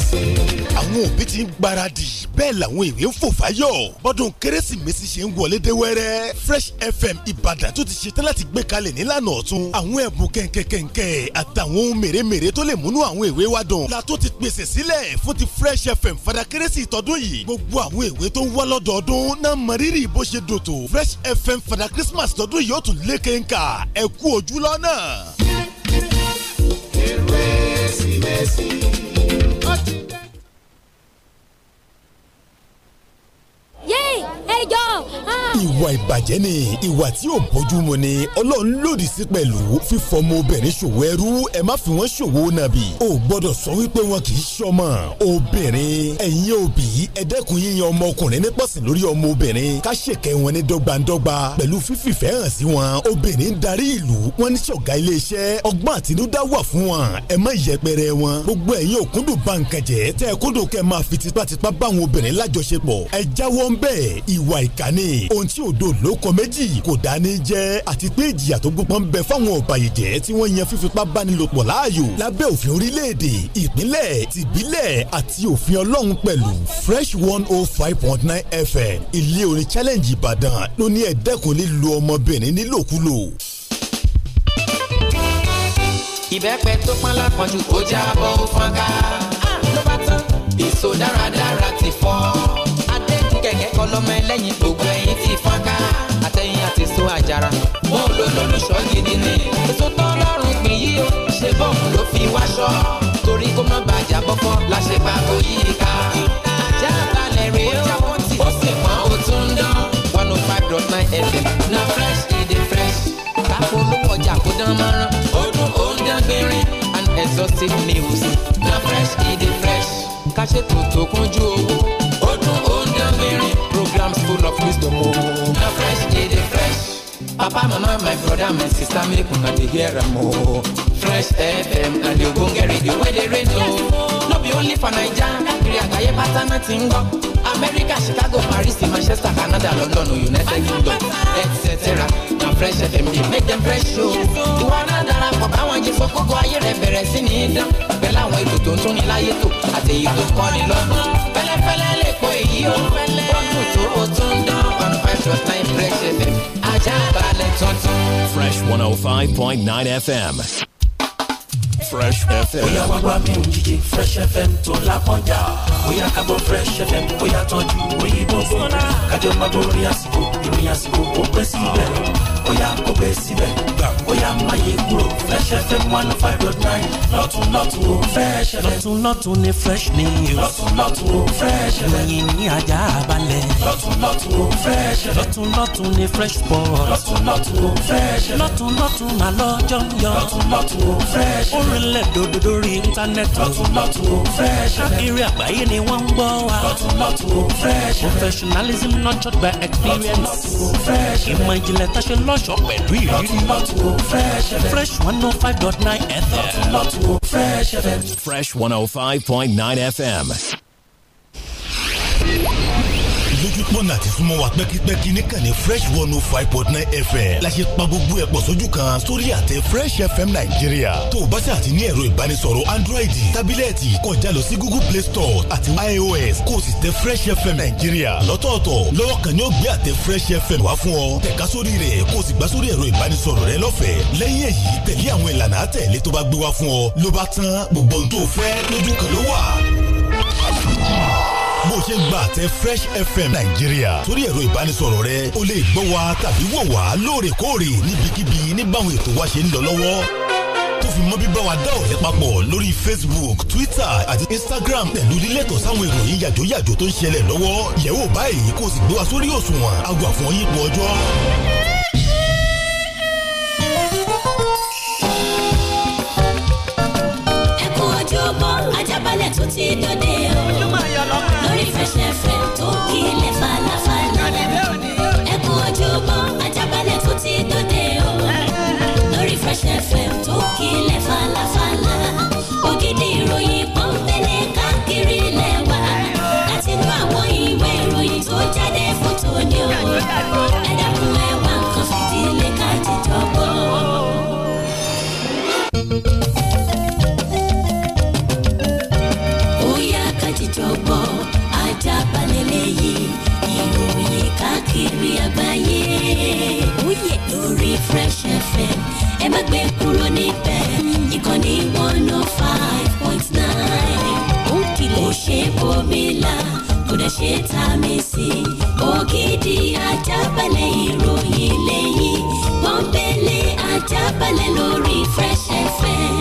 ẹ̀sìn. àwọn òbí ti ń gbáradì bẹ́ẹ̀ làwọn èwe ń fò fáyọ̀ bọ́dún kérésìmesì ṣe ń wọlé dé wẹ́rẹ́ Fresh FM Ìbàdàn tó ti ṣe tán láti gbé kalẹ̀ nílànà ọ̀tun àwọn ẹ̀bùn kẹ̀kẹ́kẹ̀kẹ́ àtàwọn ohun mèremère tó lè múnú àwọn èwe wa dùn la tó ti pèsè sílẹ̀ fún ti Fresh FM fada kérésì tọdún yìí gbogbo àwọn èwe tó ń wá lọ́dọọdún náà mọ rírì bó ṣe dòtò Fresh FM fada Christmas tọdún yìí ó tún lé kéńkà ẹ kú kérésìmesì much. ẹ jọ. ìwà ìbàjẹ́ ni ìwà tí ò bójú mu ni ọlọ́run lòdì sí pẹ̀lú fífọmọ obìnrin ṣòwò ẹrú ẹ má fi wọ́n ṣòwò nàbì ò gbọ́dọ̀ sọ wípé wọn kì í ṣọmọ obìnrin ẹ̀yin òbí ẹ dẹ́kun yíyan ọmọ ọkùnrin nípọ̀sìn lórí ọmọ obìnrin ká ṣèkẹ́ wọn ní dọ́gbandọ́gba pẹ̀lú fífìfẹ́ hàn sí wọn obìnrin ń darí ìlú wọn ní ṣọ̀gá iléeṣẹ́ ọgbọ́n àtinúdá wà fún wọn ẹ má yẹpẹrẹ wọn gbogbo ẹ̀yin òkúndùn bá nǹkan jẹ́ tẹ́ ẹ máa fi ìwà ìkànnì ohun tí òdo ló kọ méjì kò dání jẹ́ àti pé ìjìyà tó gbọ́n ń bẹ fáwọn ọ̀bàyéjẹ́ tí wọ́n yan fífipá bánilòpọ̀ láàyò lábẹ́ òfin orílẹ̀-èdè ìpínlẹ̀ tìbílẹ̀ àti òfin ọlọ́run pẹ̀lú fresh one oh five point nine fm ilé orin challenge ìbàdàn ló ní ẹ̀dẹ́kun lílo ọmọbìnrin nílòkulò. ìbẹ́pẹ tó pọ́n lápọ̀jù kó jábọ́ fọ́nká ah, ló bá tán èso dáradára ti fọ́ kọ́ lọ́mọ ẹlẹ́yin gbogbo ẹ̀yin ti fọ́nká àtẹ̀yìn àti so àjàrà. mo lo lólùṣọ́ gidi ni èso tán lọ́rùn pín yí o ṣe bọ́ọ̀mù ló fi wáṣọ torí kó má bàjá bọ́kọ́ la ṣe pa oyè ká. ajá balẹ̀ rèé o ó sì mọ́ o tún dán one oh five dot nine fm na fresh e dey fresh káfó olówó ọjà kó dán mọ́rán ó dún ó ń dán and exhaustive news na fresh e dey fresh ká ṣètò tó kúnjú owó. spirit, programs full of wisdom. Oh, The fresh, day, fresh. Papa, mama, my brother, my sister, make una dey hear am. Oh. fresh fm na di ogbonge radio wey dey rain o no be only for naija káàkiri àgbáyé pátá náà ti ń gbọ́ america chicago paris manchester canada london united kingdom etc na fresh fm dey make dem fresh o ìwọ náà darapọ̀ báwọn jí fokókó ayé rẹ̀ bẹ̀rẹ̀ sí ní dán pẹ̀lú àwọn ètò tó ń tún ní láyé tó àti èyí tó kọ́ ni lọ́gbọ́n fẹ́lẹ́fẹ́lẹ́ lè kó èyí o bọ́ọ̀lù tó o tún dán one five dot nine fresh fm ajá balẹ̀ tuntun. fresh one oh five point nine fm fresh fm. bóyá wá wá mi ò fresh fm tó lápọ́njà bóyá ká gbọ́ fresh fm bóyá tọ́jú òyìnbó fún un kájọ máa borí àsìkò ìròyìn àsìkò ó pẹ́ síbẹ̀ bóyá kò bẹ́ síbẹ̀ bóyá má yí kúrò Fresh FM one oh five dot nine lọ́tún lọ́tún ó Fresh FM. lọ́tún lọ́tún ni fresh news. lọ́tún lọ́tún ó Fresh FM. lẹ́yìn ní ajá balẹ̀. lọ́tún lọ́tún ó Fresh FM. lọ́tún lọ́tún ni fresh sport. lọ́tún lọ́tún ó Fresh FM. lọ́tún lọ́tún má lọ́jọ́ ń yọ. lọ́tún lọ́tún ó Fresh FM. orílẹ̀ dòdò lórí íńtánẹ́ẹ̀tì. lọ́tún lọ́tún ó Fresh FM. káàkiri àgbáyé ni wọ́n ń gbọ́ wa. lọ́tún lọ́tún ó Fresh FM. professionalism nurtured by experience. lọ́tún lọ́tún ó Fresh FM. ìmọ̀ ìjìnlẹ̀ tó ṣe l pẹ̀lú ìrírí. fresh fm. fm. fresh one oh five point nine fm. lójú àti súnmọ́ wa pẹ́kípẹ́kí níkànnì fresh one oh five point nine fm la pa gbogbo ẹ̀ sójú kan sórí àtẹ fresh fm nàìjíríà tó o bá ṣe àti ní ẹ̀rọ ìbánisọ̀rọ̀ android tábílẹ̀tì kọjá lọ sí google play store àti ios kó o sì tẹ fresh fm nàìjíríà lọ́tọ̀ọ̀tọ̀ lọ́wọ́ kan ni ó gbé àtẹ fresh fm wá fún ọ tẹ̀ka sórí rẹ̀ kó o sì gbà sórí ẹ̀rọ ìbánisọ̀rọ̀ rẹ lọ́fẹ̀ẹ́ lẹ́yìn o ṣe gba àtẹ Fresh FM Nàìjíríà sórí ẹ̀rọ ìbánisọ̀rọ̀ rẹ o lè gbọ́ wa tàbí wò wá lóòrèkóòrè níbikíbi níbàwọn ètò wa ṣe ń lọ lọ́wọ́ tó fi mọ́ bíbá wa dá ọ̀rẹ́ papọ̀ lórí Facebook Twitter àti Instagram pẹ̀lú lílẹ̀tọ̀ sáwọn ìròyìn yàjóyàjó tó ń ṣẹlẹ̀ lọ́wọ́ yẹ̀wò báyìí kó o sì gbé wa sórí òṣùwọ̀n àgbà fún yípo ọjọ́. ẹ ojú ọgbọ́n Ajaabale tó ti dòde fẹsẹ̀ fẹ́ tó kílẹ̀ falafala. ẹ kú ti dòde o. lórí fẹsẹ̀ fẹ́ falafala. ògidì ìròyìn pọ́npẹ́lẹ́ káàkiri lẹ́wà. láti inú àwọn ẹ dá káàkiri àgbáyé. Oyè lórí Fresh FM ẹ má gbé kúrò níbẹ̀ ìkànnì one oh five point nine. Ó kìlẹ̀ kò ṣe bòmílà kò dẹ̀ ṣe tà mí sí. Ògidì ajábalẹ̀ ìròyìn lẹ́yìn pọ́npẹ́lẹ́ ajábalẹ̀ lórí Fresh FM.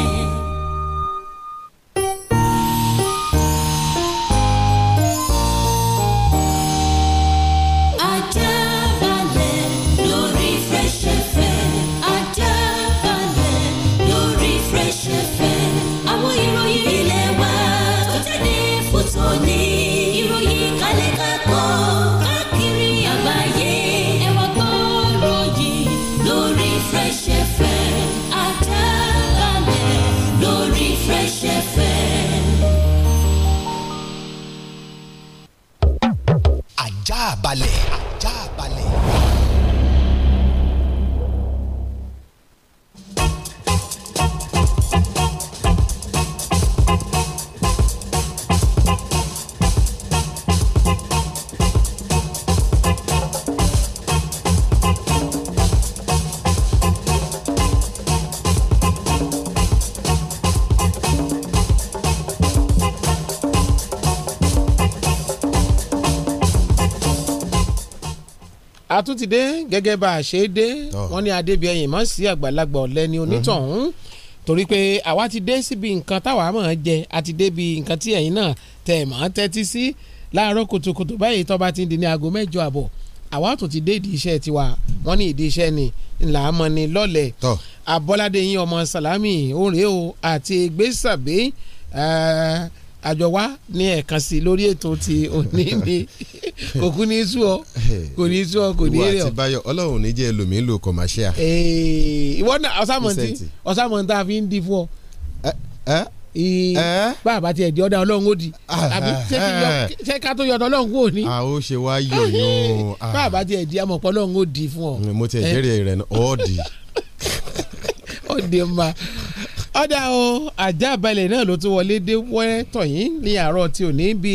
àtúntìdé gẹ́gẹ́ bá a ṣe dé wọ́n ní adébíyẹ̀yìn mọ̀ sí àgbàlagbà ọ̀lẹ́ni onítọ̀hún hmm. torí pé àwa ti dé síbi nǹkan táwa mọ̀ ọ́n jẹ àti débi nǹkan tí ẹ̀yin náà tẹ̀ mọ́ tẹ́tí sí láàárọ̀ kùtùkùtù báyìí tọ́ba ti di ní aago mẹ́jọ àbọ̀ àwa tún ti dé ìdí iṣẹ́ tiwa wọ́n ní ìdí iṣẹ́ ni ńlá mọ́ ni lọ́lẹ̀ Abọ́ládé yín ọmọ Sàlámì òǹrẹ́ o àti Ẹgbẹ́sàbé àjọwá ní ẹ̀ẹ̀kan sí lórí ètò ti òní ni kò kú ní sú ọ kò ní sú ọ kò ní rẹ ọ. ìwà àti Báyọ̀ Ọlọ́run ní jẹ́ ẹlòmíín lò kọ̀máṣíà. ìwọ náà ọ̀sàmọ̀ntì ọ̀sàmọ̀ntì àfi ń di fún ọ bàbá tiẹ̀ di ọ̀dà ọlọ́run ó di àbí ṣé ká tó yọ̀dọ̀ ọlọ́run kò ní. a ó ṣe wá yọ̀ yún. bàbá tiẹ̀ di amọ̀pọ̀ ọlọ́run ó di fún ọ. mo tiẹ̀ jẹ́rìí rẹ̀ ó di. ó di ọ̀dà o ajá balẹ̀ náà ló tún wọlé dé wẹ́rẹ́ tọ̀yìn ní àárọ̀ tí ò ní bí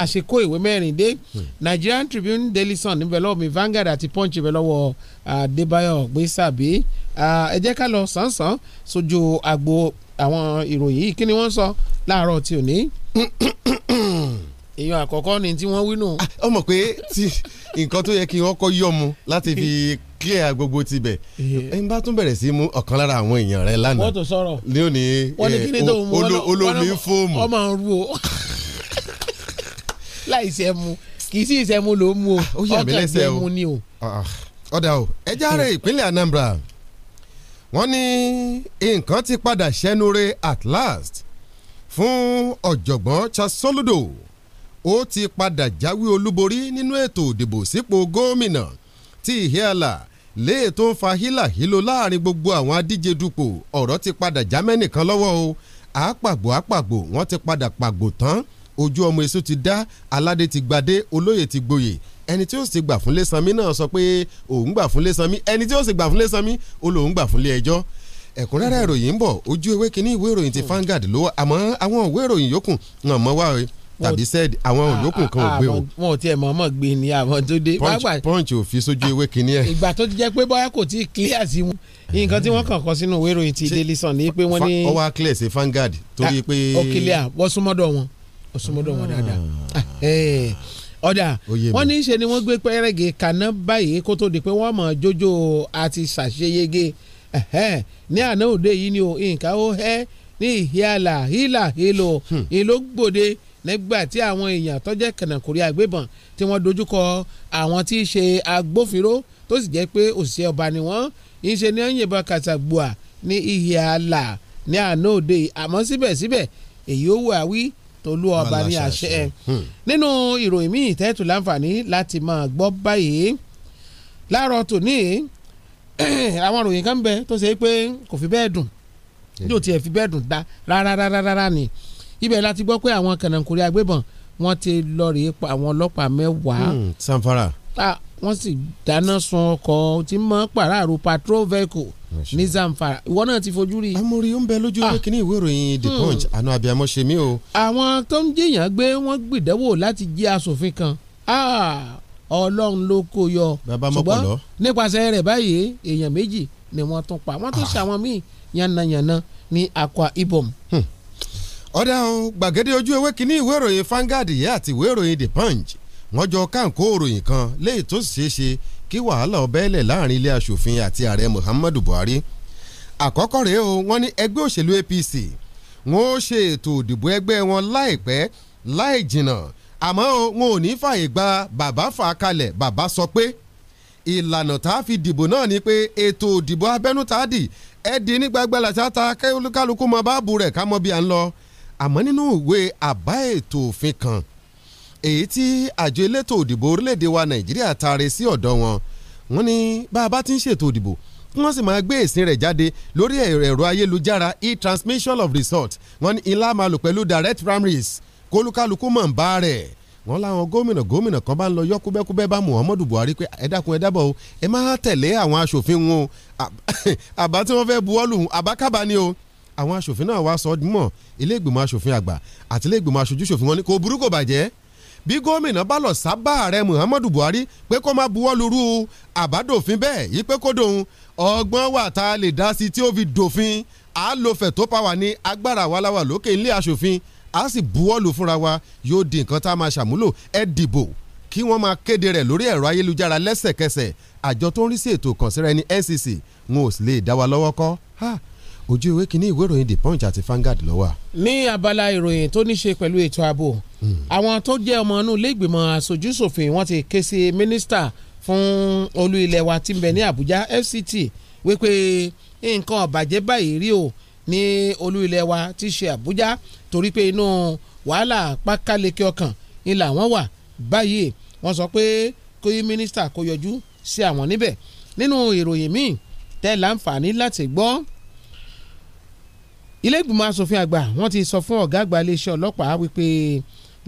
àṣekó ìwé mẹ́rin dé hmm. Nigerian Tribune Daily Sun níbẹ̀ lọ́wọ́ mi Vanguard àti Punch ibẹ̀ lọ́wọ́ Adébáyọ̀ Gbèsàbí ẹ jẹ́ ká lọ sànsàn sójú àgbo àwọn ìròyìn yìí kí ni wọ́n sọ láàárọ̀ tí ò ní èèyàn àkọ́kọ́ ni tí wọ́n wí nù. ọmọ ah, pé nǹkan tó yẹ kí wọ́n kọ́ yọ̀ mu láti fi clear gbogbo tibẹ̀ eh. ẹ̀ ń bá tún bẹ̀rẹ̀ sí mú ọ̀kan lára àwọn èèyàn rẹ lánàá wọ́n tó sọ̀rọ̀ ní òní eh, olómi fóòmù ọmọ ń ru o láì sẹ́mu kì í sì sẹ́mu ló mú o ọkàn jẹ́ mu ni o. Ah, ọ̀dà o ẹja rẹ̀ eh. ìpínlẹ̀ Anambra wọ́n ní nǹkan ti padà ṣẹnure at last fún ọ̀jọ̀gbọ́n Chasoludo ó ti padà jáwé olúborí nínú ètò òdìbò sípò gómìnà tí ìhíàlà léè tó ń fa hílàhílo láàrin gbogbo àwọn adíje dupò ọ̀rọ̀ ti padà jámẹ́nì kan lọ́wọ́ o àápàgbò àápàgbò wọ́n ti padà pàgbò tán ojú ọmọ èso ti dá aládé ti gbadé olóyè ti gboyè ẹni tí ó sì gbà fún Lẹ́sanmí náà sọ pé òun gbà fún Lẹ́sanmí ẹni tí ó sì gbà fún Lẹ́sanmí ó lòun gbà fún ẹjọ́ ẹ̀kúnrẹ́rẹ́ ìròyìn ń bọ̀ ojú ewé kínní ìwé ìròyìn ti Vanguard ló àmọ́ àwọn ìwé ìròyìn yòókù ń mọ́ wá o tàbí said àwọn ah, olókùn ah, kan ò ah, gbé o. wọn ò tiẹ̀ mọ̀ mọ̀ gbé ni àwọn tó dé. punch ò fi sójú ewé kínní ẹ̀. ìgbà tó ti jẹ́ pé bóyá kò tí ì clear sí wọn nǹkan tí wọ́n kàn kọ́ sínú ìwé ìròyìn ti Daily Sun ni pé wọ́n ní. ọwọ́ akílẹ̀ ṣe Vanguard torí pé. ó clear wọ́n súnmọ́dọ̀ wọn wọ́n súnmọ́dọ̀ wọn dáadáa. Eh, ọ̀dà wọ́n ní í ṣe ni wọ́n gbé pẹ́rẹ́gì kaná báyìí kó tó di pé wọ́n mọ̀ jójó àti ṣàṣeyege ní àná òde yìí ni o nǹkan ó hẹ́ ní ìhíàlà hílà hílò hmm. ìlógbòde. Hmm nígbà tí àwọn èèyàn tó jẹ́ kànáńkùrí agbébọn tí wọ́n dojúkọ àwọn tí í ṣe agbófinró tó sì jẹ́ pé òṣìṣẹ́ ọba ni wọ́n ń ṣe ní yìnbọn kàtàgbùà ní ìhà àlà ní àná òde àmọ́ síbẹ̀síbẹ̀ èyí ó wù àwí tolú ọba ní àṣẹ hmm. nínú ìròyìn míì tẹ́tù láǹfààní láti máa gbọ́ báyìí láàárọ̀ tòní àwọn ìròyìn kan bẹ tó ṣe pé kò fi bẹ́ẹ̀ dùn yóò tiẹ̀ fi bẹ́ẹ̀ dùn dá rárá rárá rárá ni. Ra, ni ibẹ̀ láti gbọ́ pé àwọn kànáńkùnrin agbébọn wọ́n ti lọ pa àwọn ọlọ́pàá mẹ́wàá. Hmm, sanfara. wọ́n sì dáná sun ọkọ̀ tí mọ́ pàráàrò patrol vehicle ní zamfara ìwọ náà ti fojú rí. amórí ó ń bẹ lójú ewé ah. kínní ìwé ìròyìn the hmm. punch àná abiyamọ ṣe mí o. àwọn tó ń jiyàn gbé wọn gbìdánwò láti jí asòfin kan ah, ọlọ́run ló kó yọ ṣùgbọ́n nípasẹ̀ rẹ̀ báyìí èèyàn méjì ni wọ́n tún pa wọ́n tún ah. ṣàwọn míì yànnàyànnà ní Akwa Ibom. Hmm ọ̀dà o gbàgede ojú ewé kínní ìwé ìròyìn Vanguard yìí àti ìwé ìròyìn The Punch wọ́n jọ káńkó òròyìn kan léyìí tó ṣeé ṣe kí wàhálà ọbẹ̀lẹ̀ láàrin ilé asòfin àti ààrẹ Muhammadu Buhari àkọ́kọ́ rèé o wọ́n ní ẹgbẹ́ òṣèlú APC wọ́n ó ṣe ètò òdìbò ẹgbẹ́ wọn láìpẹ́ láì jìnnà àmọ́ wọn ò ní fààyè gba bàbá fà kalẹ̀ bàbá sọ pé ìlànà tá a fi dìbò náà ni pé ètò òdìbò abẹ́nú tá a dì ẹ́ di nígbàgbà làtà ta kálukú mọ báàbù rẹ̀ ká mọ bí à ń lọ àmọ́ nínú ìwé àbá ètò òfin kan èyí tí àjọ elétò òdìbò orílẹ̀-èdè wa nàìjíríà taari sí ọ̀dọ̀ wọn wọ́n ní bá a bá ti ń ṣètò òdìbò kí wọ́n sì máa gbé èsìn rẹ̀ jáde lórí ẹ̀rọ ayélujára e-transmission of result wọ́n ní ilá máa lò pẹ̀lú direct primaries kólúkálukú mọ̀ ń bá rẹ̀ wọ́n láwọn gómìnà gómìnà kan bá ń lọ yọ kúbẹ́kúbẹ́ bá Muhammadu Buhari pé ẹ dákun ẹ dábọ̀ o ẹ máa tẹ̀lé àwọn aṣòfin wọn o àbá tí wọ́n fẹ́ buwọ́lù àbákábá ni o àwọn aṣòfin náà wá sọ mọ̀ ilé ìgbìmọ̀ aṣòfin àgbà àti ilé ìgbìmọ̀ aṣojú ṣòfin wọn ni kò burú kò bàjẹ́ bí gómìnà bá lọ sábà rẹ Muhammadu Buhari pé kó má buwọ́ lurú àbádòfin bẹ́ẹ̀ yí pé kó dòun ọgbọ́n wà tá a lè dá sí tí ó fi dòfin à lo fẹ̀tó pàwà ní agbára wa láwà lókè ilé aṣòfin à sì buwọ́ lù fúnra wa yóò di nǹkan tá a máa ṣàmúlò ẹ dìbò kí wọ́n máa kéde rẹ̀ lórí ẹ̀rọ ayélujára lẹ́sẹ̀kẹsẹ̀ àjọ tó ń rí sí ètò ìkànsíra ẹni NCC e ń ò sì lè dá wa lọ́wọ́ kọ́ ojú ìwé kínní ìwé ìròyìn the punch àti Vanguard ló wà. ní abala ìròyìn tó ní ṣe pẹ̀lú ètò ààbò hmm. àwọn tó jẹ́ ọmọ inú ilé ìgbìmọ̀ aṣojúṣòfin wọ́n ti ké sí mínísítà fún olú ilẹ̀ wa tí ń bẹ ní Àbújá FCT wípé nǹkan ọ̀bàjẹ́ báyìí rí o ní olú ilẹ̀ wa tí ṣe Àbújá torí pé inú wàhálà pákáleke ọkàn ni làwọn wà báyìí wọ́n sọ pé kó yí mínísítà kó yọjú sí àwọn níbẹ̀ nínú ìròyìn míì tẹ́ láǹfààní láti gbọ́ ilé ìgbìmọ̀ asòfin àgbà wọ́n ti sọ fún ọ̀gá àgbà iléeṣẹ́ ọlọ́pàá wípé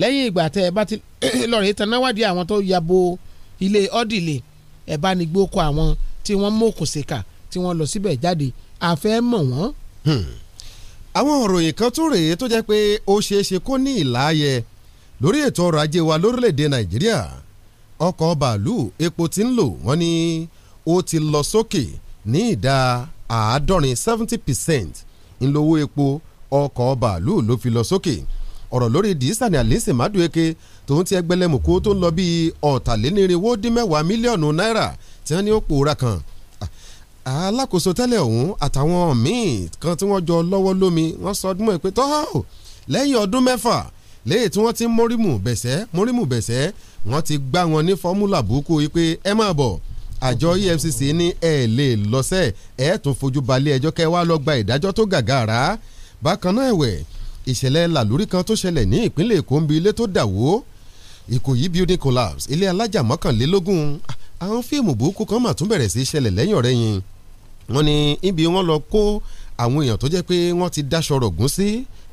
lẹ́yìn ìgbà tẹ́ ẹ bá ti lọ́ọ̀rẹ́ tanáwádìí àwọn tó yabo ilé ọ́dìlẹ̀ ẹ̀ bá ní gbókò àwọn tí wọ́n mókùnsìkà tí wọ́n lọ síbẹ̀ jáde àfẹ́ mọ̀ wọ́n. Hmm. àwọn òròyìn kan tún rèé tó jẹ́ pé ó ṣeé ṣe kó ní ìlàyẹ lórí ètò ọrọ̀ ajé wa lórílẹ̀‐èdè nàìjíríà ọkọ̀ bàálù epo ti ń lò wọ́n ní ó ti lọ sókè ní ìdá àádọ́rin seventy percent ńlọ́wọ́ epo ọkọ̀ bàálù ló fi lọ sókè ọ̀rọ̀ lórí dísàní àlẹ́sìn mádùúkẹ́ tòun ti ẹgbẹ́lẹ́mùkú tó ń lọ bíi ọ̀tàlénírínwó dín mẹ́wàá mílíọ̀nù náírà tí wọ́n ní ó pòórá kan alákòóso tẹ́lẹ̀ ọ̀hún àtàwọn míì kan tí wọ́n jọ lọ́wọ́ lómi wọ́n sọ ọdún mọ́ pé tọ́họ́ lẹ́yìn ọdún mẹ́fà lẹ́yìn tí wọ́n ti mórímù bẹ̀sẹ̀ mórímù bẹ̀sẹ̀ wọ́n ti gbá wọn ní fọ́múlà burúkú yìí pé ẹ máa bọ̀ àjọ mm-hmm. EFCC ní ẹ lè lọ́sẹ̀ ẹ tún fojú balẹ̀ ẹjọ́ kẹ́ wá lọ gba ìdájọ́ tó gàgàrà bákan náà ẹ̀wẹ̀ ìṣẹ̀lẹ̀ làlúrí kan tó ṣẹlẹ̀ ní ìpínlẹ̀ Èkó ń bi ilé tó dà wó Ìkòyí building collapse ilé alájà mọ́kànlélógún àwọn fíìmù burúkú kan mà tún bẹ̀rẹ̀ sí í ṣẹlẹ̀ lẹ́yìn ọ̀rẹ́ yìí wọ́n ní ibi wọ́n lọ kó àwọn èèyàn tó jẹ́ pé wọ́n ti dáṣọ rọ̀gùn sí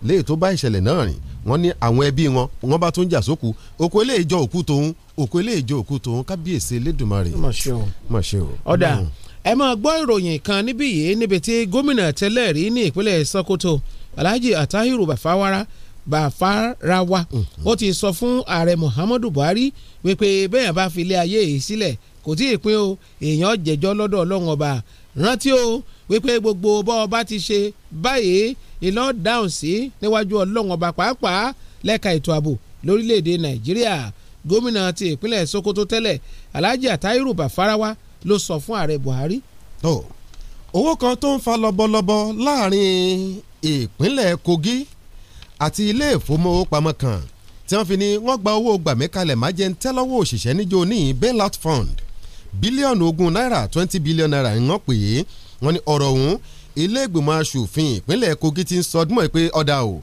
léè tó bá ìṣẹ̀lẹ̀ náà rìn wọ́n ní àwọn ẹbí wọn wọ́n bá tún jà sóku òkú eléyìí jọ òkú tòun òkú ilé ìjọ òkú tòun kábíyèsí elédùnmarè. mà ṣe o mà ṣe o. ọ̀dà ẹ máa gbọ́ ìròyìn kan níbí yìí níbi tí gómìnà tẹ́lẹ̀ rí ní ìpínlẹ̀ Sokoto Alhaji Atahiru Bafawara Bafarawa mm-hmm. ó ti sọ fún ààrẹ Muhammadu Buhari wípé bẹ́ẹ̀ bá fi ilé ayé yìí sílẹ̀ kò tí ì pín o èèyàn jẹ̀jọ́ lọ́dọ̀ Ọlọ́run ọba rántí o wípé gbogbo bọ́ ọba ti ṣe báyìí ìlọ dáhùn sí níwájú Ọlọ́run ọba pàápàá lẹ́ka ètò ààbò lórílẹ̀‐èdè Nàìjíríà gómìnà ti ìpínlẹ̀ Sokoto tẹ́lẹ̀ Alhaji Atairu Bafarawa ló sọ fún ààrẹ Buhari. owó kan tó ń fa lọ́bọ̀lọ́bọ̀ láàrin ìpínlẹ̀ Kogi àti ilé ìfowópamọ́ kan tí wọ́n fi ní wọ́n gba owó gbàmíkalẹ̀ májẹ̀ntẹ́lọ́wọ́ òṣìṣẹ́ níjó ní bailout fund bílíọ̀nù ogún náírà twenty billion naira ń wọ́n pè é wọ́n ní ọ̀rọ̀ ọ̀hún ilé ìgbìmọ̀ asòfin ìpínlẹ̀ Kogi ti ń sọdúnmọ̀ pé ọ̀dà o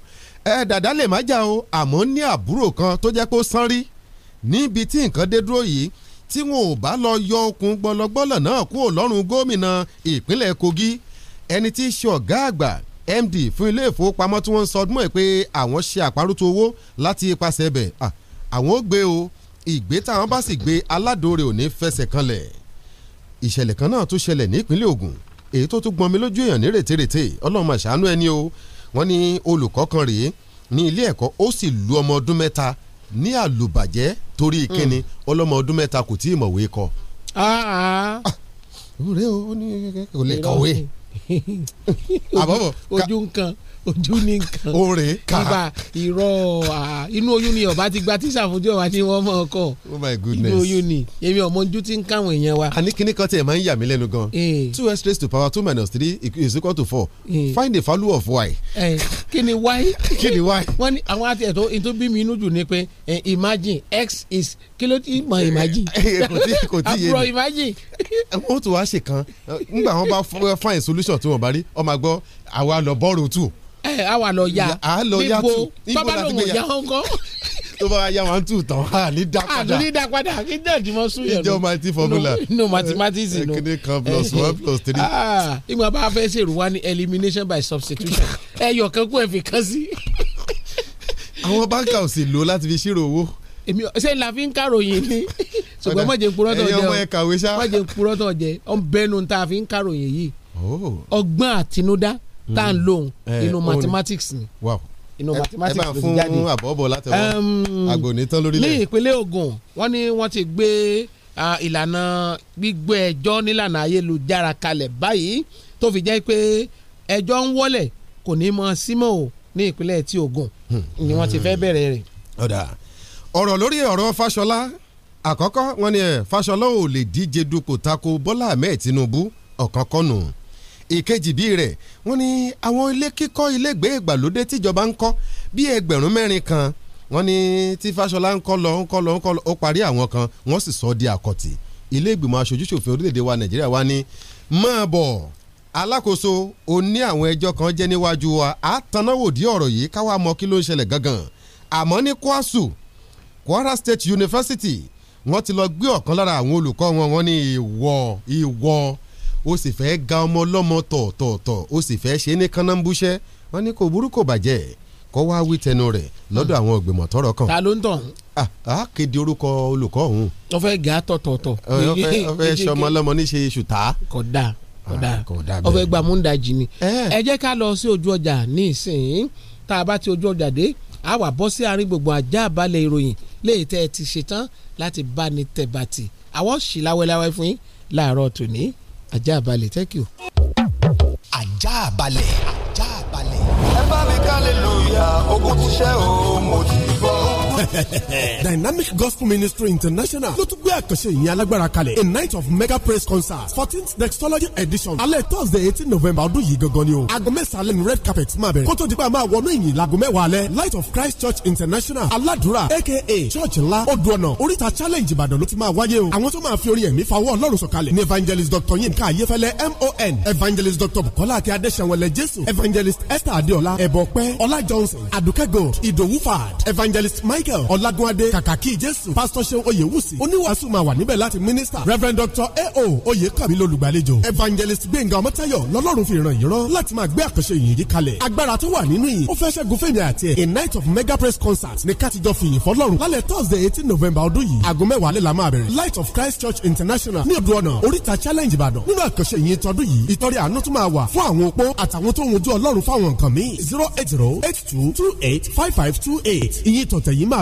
ẹ dàdá lè má jà o àmọ́ ní àbúrò kan tó jẹ́ pé ó sán rí níbi tí nǹkan dé dúró yìí tí wọn ò bá lọ yọ okùn gbọlọgbọlọ náà kúrò lọ́rùn gómìnà ìpínlẹ̀ Kogi ẹni tí í ṣe ọ̀gá àgbà MD fún ilé ìfowópamọ́ tí wọ́n ń sọdún ẹ̀ pé àwọn ṣe àparùtò owó láti ipasẹ̀ ẹ̀bẹ̀ àwọn ò gbé o ìgbé táwọn bá sì gbé aládòore ò ní fẹsẹ̀ kanlẹ̀ ìṣẹ̀lẹ̀ kan náà tún ṣẹlẹ̀ nípínlẹ̀ Ògùn èyí tó tún gbọnmi lójú èèyàn ní rètérètè Ọlọ́run máa ṣàánú ẹni o wọ́n ní olùkọ́ kan rèé ní ilé ẹ̀kọ́ ó sì lu ọmọ ọdún mẹ́ta ní àlùbàjẹ́ torí ìkíni hmm. ọlọ́mọ ọdún mẹ́ta kò tí ì mọ̀wé kọ. ọ̀rẹ́ ah, ah. ah, o ó ní kò lè kọ̀wé. àbọ̀bọ̀ ojú nǹkan ojú ní nǹkan òrè ká ibà irọ́ inú oyún ni ọba ti gba tíṣà fojú ọba ni wọ́n mọ̀ ọkọ̀ oh inú oyún ni èmi ọmọ ojú ti ń káwọn èèyàn wa. àní kan tiẹ̀ máa ń yà mí lẹ́nu gan eh. two x raised to power two minus three is equal to four eh. find the value of y. Eh, kí ni y. kí ni y. wọ́n ní àwọn àti ẹ̀tọ́ ètò bí mi inú jù ni pé imagine x is kí ló ti mọ imagine. kò tí kò tí yé mi àbúrò imagine. wọ́n tún wá ṣe kan ngbà wọn bá find solution tí wọ́n bá rí ọmọ àgbọ̀ àwa lọ bọ́ọ̀rù tù. ẹ àwa lọ ya bíbo bàbá lòun ò ya ọkọ. tó bá ya wọn tù tán a ní dá padà. a ní dá padà kí ní ẹ̀dínmọ́ sún yẹn lọ. ti formula. no mathematics no. kíni kan plus one plus three. Ah, ìmọ̀ bá a fẹ́ ṣèrú wa ní elimination by substitution ẹyọ kan kú ẹ fi kan sí. àwọn báńkà ò sì lò láti fi ṣírò owó èmi ṣé la fi ń kàròyìn ni ṣùgbọ́n mọ̀jẹ̀ nkúrọ́ tó jẹ ọ mọ̀jẹ̀ nkúrọ́ tó jẹ ọ bẹnu ta fi ń kàròyìn yìí oh. ọgbọ́n àtinúdá tá à ń lóhun eh, inú mathematics ni inú mathematics ló ti jáde. ẹ bá fún àbọ̀bọ̀ látẹ̀wọ́ àgbòní tán lórílẹ̀. ní ìpínlẹ̀ Ògùn wọ́n ní wọ́n ti gbé ìlànà gbígbé ẹjọ́ nílànà ayélujára kalẹ̀ báyìí tó fi jẹ́ pé ẹjọ́ ń wọlẹ̀ kò ní mọ símọ́ o ní ìpínlẹ̀ tí Ògùn hmm. ni wọ́n ti fẹ́ bẹ̀rẹ̀ rẹ̀. ọ̀dà ọ̀rọ̀ lórí ọ̀rọ̀ Fáṣọlá àkọ́kọ́ wọn ni Fáṣọlá ò lè díje dupò tako Bọ́lá Ahmed Tinubu ọ̀kan No ìkejì bíi rẹ̀ wọ́n ní àwọn ilé kíkọ́ ilé gbé ìgbàlódé tíjọba ń kọ́ bíi ẹgbẹ̀rún mẹ́rin kan wọ́n ní tí Fáṣọlá ń kọ́ lọ ń kọ́ lọ ń kọ́ lọ ó parí àwọn kan wọ́n sì sọ di àkọ́tì ilé ìgbìmọ̀ aṣojúṣòfin orílẹ̀-èdè wa Nàìjíríà wa ní máa bọ̀ alákòóso ó ní àwọn ẹjọ́ kan jẹ́ níwájú wa àtànáwòdì ọ̀rọ̀ yìí káwa mọ kí ló ń ṣẹlẹ̀ gangan àmọ́ ní kwasu Kwara State University wọ́n ti lọ gbé ọ̀kan lára àwọn olùkọ́ wọn wọ́n ní ìwọ ìwọ o sì fẹ́ ga ọmọ ọlọ́mọ tọ̀ọ̀tọ̀ọ̀tọ̀ o sì fẹ́ ṣe é ní kánnáńbúṣẹ́ wọ́n ní kò burú kò bàjẹ́ kọ́ wá wí tẹnu rẹ̀ lọ́dọ̀ àwọn ògbìmọ̀ tọrọ kan. ta ló ń tọ̀. Ah, a kéde orúkọ olùkọ́ ọ̀hún. wọ́n fẹ́ ga tọ̀tọ̀tọ̀. wọ́n fẹ́ sọmọ ọlọ́mọ níṣe ṣùtá. kódà kódà wọ́n fẹ́ gba múndàjì ni. ẹ jẹ́ ká lọ sí ojú ọjà ní ìsìn tá a bá ti ojú ọjà dé a wà bọ́ sí àárín gbogbo ajá àbálẹ̀ ìròyìn léyìí tẹ́ ẹ ti ṣetán láti bá ní tẹ̀ bàtì àwọn ṣì láwẹ́láwẹ́ fún yín láàárọ̀ tòní ajá balẹ̀ thank you. ajá balẹ̀ ajá balẹ̀. ẹ bá mi ká lóya ogun ti ṣẹ́ o mo ti Dynamic Gospel Ministry International ló tún gbé àkànṣe ìyìn alágbára kalẹ̀ a night of mega praise concert fourteenth Dextology edition alẹ́ Thursday eighteen November ọdún yìí gangan ni o aago mẹ́sàn-án lẹ́nu red carpet máa bẹ̀rẹ̀ kó tó di pé a máa wọnú ìyìn láago mẹ́wàá alẹ́ Light of Christ Church International aládùúrà aka church ńlá odò ọ̀nà oríta challenge Ìbàdàn ló ti máa wáyé o àwọn tó máa fi orí ẹ̀mí fawọ́ Ọlọ́run sọ̀kalẹ̀ ní evangelist Dr. Yinka Ayefẹ́lẹ́ MON evangelist Dr. Bukola Akẹ́ Adéṣẹ́wọlẹ̀ Jésù evangelist Esther Adéọlá ẹ̀bọ̀pẹ́ Ọlá Johnson Aduke Gold Ìdòwú Fad evangelist Michael michael ọlágúnadé kàkàkí jésù pásítọ̀ ṣeun oyèwùsì oníwàásù máa wà níbẹ̀ láti mínísítà reverend doctor a.o. oyèkàmí lolùgbàlejò evangelist gbẹ̀ngà ọmọtayọ̀ lọ́lọ́run fi ràn yín rán láti máa gbé àkànṣe yìnyín yìí kalẹ̀ agbára tó wà nínú yìí ó fẹ́ ṣẹ́gun fèmí àti ẹ̀ a night of mega praise concert ní kátijọ́ fìyìn fọlọ́run lálẹ́ thursday eighteen november ọdún yìí aago mẹ́wàá lẹ́la máa bẹ̀rẹ̀ light of christ church international ní odò ọ̀nà oríta challenge ìbàdàn nínú àkànṣe yìnyín tọdún yìí ìtọ́rẹ àánú tún máa wà fún àwọn opó àtàwọn tó ń wojú ọlọ́run fáwọn nǹkan míì zero eight zero eight two two eight five five two eight ìyìn tọ̀tẹ̀ yìí máa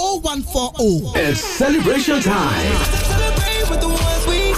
0140. It's celebration time.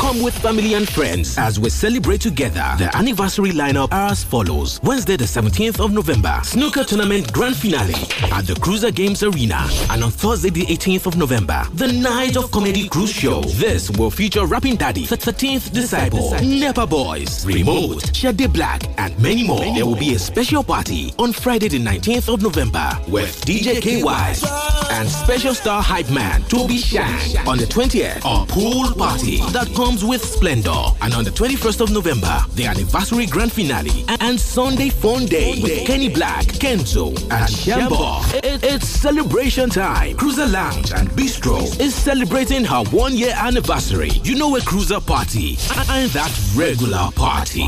Come with family and friends as we celebrate together. The anniversary lineup are as follows. Wednesday, the 17th of November, Snooker Tournament Grand Finale at the Cruiser Games Arena. And on Thursday, the 18th of November, the Night of Comedy Cruise Show. This will feature Rapping Daddy, The 13th Disciple, Nepa Boys, Remote, Shade Black, and many more. There will be a special party on Friday, the 19th of November with DJ KY and special star hype man Toby Shang on the 20th on Pool Party.com comes with splendor. And on the 21st of November, the anniversary grand finale and Sunday fun day with Kenny Black, Kenzo, and Shambo. It's celebration time. Cruiser Lounge and Bistro is celebrating her one year anniversary. You know a cruiser party and that regular party.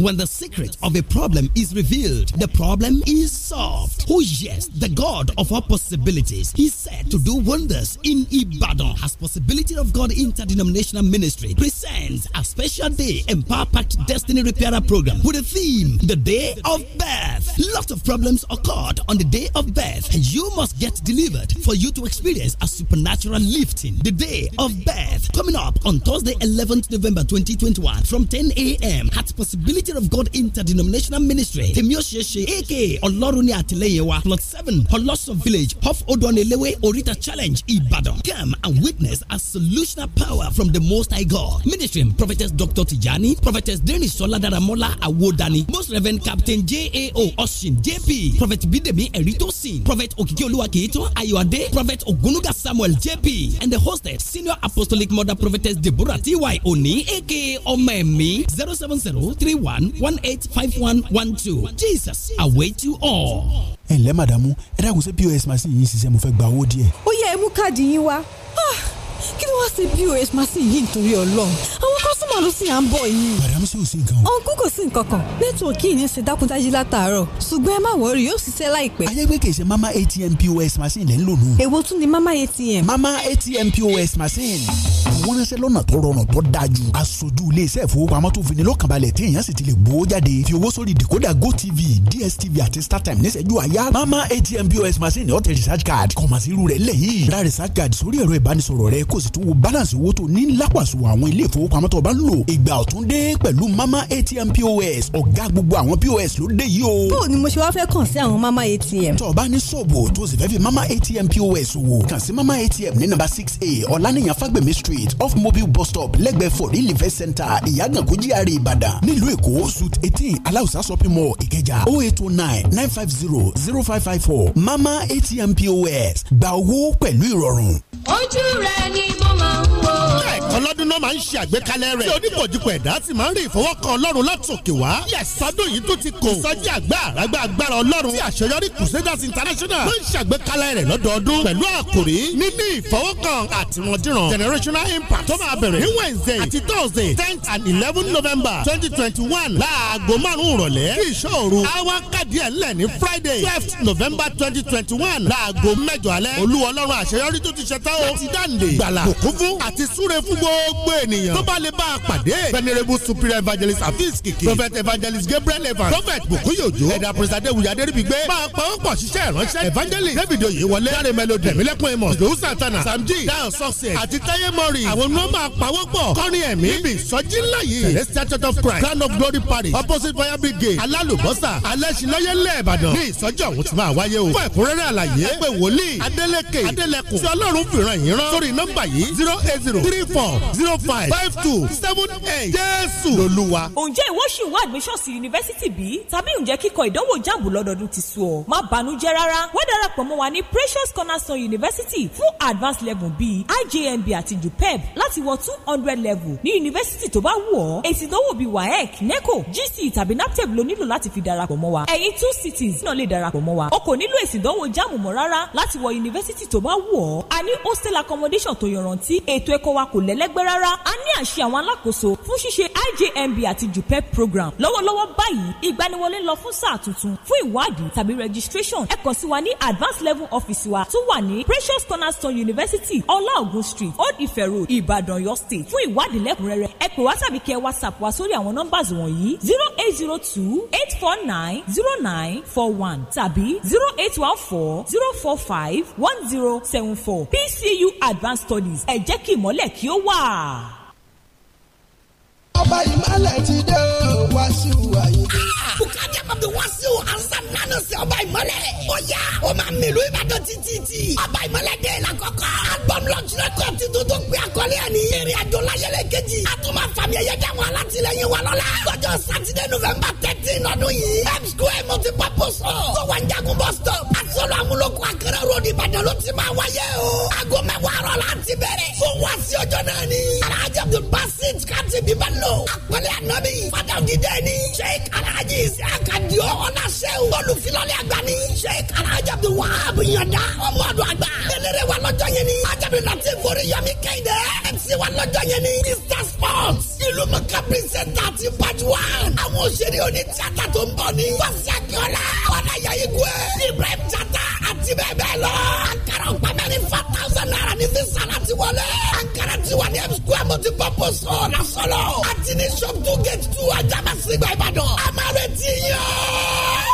When the secret of a problem is revealed, the problem is solved. Oh, yes, the God of all possibilities, He said to do wonders in Ibadan. As Possibility of God Interdenominational Ministry presents a special day Empower Packed Destiny Repairer program with a theme The Day of Birth. Lots of problems occurred on the day of birth, and you must get delivered for you to experience a supernatural lifting. The Day of Birth coming up on Thursday, 11th November 2021 from 10 a.m. at Possibility City of God Interdenominational Ministry tèmi ò ṣe ṣe aka ọlọ́run ní àtìlẹ́yìn wa plot seven Oloso village off Odoanilewe Orita challenge Ibadan come and witness a solutional power from the Most High God ministry prophetess Dr. Tijani prophetess Dennis Soladaramola Awodani most reverend captain J.A.O. Oshin J.P. prophet Bidemi Eritosin prophet Okikioluwa Keito Ayọ̀adé prophet Ogunuga Samuel J.P. and the hosted senior apostolic mother prophetess Deborah T.Y. Oni aka ọmọ ẹ̀mí zero seven zero three one one one eight five one one two Jesus await you all. ẹ ǹlẹ́ màdàmú ẹ dákun ṣé pọ́s machine yìí ń ṣiṣẹ́ mo fẹ́ gba owó díẹ̀. ó yẹ ẹ mú káàdì yín wá. Ah, kí ló wá ṣe pos machine yìí nítorí ọlọ́run àwọn kọ́sùmọ̀ ló sì à ń bọ̀ yìí. madam sì ò sí nǹkan o. ọ̀nkú kò sí nǹkan kan nẹ́tíwọ̀kì yìí ń ṣe dákúndájí látàárọ̀ ṣùgbọ́n ẹ má wọrí yóò ṣiṣẹ́ láìpẹ́. ayégbé ṣe mama atm pos machine lẹ́ ń lò nù. èwo tún ni mama atm. mama atm pos machine. wọ́n ránṣẹ́ lọ́nà tó rọrùn tó dájú. aṣojú iléeṣẹ́ ìfowópamọ́ tó fi ní lọ́kànbalẹ̀ tí èèyàn sì ti lè gbowó jáde. fi dstv àti startime níṣẹ́jú àyà. mama atm pos machine ọ̀tẹ̀ research card kọ̀mọ̀sí irú rẹ̀ lẹ́yìn. ra card sórí ẹ̀rọ ìbánisọ̀rọ̀ rẹ kò sì tún wo balance owó tó ní lápàṣù àwọn ilé ìfowópamọ́ tó bá ń lò ìgbà ọ̀tún dé pẹ̀lú mama atm pos ọ̀gá gbogbo àwọn pos ló dé yìí o. bó ni mo ṣe wá fẹ́ kàn sí àwọn mama atm. tó bá ní ṣòwò tó sì fẹ́ fi mama atm pos wò kàn sí mama atm ní nàmbà six a ọ̀lànìyàn fagbemi street off mobile bus stop lẹ́gbẹ̀ẹ́ for real event center ìyàgànkú GRA e ìbàdàn nílùú èkó suit eighteen aláùsá shopping mall ìkẹjà oh eight oh nine nine five zero zero five five four mama atm pos gba owó pẹ̀lú ìrọ̀rùn ojú rẹ ni mo máa ń wò. ọlọ́dún náà máa ń ṣe àgbékalẹ̀ rẹ̀. tí onípòjìpọ̀ ẹ̀dá sì máa ń rí ìfọwọ́kàn ọlọ́run látòkè wá. yẹ̀sọ́dún yìí tó ti kò. ìsọjí àgbà àràgbà agbára ọlọ́run. tí àṣeyọrí Crusaders International máa ń ṣàgbékalẹ̀ rẹ̀ lọ́dọọdún. pẹ̀lú àkòrí níní ìfọwọ́kàn àtìmọ̀dìràn generational impact tó máa bẹ̀rẹ̀ ní Wednesday àti Thursday tenth and eleven November twenty twenty one láago márùn-ún ìrọ̀lẹ̀ kí ìṣòro àwọn kàdí ẹ̀ lẹ̀ ní Friday twelfth November twenty twenty one láago mẹ́jọ alẹ́ olúwọlọ́run àṣeyọrí tó ti ṣe tán o àti dáǹdè gbàlà òkúfú àti súre fún gbogbo ènìyàn tó bá lè bá a pàdé venerable superior evangelist afis kìkì prophet evangelist gabriel evans prophet bukuyojo ẹ̀dà pẹ̀sàdé wùyàdé rìbìgbé máa pawọ́pọ̀ ṣiṣẹ́ ìránṣẹ́ evangelist david oyewọlé dáre melody ẹ̀mílẹ́kùn ẹ̀mọ́ ìdòwú santana samji dayo success àti taye mori àwọn ni wọ́n máa pawọ́pọ̀ kọrin ẹ̀mí níbi ìsọjí ńlá yìí celestial church of christ crown of glory parish opposite fire brigade alálùbọ́sà alẹ́sìnlọ́yẹ́lẹ̀ ìbàdàn ní ìsọjí ọ̀hún ti máa wáyé o fún ẹ̀kúnrẹ́rẹ́ àlàyé pé wòlíì adélèké adélẹ̀kùn tí ọlọ́run fi ìran ìran sórí nọ́mbà yìí zero eight zero three four zero five five two seven eight jésù lolúwa. ǹjẹ́ ìwọ ṣì wá admission sí yunifásitì bí? tàbí ǹjẹ́ kíkọ ìdánwò jáàbù lọ́dọọdún ti sú ọ? má bànújẹ́ rárá wá darapọ̀ mọ́ wa ní precious cornerstone university fún advanced level bíi ijmb àti jupeb láti wọ two hundred level ní yunifásitì tó bá wù ọ́ èsì ìdánwò bíi waec neco gc e tàbí naptep ló nílò láti fi darapọ̀ mọ́ wa ẹ̀yin two cities náà lè darapọ̀ mọ́ wa o kò nílò èsì ìdánwò jáàmù mọ́ rárá láti wọ yunifásitì tó bá wù ọ́ hostel accommodation tó yọrantí ètò ẹ̀kọ́ wa kò lẹ́lẹ́gbẹ́ rárá a ní àṣẹ àwọn alákòóso fún ṣíṣe IJMB àti JUPEP program lọ́wọ́lọ́wọ́ báyìí ìgbaniwọlé lọ fún sáà tuntun fún ìwádìí tàbí registration ẹ kàn sí wa ní advanced level office wa tó wà ní Precious Cornerstone University ọláògùn street Old Ife road Ìbàdàn Ọ̀yọ́ state fún ìwádìí lẹ́kùnrẹ́rẹ́ ẹ pè wá tàbí kẹ WhatsApp wa sórí àwọn nọ́mbàs wọ̀nyí zero eight zero two eight four nine zero nine four one tàbí zero eight one four zero four five one zero seven four pc CU Advanced Studies ẹ jẹ́ kí ìmọ́lẹ̀ kí ó wà. ọba ìmọ̀lẹ̀ ti dé o. Wasiu Ayinde. Bukadi Abdul Wasiu Hasan Nano sí ọba ìmọ̀lẹ̀. Ó yá ó máa mìlú Ìbàdàn títí. Ọba ìmọ̀lẹ̀ dé lákọ̀ọ́kọ́. Album launch record tuntun tó gbé àkọlé ẹ̀ ní ìrìn àjò láyẹlẹ kejì. A tún máa fàmì ẹ̀yẹ dáhùn alátìlẹyìn wa lọ́la. Lọ́jọ́ Sátidé Nọ́fẹ̀mbà thirteen ọdún yìí. M square multipurpose hall. Tó wà ń jagun bus stop. Àsọ̀rọ̀ àmúlòkọ àkẹrẹ road Ìbàdàn ló ti máa wáyé o. Aago mẹ́wàá rọ̀ láti bẹ̀rẹ̀. Fún wá ọjọ́ náà ni. Alhaji Abdul Kati Bíbélò. Àpẹẹrẹ ànábì. Fadàdí olùdíje ni sheik alhaji isiaka diọ ọlásẹ́wò olùfilọ́lẹ̀ àgbà ni sheik alhaji abdul wahab yanda ọmọdù àgbà eléré wa lọ́jọ́ yẹn ni ajabi láti forí yọmi kéde mc wa lọ́jọ́ yẹn ni mr sports ìlú mọ̀ká pírísẹ́ńtà ti pàjù wa àwọn òṣèré oní tíátà tó ń bọ̀ ni wàsíù akíọ́lá ọ̀nà yẹ igun ẹ̀ ibrahim tata àti bẹ́ẹ̀ bẹ́ẹ̀ lọ. Ankara gbàgbẹ́ ní five thousand naira ní sísá láti wọlé. Ankara ti wà ní M square multi purpose hall lásọ̀lọ̀. Àti ní shop two gate two ajá bá sígbà Ìbàdàn. A máa retí yín o.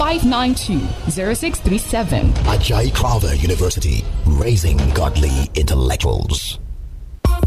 592-0637. Ajay Carver University, raising godly intellectuals.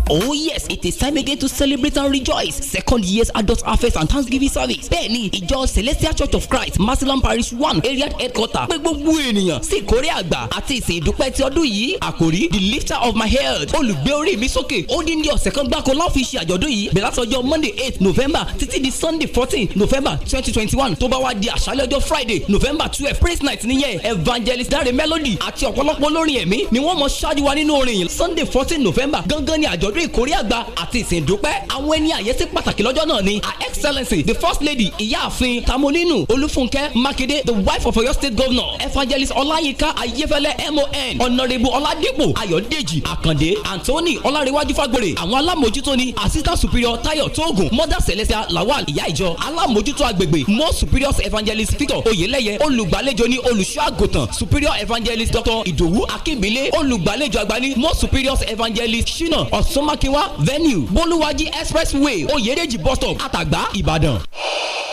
Oh yes, it is time again to celebrate and rejoice. Second year's adult harvest and thanksgiving service. Bẹ́ẹ̀ni, ìjọ Celestial Church of Christ, Masalam Parish One, area headquarter. Pé gbogbo ènìyàn sí ìkórè àgbà àti ìsìn ìdúpẹ́ ti ọdún yìí. Àkòrí the lifter of my head. Olùgbé orí mi sókè. Ó ní ní ọ̀sẹ̀ kan gbáko láwọn fi ṣe àjọ̀dún yìí. Bẹ̀rẹ̀ látọjọ́ Monday eight November títí di Sunday fourteen November twenty twenty one. Tó bá wá di àṣálẹ́ ọjọ́ Friday November twelve praise night nìyẹn. Evangelist Dare Melody àti ọ̀pọ̀lọpọ̀ olórin ẹ̀mí ni wọ́n mọ ṣáájú wa nínú orin yìí. Sunday fourteen November gangan ni àj àjọ̀dún ìkórè àgbà àti ìsìn ìdúpẹ́ àwọn ẹni àyẹ́sí pàtàkì lọ́jọ́ náà ni her excellency the first lady ìyáàfin tamolinu olúfúnkẹ́ makinde the wife of oyo state governor evangelist ọláyínká ayéfẹ́lẹ́ mon honourable ọládípò ayọ̀dèjì àkàndé anthony ọlárẹ̀wájú fagbore àwọn alámòjútó ni assistant superior tayo tóògùn mother Celestia lawal ìyá ìjọ alámòjútó agbègbè most superior evangelist victor oyeleye olùgbàlejò ní olùṣọ́ àgùntàn superior evangelist dr ìdòwú akínbílé olùgbàlejò àgbà ní most superior evangelist shina ọ̀s Sọ́mákinwá venue Bólúwájí expressway Oyèdèjì bus stop Àtàgbá Ìbàdàn.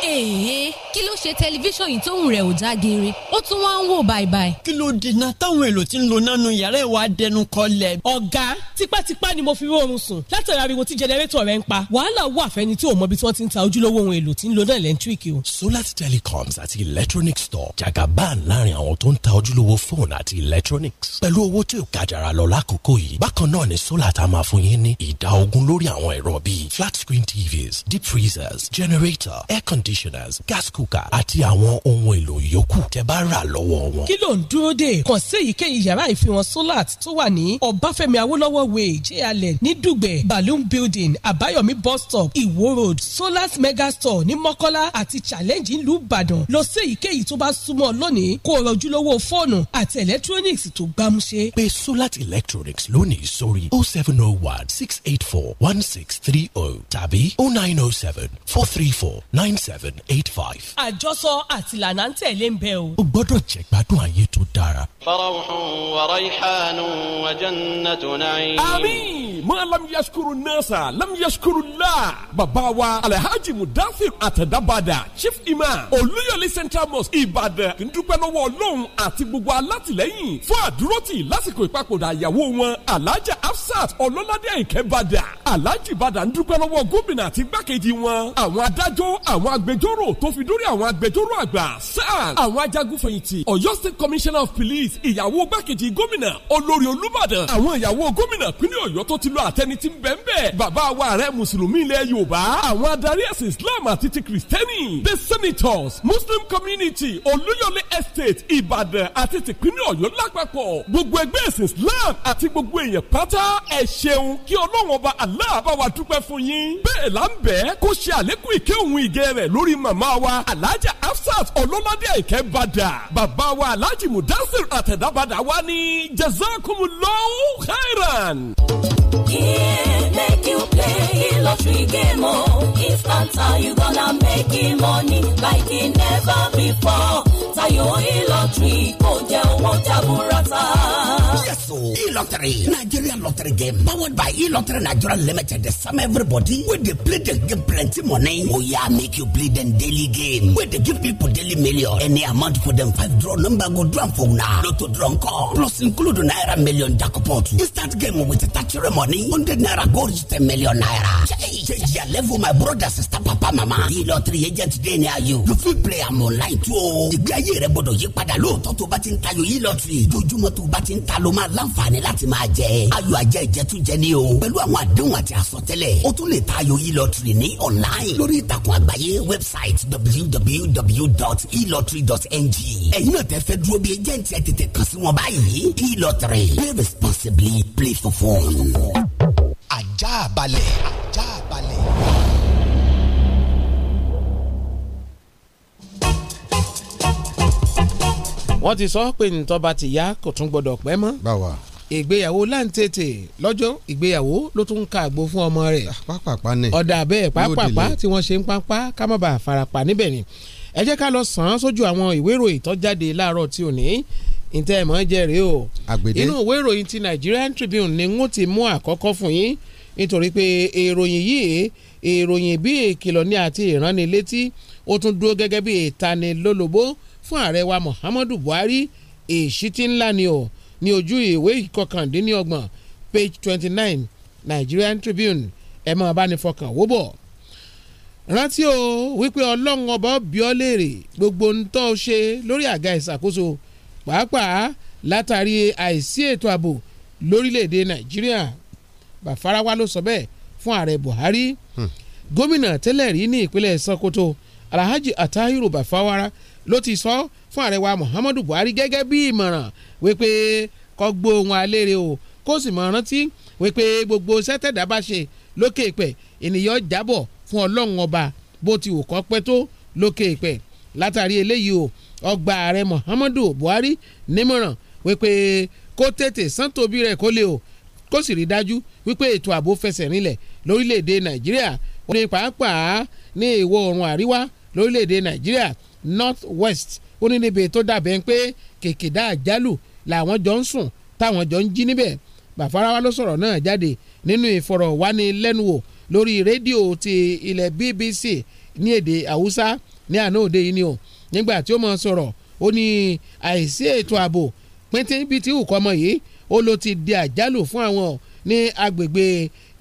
èèyàn kí ló ṣe tẹlifíṣàn yìí tóun rẹ̀ ò já ó tún wá ń wò báibái. kí ló dènà táwọn èlò tí ń lo nánú yàrá ìwà dẹnu kọlẹ̀. ọ̀gá tipátipá ni mo fi rọrùn sùn látara ariwo tí jẹnẹrétọ̀ rẹ̀ ń pa wàhálà wà fẹ́ni tí ò mọ ibi tí wọ́n ti ń ta ojúlówó ohun èlò tí ń lo náà lẹ́ńtíríkì o. solar telecoms àti electronic store jagaban láàrin àwọn tó ń ta ojúlówó fóònù àti electronics pẹ̀lú owó tí ò kájàra lọ solar ta ní ní ìdá ogún lórí àwọn ẹ̀rọ bíi flat screen tvs deep freezers generator air conditioners gas cooker àti àwọn ohun èlò yòókù tẹ́ bá rà lọ́wọ́ wọn. kí ló ń dúró dè kàn sí èyíkéyìí yàrá ìfihàn solar tó wà ní ọbáfẹ́mi awólọ́wọ̀ way jayalẹ ní dùgbẹ̀ balloon building àbáyọ̀mí bus stop ìwó road solat mega store ní mọ́kọ́lá àti challenge ìlú ìbàdàn lọ sí èyíkéyìí tó bá súnmọ́ lónìí kó o rọjú lówó fóònù àti electronics tó gbámúṣé. pe solat electronics lónìí sórí oh seven oh one Contact 684 1630 tàbí 0907 434 9785. Àjọsọ àti ìlànà ń tẹ̀lé ń bẹ o. O gbọ́dọ̀ jẹ́ gbádùn ayé tó dára. Farawuhu wa raihanu wa jannatu na'im. Àmín! Máa lam yaskuru nasa, lam yaskuru la. Bàbá wa Alhaji Mudafir Atadabada, Chief Imam, Olúyọ̀lé Central Mosque, Ìbàdàn, ń dúpẹ́ lọ́wọ́ Ọlọ́run àti gbogbo alátìlẹ́yìn fún àdúrótì lásìkò ìpapòdà ìyàwó wọn Alhaja Hafsat Ọlọ́lá Ọládé Àyìnkẹ́ Bàdà Alhaji Bàdà ń dúpẹ́ lọ́wọ́ gómìnà àti gbákejì wọn àwọn adájọ́ àwọn agbẹjọ́rò tó fi dórí àwọn agbẹjọ́rò àgbà SAN àwọn ajagunfẹ̀yìntì Ọ̀yọ́ State Commissioner of Police ìyàwó gbákejì gómìnà olórí Olúbàdàn àwọn ìyàwó gómìnà pínlẹ̀ Ọ̀yọ́ tó ti lọ àtẹni tí ń bẹ́ńbẹ́ bàbá wa ààrẹ mùsùlùmí ilẹ̀ Yorùbá àwọn adarí ẹ̀sìn Islam àti ti Kristẹni the senators Muslim community Olúyọ̀lé Estate Ìbàdàn àti tìpínlẹ̀ Ọ̀yọ́ lápapọ̀ gbogbo Islam àti gbogbo èèyàn pátá ọ̀run kí ọlọ́run ọba Allah wa dúpẹ́ fún yín. bẹ́ẹ̀ la ń bẹ̀ kó ṣe àlékún ìkẹ́ òun ìgẹ̀ rẹ̀ lórí màmá wa alájà Hafsat ọlọ́ládé àìkẹ́ bàdà bàbá wa alájì mudasir àtẹ̀dábàdà wa ní jazakumullahu khairan. Yeah, make you play lottery game, oh. If time you gonna make him money like he never before. Tayo e-lottery kò jẹ́ owó jaburata. e-lottery Nigerian lottery game powered by e-lottery Nigeria limited The sum everybody wey they play the game, plenty money. Oh yeah, make you play dem daily game wey they give people daily million. Any amount for them five draw number go draw for una. Lotto draw call, plus include naira million jackpot. You start game with touch tachiri money hundred naira go reach ten million naira. Change your level my brother sister papa mama. E-lottery agent dey near you. You fit play am online too oh. the. Ìgbé ayé rẹ gbọdọ̀ yí padà lóòótọ́ tó bá ti ń tayọ yìí lọ́tìrì lójúmọ́ tó bá ti ń ta ló máa láǹfààní láti máa jẹ ayọ̀ ajẹ́ ìjẹ́tújẹ ni o pẹ̀lú àwọn àdéhùn àti àsọtẹ́lẹ̀ o tún lè tayọ yìí lọ́tìrì ní online lórí ìtàkùn àgbáyé website www.elottery.ng ẹ̀yin náà tẹ́ fẹ́ dúró bí ẹjẹ́ǹtì ẹ̀ tètè kàn sí wọn báyìí elottery play responsibly play for fun. ajá balẹ̀ ajá balẹ̀. wọ́n ti sọ pé nìtọ́ bá ti yá kò tún gbọ́dọ̀ pẹ́ mọ́. báwa ìgbéyàwó láǹtètè lọ́jọ́ ìgbéyàwó ló tún ń ka àgbo fún ọmọ rẹ̀ ah, ọ̀dà bẹ́ẹ̀ pápápá tí wọ́n ṣe ń pápá ká má bàa farapa níbẹ̀ ni ẹ jẹ́ ká lọ sàn án sójú àwọn ìwé ìròyìn tó jáde láàárọ̀ tí ò ní ìtẹ́ ẹ̀mọ́ jẹ́ rèé o inú ìwé ìròyìn ti Nigerian Tribune ni wọ́n ti mú àkọ́kọ́ fún yín nítorí pé ìròyìn yìí ìròyìn bíi ìkìlọ̀ ní àti ìránnilétí ó tún dúró gẹ́gẹ́ bíi ìtanilólobó fún ààrẹ wa Muhammadu Buhari èsìtì ńlá ni o ní ojú ìwé ìkọkàndínlọ́gbọ̀n page twenty nine Nigerian Tribune ẹ máa bá ní fọkàn wó bọ̀. rántí o wípé ọlọ́run ọba bíọ́ léèrè gbogbo ń tọ́ ṣe lórí àga ìṣàkóso pàápàá látàrí àìsí ètò ààbò lórílẹ̀‐èdè Nàìjíríà Bàfarawa ló sọ bẹ́ẹ̀ fún ààrẹ Buhari hmm. gómìnà tẹ́lẹ̀ rí ní ìpínlẹ̀ Sokoto Alhaji Atahiru Bàfarawa ló ti sọ fún ààrẹ wa Muhammadu Buhari gẹ́gẹ́ bí ìmọ̀ràn wípé kó gbó ohun àlérè o kó sì mọ̀ rántí wípé gbogbo sẹ́tẹ̀dá bá ṣe lókè ìpẹ́ ènìyàn jábọ̀ fún ọlọ́run ọba bó ti wù kó pẹ́ tó lókè ìpẹ́ látàrí eléyìí o ọgbà ààrẹ Muhammadu Buhari nímọ̀ràn wípé kó tètè sántó bí rẹ̀ kó lè o kó sì rí dájú wípé ètò ààbò fẹsẹ̀ rinlẹ̀ lórílẹ̀‐èdè Nàìjíríà ó ní pàápàá ní ìwọ̀ oòrùn àríwá lórílẹ̀‐èdè Nàìjíríà north west ó ní níbi tó dàbẹ̀ pé kèkèdá àjálù làwọn jọ ń sùn táwọn jọ ń jí níbẹ̀ Bàfáráwá ló sọ̀rọ̀ náà jáde nínú ìfọ̀rọ̀wánilẹ́nuwò lórí rédíò ti ilẹ̀ BBC ní èdè Haúsá ní àná òde yìí ni o nígbà tí ó mọ̀ sọ̀rọ̀ ó ní àìsí ètò ààbò pínpín bíi ti ìwùkọ́ ọmọ yìí ó ló ti di àjálù fún àwọn ní agbègbè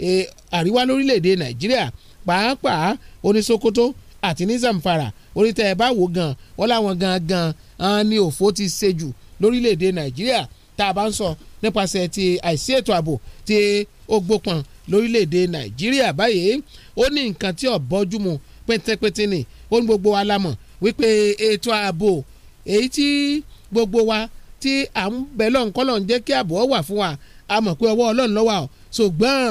e, àríwá lórílẹ̀‐èdè Nàìjíríà pàápàá ó Sokoto àti ní Zamfara orí tẹ́ ẹ bá wò gan wọ́n láwọn gangan hàn ní òfò ti ṣe jù lórílẹ̀‐èdè nàìjíríà tá a bá ń sọ nípasẹ̀ ti àìsí ètò ààbò tí ó gbópọn lórílẹ̀‐èdè nàìjíríà báyìí ó ní nǹkan tí ó bọ́jú mu pétépété ni ó ní gbogbo wa la mọ̀ wípé ètò ààbò èyí tí gbogbo wa tí à ń bẹ lọ́nkọ́lọ́ ń jẹ́ kí ààbò wà fún wa a mọ̀ pé ọwọ́ ọlọ́run ló ṣùgbọ́n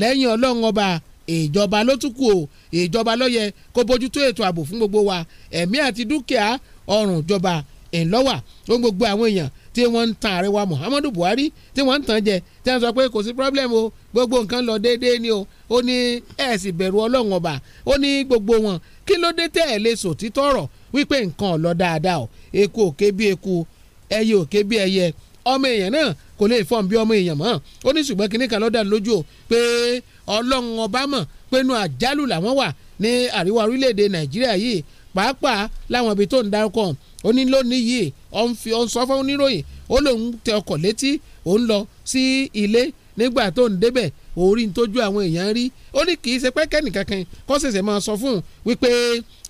lẹ́yìn ọlọ́run ọba ìjọba ló tún kù o ìjọba ló yẹ kó bójútó ètò ààbò fún gbogbo wa ẹ̀mí àti dúkìá ọrùn ìjọba ńlọ́wà ó gbogbo àwọn èèyàn tí wọ́n ń tan ààrẹ wa Muhammadu Buhari tí wọ́n ń tan jẹ tí wọ́n sọ pé kò sí problem o gbogbo nǹkan lọ déédéé ni o ó ní ẹ̀ sì bẹ̀rù ọlọ́run ọba ó ní gbogbo wọn kí ló dé tẹ̀ lè sọ títọ́ ọ̀rọ̀ wípé nǹkan lọ dáadáa o eku òkè bí eku ẹyẹ òkè bí ẹyẹ ọmọ èèyàn náà kò lè fọ́n bí ọmọ èèyàn mọ́ ó ní ṣùgbọ́n kinní kan lọ́dà lójú o pé ọlọ́run ọba mọ̀ pẹ́nu àjálù làwọn wà ní àríwá orílẹ̀-èdè nàìjíríà yìí pàápàá láwọn ibi tó ń dárúkọ ó ní lónìí yìí ó ń fi ó ń sọ fún oníròyìn ó lòun tẹ ọkọ̀ létí òun lọ sí ilé nígbà tó ń débẹ̀ orí ń tójú àwọn èèyàn rí ó ní kì í ṣe pé kẹ́nìkankan kó ṣẹ̀ṣẹ̀ máa sọ fún un wípé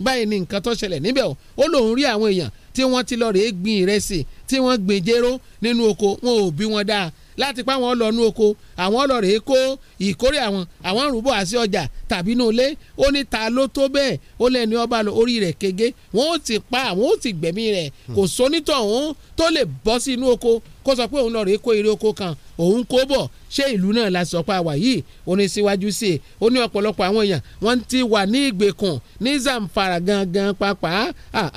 báyìí ni nǹkan tó ṣẹlẹ̀ níbẹ̀ o ó lòun rí àwọn èèyàn tí wọ́n ti lọ rèé gbin ìrẹsì tí wọ́n gbin jéró nínú oko wọn ò bí wọn dáa láti pa àwọn ọlọ́nu oko àwọn ọlọ́rẹ̀ kó ìkórè àwọn àwọn rúbọ̀ àti ọjà tàbí inú ilé ó ní ta ló tó bẹ́ẹ̀ ó lẹ́ni ọba lọ orí rẹ̀ kége wọ́n ó ti pa àwọn ó ti gbẹ̀mí rẹ̀ kò hmm. sónítọ̀ òun tó lè bọ́ sí inú oko kó sọ pé òun lọ́ọ̀rẹ̀ kó ire oko kan òun kó bọ̀ ṣé ìlú náà la sọ pé àwa yìí ó síwájú sí i ó ní ọ̀pọ̀lọpọ̀ àwọn èèyàn wọ́n ti wà ní ìgbèkùn ní zamfara gangan pàápàá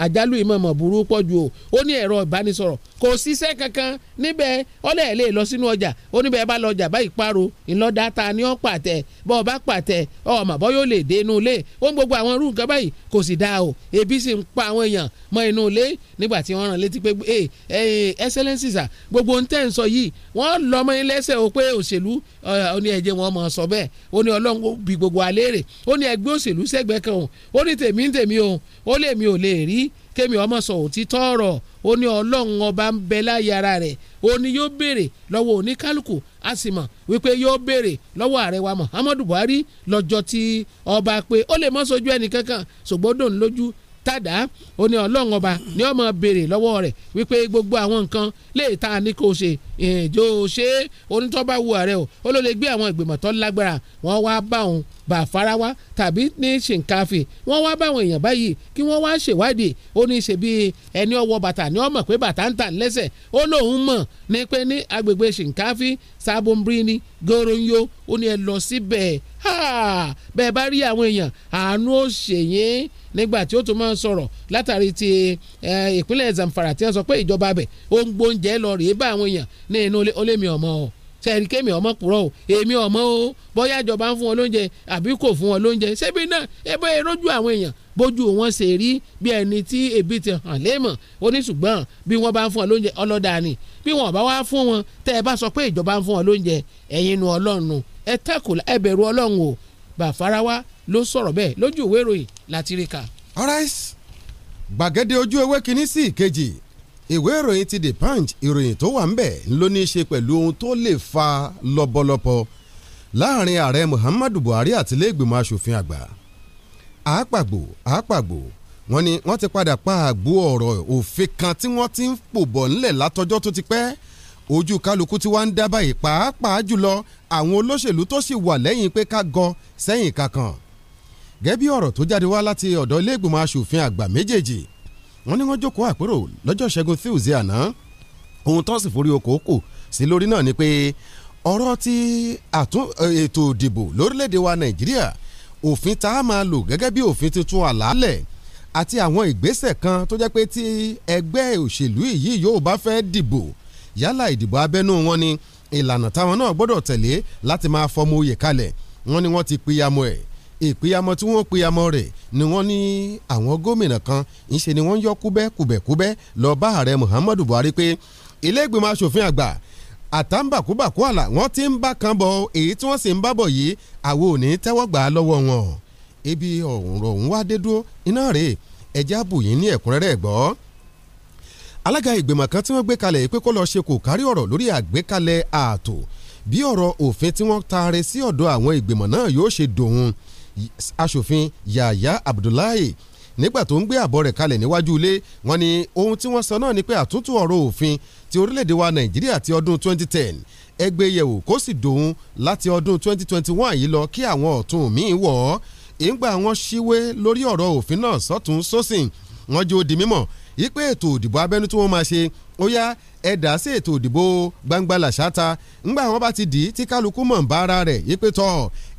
àjálù ìmọ̀mọ̀ burú pọ̀ ju o ó ní ẹ̀rọ ìbánisọ̀rọ̀ kò síṣẹ́ kankan níbẹ̀ ọlẹ́ lè lọ sínú ọjà ó níbẹ̀ bá lọ ọjà báyìí paro ìlọ́dà ta ni ó pàtẹ bọ́ ọ bá pàtẹ ọmọ bọ́ yóò lè dé inú ilé ó ń gbogbo àwọn irú nǹkan báyìí kò sì dáa o ebi sì ń pa àwọn èèyàn mọ inú ilé nígbà tí wọ́n rán létí pé ẹ ẹ eh, excellences gbogbo ń tẹ̀ ń sọ yìí wọ́n lọ́mọ mọ́ ní lẹ́sẹ̀ o pé òṣèlú ó ní ẹ̀jẹ̀ wọn mọ̀ sọ bẹ́ẹ̀ ó ní ọlọ́run bí gbogbo àlérè ó ní ẹgbẹ́ òṣèlú sẹ́gbẹ́ kan o ó ní tèmi tèmi o ó lè mi ò lè rí kémi ọmọ sọ òtítọ́ ọ̀rọ̀ ó ní ọlọ́run ọba ń bẹ láyé ara rẹ̀ ó ní yóò béèrè lọ́wọ́ oníkálukú a sì mọ̀ wípé yóò béèrè lọ́wọ́ ààrẹ wa Muhammadu Buhari lọ́jọ́ tí ọba pé ó lè mọ́ sojú ẹnìkankan ṣùgbọ́n dòun lójú tàdá ó ní ọlọ́run ọba ní ọmọ béèrè lọ́wọ́ rẹ̀ wípé gbogbo àwọn nǹkan lè ta ni kò ṣe ìjọ ṣe onítọ́ba wo ààrẹ o ó ló lè gbé àwọn ìgbìmọ̀ tó lágbára wọ́n wá bá òun bàfara wá tàbí ní ṣìǹkàfì wọ́n wá báwọn èèyàn báyìí kí wọ́n wá ṣèwádìí ó ní ṣe bí ẹni ọwọ́ bàtà ni ó mọ̀ pé bàtà ń tà lẹ́sẹ̀ ó lóun mọ̀ ní pé ní agbègbè ṣìǹkàfì sábòmbrini goronyo ó ní ẹ lọ síbẹ̀ bẹ́ẹ̀ bá rí àwọn èèyàn àánú ó ṣèyìn nígbà tí ó tún máa ń sọ̀rọ̀ látàrí ti ìpínlẹ̀ Zamfara tí wọ́n sọ pé ìjọba bẹ̀ ó ń gbóúnjẹ lọ rèé bá àwọn èèyàn ní inú olé mi ọmọ o sẹ́ẹ̀rì kémi ọmọ purọ́ o èmi ọmọ o bóyá ìjọba ń fún wọn lóúnjẹ àbí kò fún wọn lóúnjẹ ṣebí náà ẹbẹ́ ìrójú àwọn èèyàn bójú wọn ṣe rí bí ẹni tí ebi ti hàn léèmọ̀ ó ní ṣùgbọ́n bí wọ́n bá ń fún wọn lóúnjẹ ọlọ́dà ni bí wọ́n bá wá fún wọn tẹ́ ẹ bá sọ pé ìjọba ń fún wọn lóúnjẹ ẹ̀yin nu ọlọ́run ẹ tẹ́kùlá ẹ ọlọ́run o bàfarawa ló sọ̀rọ̀ bẹ́ẹ̀ lójú ìwé ìròyìn láti rí ka. all right gbàgede ojú ewé kínní sí ìkejì ìwé ìròyìn ti the punch ìròyìn tó wà ń bẹ̀ ló ní í ṣe pẹ̀lú ohun tó lè fa lọ́bọ̀lọ́bọ̀ láàrin ààrẹ muhammadu buhari àti iléègbìmọ̀ asòfin àgbà àápàgbò àápàgbò wọn ni wọ́n ti padà pa àgbo ọ̀rọ̀ òfin kan tí wọ́n ti ń pòbọ̀ ńlẹ̀ látọjọ́ tó ti pẹ́ ojú kálukú tí wọ́n ń dá báyìí pàápàá jùlọ àwọn olóṣèlú tó sì wà lẹ́yìn pé ká gọ sẹ́yìn kankan gẹ́bí ọ̀rọ̀ tó jáde wá láti ọ̀dọ̀ iléègbìmọ̀ asòfin àgbà méjèèjì wọ́n ní wọ́n jókòó àpérò lọ́jọ́ ṣẹ́gun Tuesday àná ohun tó sì forí oko kù sí lórí náà ni pé ọ̀rọ̀ ti àtún ètò ìdìbò lórílẹ̀‐èdè wa Nàìjíríà òfin tá a máa lò gẹ́gẹ́ bí òfin tuntun àlàálẹ̀ àti àwọn ìgbésẹ̀ kan tó jẹ́ pé tí ẹgbẹ́ òṣèlú yìí yóò bá fẹ́ dìbò yálà ìdìbò abẹ́nú wọn ni ìlànà táwọn náà gbọ́dọ̀ tẹ̀lé láti máa fọmọ oyè kalẹ̀ wọ́n ní wọ́n ti pìyàmọ́ ẹ̀ ìpìyàmọ́ tí wọ́n pìyàmọ́ rẹ̀ ni wọ́n ní àwọn gómìnà kan ńṣe ni wọ́n yọ kúbẹ́kúbẹ́kúbẹ́ lọ bá ààrẹ Muhammadu Buhari pé ilé ìgbìmọ̀ asòfin àgbà àtàǹbàkúbàkú àlà wọ́n ti ń bá kan bọ̀ èyí tí wọ́n sì ń bá bọ̀ yìí àwọn ò ní tẹ́wọ́ gbà á lọ́wọ́ wọn ebi ọ̀rọ̀ òun wá dé dúró iná rèé ẹ̀já bùyín ní ẹ̀kúnrẹ́rẹ́ gbọ́ alága ìgbìmọ̀ kan tí wọ́n gbé kalẹ̀ pé kó lọ́ọ́ ṣe kò kárí ọ̀rọ̀ lórí àgbékalẹ̀ ààtò bí ọ̀rọ̀ òfin tí wọ́n taare sí ọ̀dọ̀ àwọn ìgbìmọ̀ náà yóò ṣe dòun aṣòfin Yahya Abdullahi nígbà tó ń gbé àbọ̀ rẹ̀ kalẹ̀ níwájú ilé wọn ni ohun tí wọ́n sọ náà ni pé àtúntò ọ̀rọ̀ òfin ti orílẹ̀-èdè wa Nàìjíríà ti ọdún 2010 ẹgbẹ́ e yẹ̀wò kó sì dòun láti ọdún 2021 yìí lọ kí àwọn ọ̀tún míì wọ̀ ọ́ ìgbà wọn ṣíwé lórí ọ̀rọ̀ òfin náà sọ́tún sósìn wọ́n jó di mímọ̀ yí pé ètò òdìbò abẹ́nú tí wọ́n máa ṣe ó yá ẹ̀dá sí ètò òdìbò gbangba làṣáta ńgbà wọn bá ti dì í tí kálukú mọ̀ ń bá ara rẹ̀ yí pé tọ́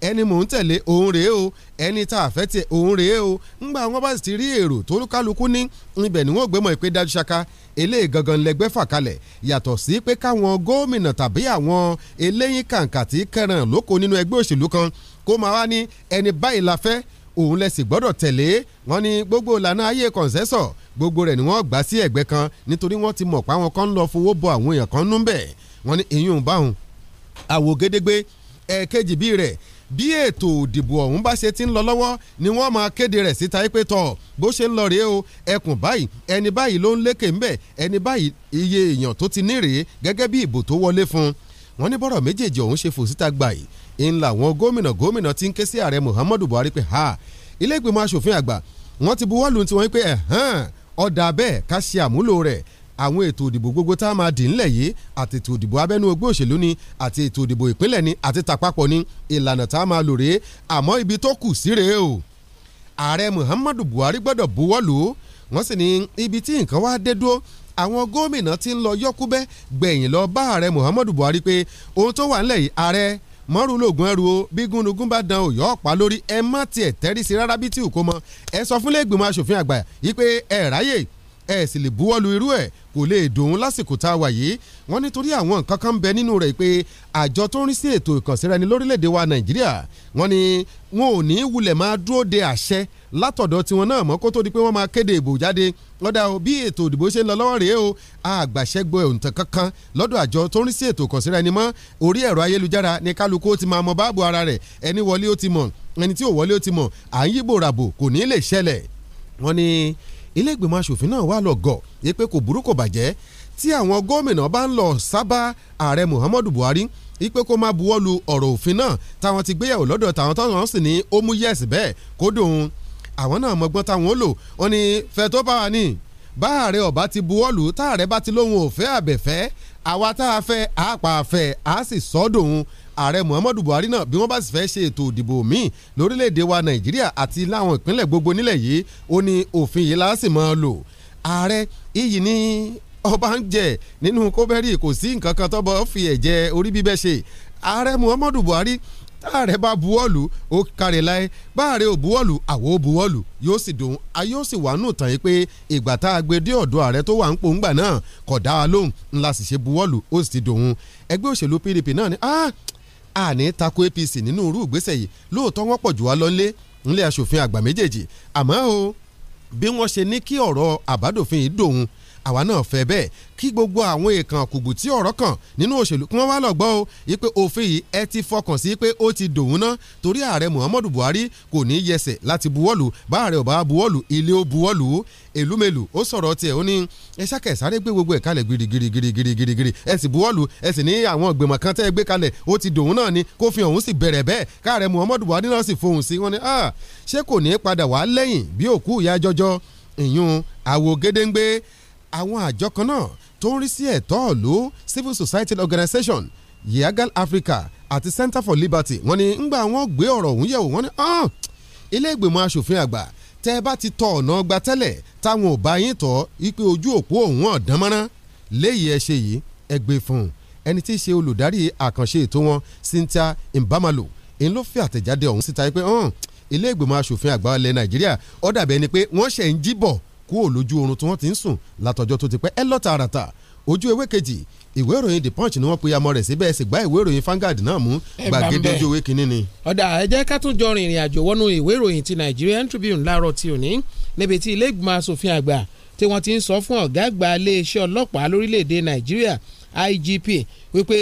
ẹni mò ń tẹ̀lé òun rèé o ẹni tá a fẹ́ tẹ òun rèé o ńgbà wọn bá ti rí èrò tó kálukú ní ibẹ̀ ni wọ́n gbẹ́mọ̀ ìpè dájú ṣaka eléyìí gangan lẹgbẹ́ fà kalẹ̀ yàtọ̀ sí pé káwọn gómìnà tàbí àwọn eléyìn kàǹkà tí kẹràn lóko nínú ẹgbẹ́ òṣèlú kan kó máa wá ní ẹni báyìí la fẹ́ òun lẹ sì gbọ́dọ̀ tẹ̀lé wọn ni gbogbo ìlànà ayé kọ̀ǹsẹ́sọ̀ gbogbo rẹ̀ ni wọ́n gbà sí ẹ̀gbẹ́ kan nítorí wọ́n ti mọ̀ pa àwọn kan ń lọ fowó bọ àwọn èèyàn kan nú bẹ̀ wọ́n ní ìyún báwọn àwò gédégbé ẹ̀ẹ́kejì bíi rẹ̀ bí ètò òdìbò ọ̀hún bá ṣe ti ń lọ lọ́wọ́ ni wọ́n máa kéde rẹ̀ síta pé tọ̀ bó ṣe ń lọ rèé o ẹkùn báyìí ẹni báyìí ló ń lékè ńbẹ̀ ẹni báyìí iye èèyàn tó ti ní rèé gẹ́gẹ́ bí ìbò tó wọlé fún un wọ́n ní bọ́rọ̀ méjèèjì ọ̀hún ṣe fò síta gbà yìí ń la gómìnà gómìnà ti ń ké sí ààrẹ Muhammadu Buhari pé ha ilé ìgbìmọ̀ asòfin àgbà wọ́n ti buwọ́lù tiwọn pé ẹ̀hán ọ̀dà bẹ́ẹ̀ ká ṣe àmúlò rẹ̀ àwọn ètò òdìbò gbogbo tá a máa dì ńlẹ̀ yìí àti ètò òdìbò abẹ́nú ogbó òṣèlú ni àti ètò òdìbò ìpínlẹ̀ ni àti tàpapọ̀ ni ìlànà tá a máa lò rèé àmọ́ ibi tó kù sí rèé o ààrẹ Muhammadu Buhari gbọ́dọ̀ buwọ́ lù ú wọ́n sì ní ibi tí nǹkan wá dé dúró àwọn gómìnà ti ń lọ yọkúbẹ́ gbẹ̀yìn lọ bá ààrẹ Muhammadu Buhari pé ohun tó wà ńlẹ̀ yìí ààrẹ mọ́rù lògùn ẹrù o bí gúnugún bá dán òyọ́ ọ̀pá lórí ẹ má tiẹ̀ tẹ́rí sí rárá bí tí ò kó mọ ẹ sọ fúnlẹ̀ ìgbìmọ̀ asòfin àgbà yìí pé ẹ ráyè ẹ sì lè buwọ́lu irú ẹ̀ kò lè dòun lásìkò tá a wà yìí wọ́n nítorí àwọn nǹkan kan bẹ nínú rẹ̀ pé àjọ tó ń rí sí ètò ìkànsíra ẹni lórílẹ̀‐èdè wa Nàìjíríà wọ́n ní wọn ò ní wulẹ̀ máa dúró de àṣẹ látọ̀dọ̀ tiwọn náà mọ́ kó tó di pé wọ́n máa kéde ìbò jáde lọ́dà o bí ètò òdìbò ṣe ń lọ lọ́wọ́ rèé o àgbàṣẹ́gbọ́ òǹtẹ̀ kankan lọ́dọ̀ àjọ tó ń rí sí ètò ìkọ̀síra ẹni mọ́ orí ẹ̀rọ ayélujára ni kálukú ó ti máa mọ báàbò ara rẹ̀ ẹni wọlé ó ti mọ̀ ẹni tí ò wọlé ó ti mọ̀ à ń yíbò ràbò kò ní lè ṣẹlẹ̀ wọ́n ní ilé ìgbìmọ̀ asòfin náà wà lọ́gọ̀ yé pé kò burú kò bàjẹ́ tí àwọn gómìnà bá ń lọ sábà ààrẹ Muhammadu Buhari ipe kó máa buwọ́lu ọ̀rọ̀ òfin náà táwọn ti gbéyàwó lọ́dọ̀ táwọn tọ́nà àwọn náà mọ̀gbọ́n táwọn ó lò ó ní fẹ́tọ́ báwa ní bá ààrẹ ọ̀bá ti buwọ́lù tá ààrẹ bá ti lóhun òfẹ́ àbẹ̀fẹ́ àwa tá a fẹ́ àápa àfẹ́ àá sì sọ́dọ̀ òun ààrẹ muhammadu buhari náà bí wọ́n bá sì fẹ́ ṣe ètò ìdìbò míì lórílẹ̀‐èdè wa nàìjíríà àti láwọn ìpínlẹ̀ gbogbo nílẹ̀ yìí ó ní òfin yìí láà máa lò ààrẹ iyì ní ọba ń jẹ nínú kóbẹ́rì kò sí nǹkan kan tó fi ẹ̀jẹ̀ orí bíbẹ́ ṣe ààrẹ muhammadu buhari táàrẹ bá buwọ́lù ó kárẹ̀ láyé báàrẹ ò buwọ́lù àwọ̀ ò buwọ́lù yóò sì dùn a yóò sì wà nù tàn yín pé ìgbà tá a gbé dé ọ̀dọ̀ ààrẹ tó wà ń pò ńgbà náà kò dá a lóhùn ńlá sì ṣe buwọ́lù ó sì ti dòun ẹgbẹ́ òṣèlú PDP náà ni àní ah, tako APC nínú irú ìgbésẹ̀ yìí lóòótọ́ wọ́n pọ̀ jù wá lọ́nlé ńlẹ̀ asòfin àgbà méjèèjì àmọ́ o bí wọ́n ṣe ní kí ọ̀rọ̀ àbádòfin yìí dòun àwa náà fẹ́ bẹ́ẹ̀ kí gbogbo àwọn èèkàn kùgbù tí ọ̀rọ̀ kàn nínú òṣèlú kí wọ́n wá lọ gbọ́ o wípé òfin yìí ẹ ti fọkàn sí pé ó ti dòun ná torí ààrẹ Muhammadu Buhari kò ní yẹsẹ̀ láti buwọ́lù bá ààrẹ ò bá buwọ́lù ilé ó buwọ́lù èlúmẹ̀lù ó sọ̀rọ̀ tiẹ̀ ó ní ẹ ṣàkẹ́ sáré gbé gbogbo ẹ̀ kalẹ̀ girigirigirigirigiri ẹ sì buwọ́lù ẹ sì ní àwọn ìgbìmọ̀ kan tẹ́ ẹ gbé kalẹ̀ ó ti dòun náà ni kó fi ọ̀hún sì bẹ̀rẹ̀ bẹ́ẹ̀ káàrẹ Muhammadu Buhari náà sì fohùn sí wọn ni ṣé kò ní padà wá lẹ́yìn bí òkú ìyá jọjọ ìyún àwògedengbe àwọn àjọ kan náà tó ń rí sí ẹ̀tọ́ ìlú civil society organization yagal africa àti center for liberty wọ́n ní ńgbà wọ́n gbé ọ̀rọ̀ ọ̀hún yẹ̀wò wọ́n ní ilé ìgbìmọ̀ asòfin àgbà tẹ́ ẹ bá ti tọ ọ̀nà ọgbà tẹ́lẹ̀ táwọn ò bá yín tọ́ ipe ojú òpó òun ọ̀dán mọ́rán léyìí ẹ ṣe yìí ẹ gbé e fún un ẹni tí í ṣe olùdarí àkànṣe ètò wọn Cynthia Mbamalo ń ló fi àtẹ̀jáde ọ̀hún síta pé ilé asòfin àgbà ilẹ̀ Nàìjíríà ó dàbí pé wọ́n ṣẹ̀ ń jíbọ̀ kúrò lójú oorun tí wọ́n ti ń sùn látọjọ́ tó ti pẹ́ ẹ lọ tààràtà ojú ewé kejì ìwé ìròyìn the punch ni wọ́n pe amọ̀ rẹ̀ síbẹ̀ sì gbá ìwé ìròyìn Vanguard náà mú gbàgede ojú ewé kínní ni. ọ̀dà ẹ jẹ́ ká tún jọ rìnrìn àjò wọnú ìwé ìròyìn ti Nigerian Tribune láàárọ̀ tí ò ní níbi tí ilé ìgbìmọ̀ asòfin àgbà tí wọ́n ti ń sọ fún ọ̀gá àgbà iléeṣẹ́ ọlọ́pàá lórílẹ̀‐èdè Nàìjíríà IGP wípé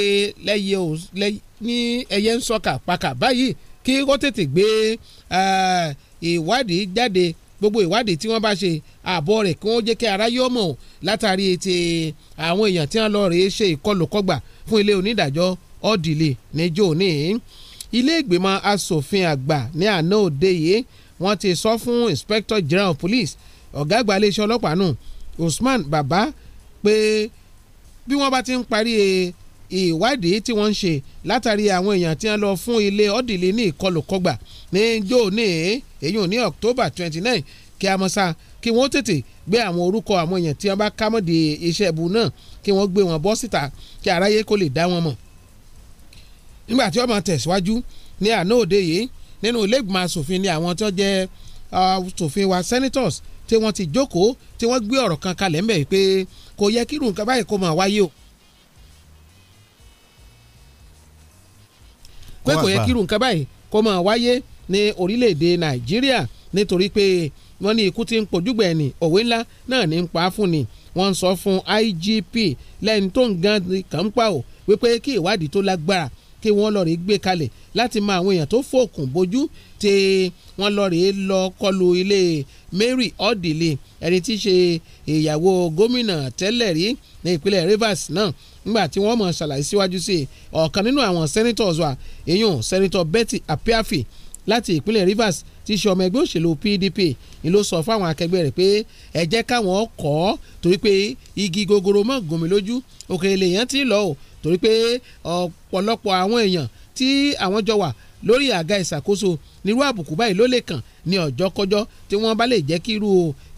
lẹ́yẹ ò ní ẹyẹ ń sọkà gbogbo ìwádìí tí wọ́n bá ṣe ààbọ̀ rẹ̀ kí wọ́n jẹ́ kí aráyé ọmọ látàrí ti àwọn èèyàn tí wọ́n lọ rèé ṣe ìkọlùkọgbà fún ilé onídàájọ́ ọ̀dìlì níjó ní ilé ìgbìmọ̀ asòfin àgbà ní àná òde yìí wọ́n ti sọ fún inspector general police ọ̀gá àgbà iléeṣẹ́ ọlọ́pàá nù Usman Baba pé bí wọ́n bá ti ń parí ìwádìí tí wọ́n ń ṣe látàrí àwọn èèyàn tí wọ́n lọ fún ilé ọ̀dìlì ní ìkọlùkọgbà níjó ní èyún ní October twenty nine kí a mọ̀ sá kí wọ́n tètè gbé àwọn orúkọ àwọn èèyàn tí wọ́n bá kámọ́dé iṣẹ́ ibu náà kí wọ́n gbé wọn bọ́ síta kí aráyé kó lè dá wọn mọ̀. nígbà tí wọ́n máa tẹ̀síwájú ní àná yìí nínú ilé asòfin ni àwọn tó jẹ́ asòfin wa senators tí wọ́n ti jókòó tí wọ́n gbé ọ̀rọ̀ kan kalẹ̀ ńbẹ̀ pé kò yẹ kírun nǹkan báyìí kó máa wáyé o. pé kò yẹ kírun nǹkan báyìí kó máa wáyé ní orílẹ̀-èdè nàìjíríà nítorí pé wọ́n ní ikú tí ń pojúgbẹ̀ ẹni òwe ńlá náà ní ń pa fún ni wọ́n ń sọ fún IGP lẹ́yìn tó ń gan kàn ń pa ò wípé kí ìwádìí tó lágbára kí wọ́n lọ rèé gbé kalẹ̀ láti mọ àwọn èèyàn tó fòkùn bójú tí wọ́n lọ rèé lọ kọlu ilé Mary Odili ẹni tí í ṣe ìyàwó gómìnà tẹ́lẹ̀ rí ní ìpínlẹ̀ Rivers náà nígbà tí wọ́n mọ̀ ṣàlàyé síwájú sí ọ̀kan nínú àwọn senators wa èyàn senator Betty Apiafi láti ìpínlẹ̀ Rivers ti ṣe ọmọ ẹgbẹ́ òṣèlú PDP ni ló sọ fáwọn akẹgbẹ́ rẹ̀ pé ẹ jẹ́ káwọn kọ́ ọ́ torí pé igi gogoro mọ́ gòmí lójú òkèèrè lèèyàn ti lọ o torí pé ọ̀pọ̀lọpọ̀ àwọn èèyàn tí àwọn jọ wà lórí àga ìṣàkóso nírú àbùkù báyìí ló lè kàn ní ọjọ́kọ́jọ́ tí wọ́n bá lè jẹ́ kí irú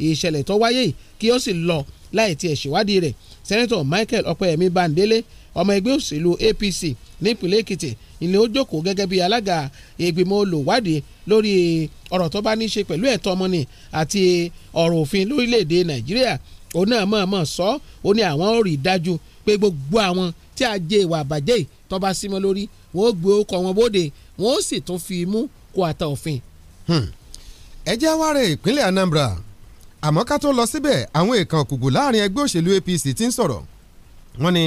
ìṣẹ̀lẹ̀ tó wáyé kí ó sì lọ láì tiẹ̀ ṣèwádìí rẹ̀ Sẹ́nẹ́tọ̀ Michael Ọpẹ́yẹmí Bandele ọmọ ẹgbẹ́ òṣèlú APC nípìnlẹ̀ Èkìtì ilé ó jókòó gẹ́gẹ́ bí alága ìgbìmọ̀ olùwádìí lórí ọ̀rọ̀ tó bá ní í ṣe pẹ̀lú ẹ̀tọ́ ọmọnì àti ọ̀rọ̀ òfin lórílẹ̀‐èdè Nàìjíríà òun náà mọ̀ọ́mọ̀ sọ ó ní àwọn ò rí dájú pé gbogbo àwọn tí a jẹ ìwà àbàjẹ́ tó bá símọ́ lórí wọn ó gbé orúkọ wọn bóde wọn ó sì tún fi imú kó ata òfin. Hmm. ẹ jẹ́ wá rẹ̀ ìpínlẹ̀ Anambra àmọ́ ká tó lọ síbẹ̀ àwọn èèkàn kùkù láàrin ẹgbẹ́ òṣèlú APC ti ń sọ̀rọ̀ wọ́n ní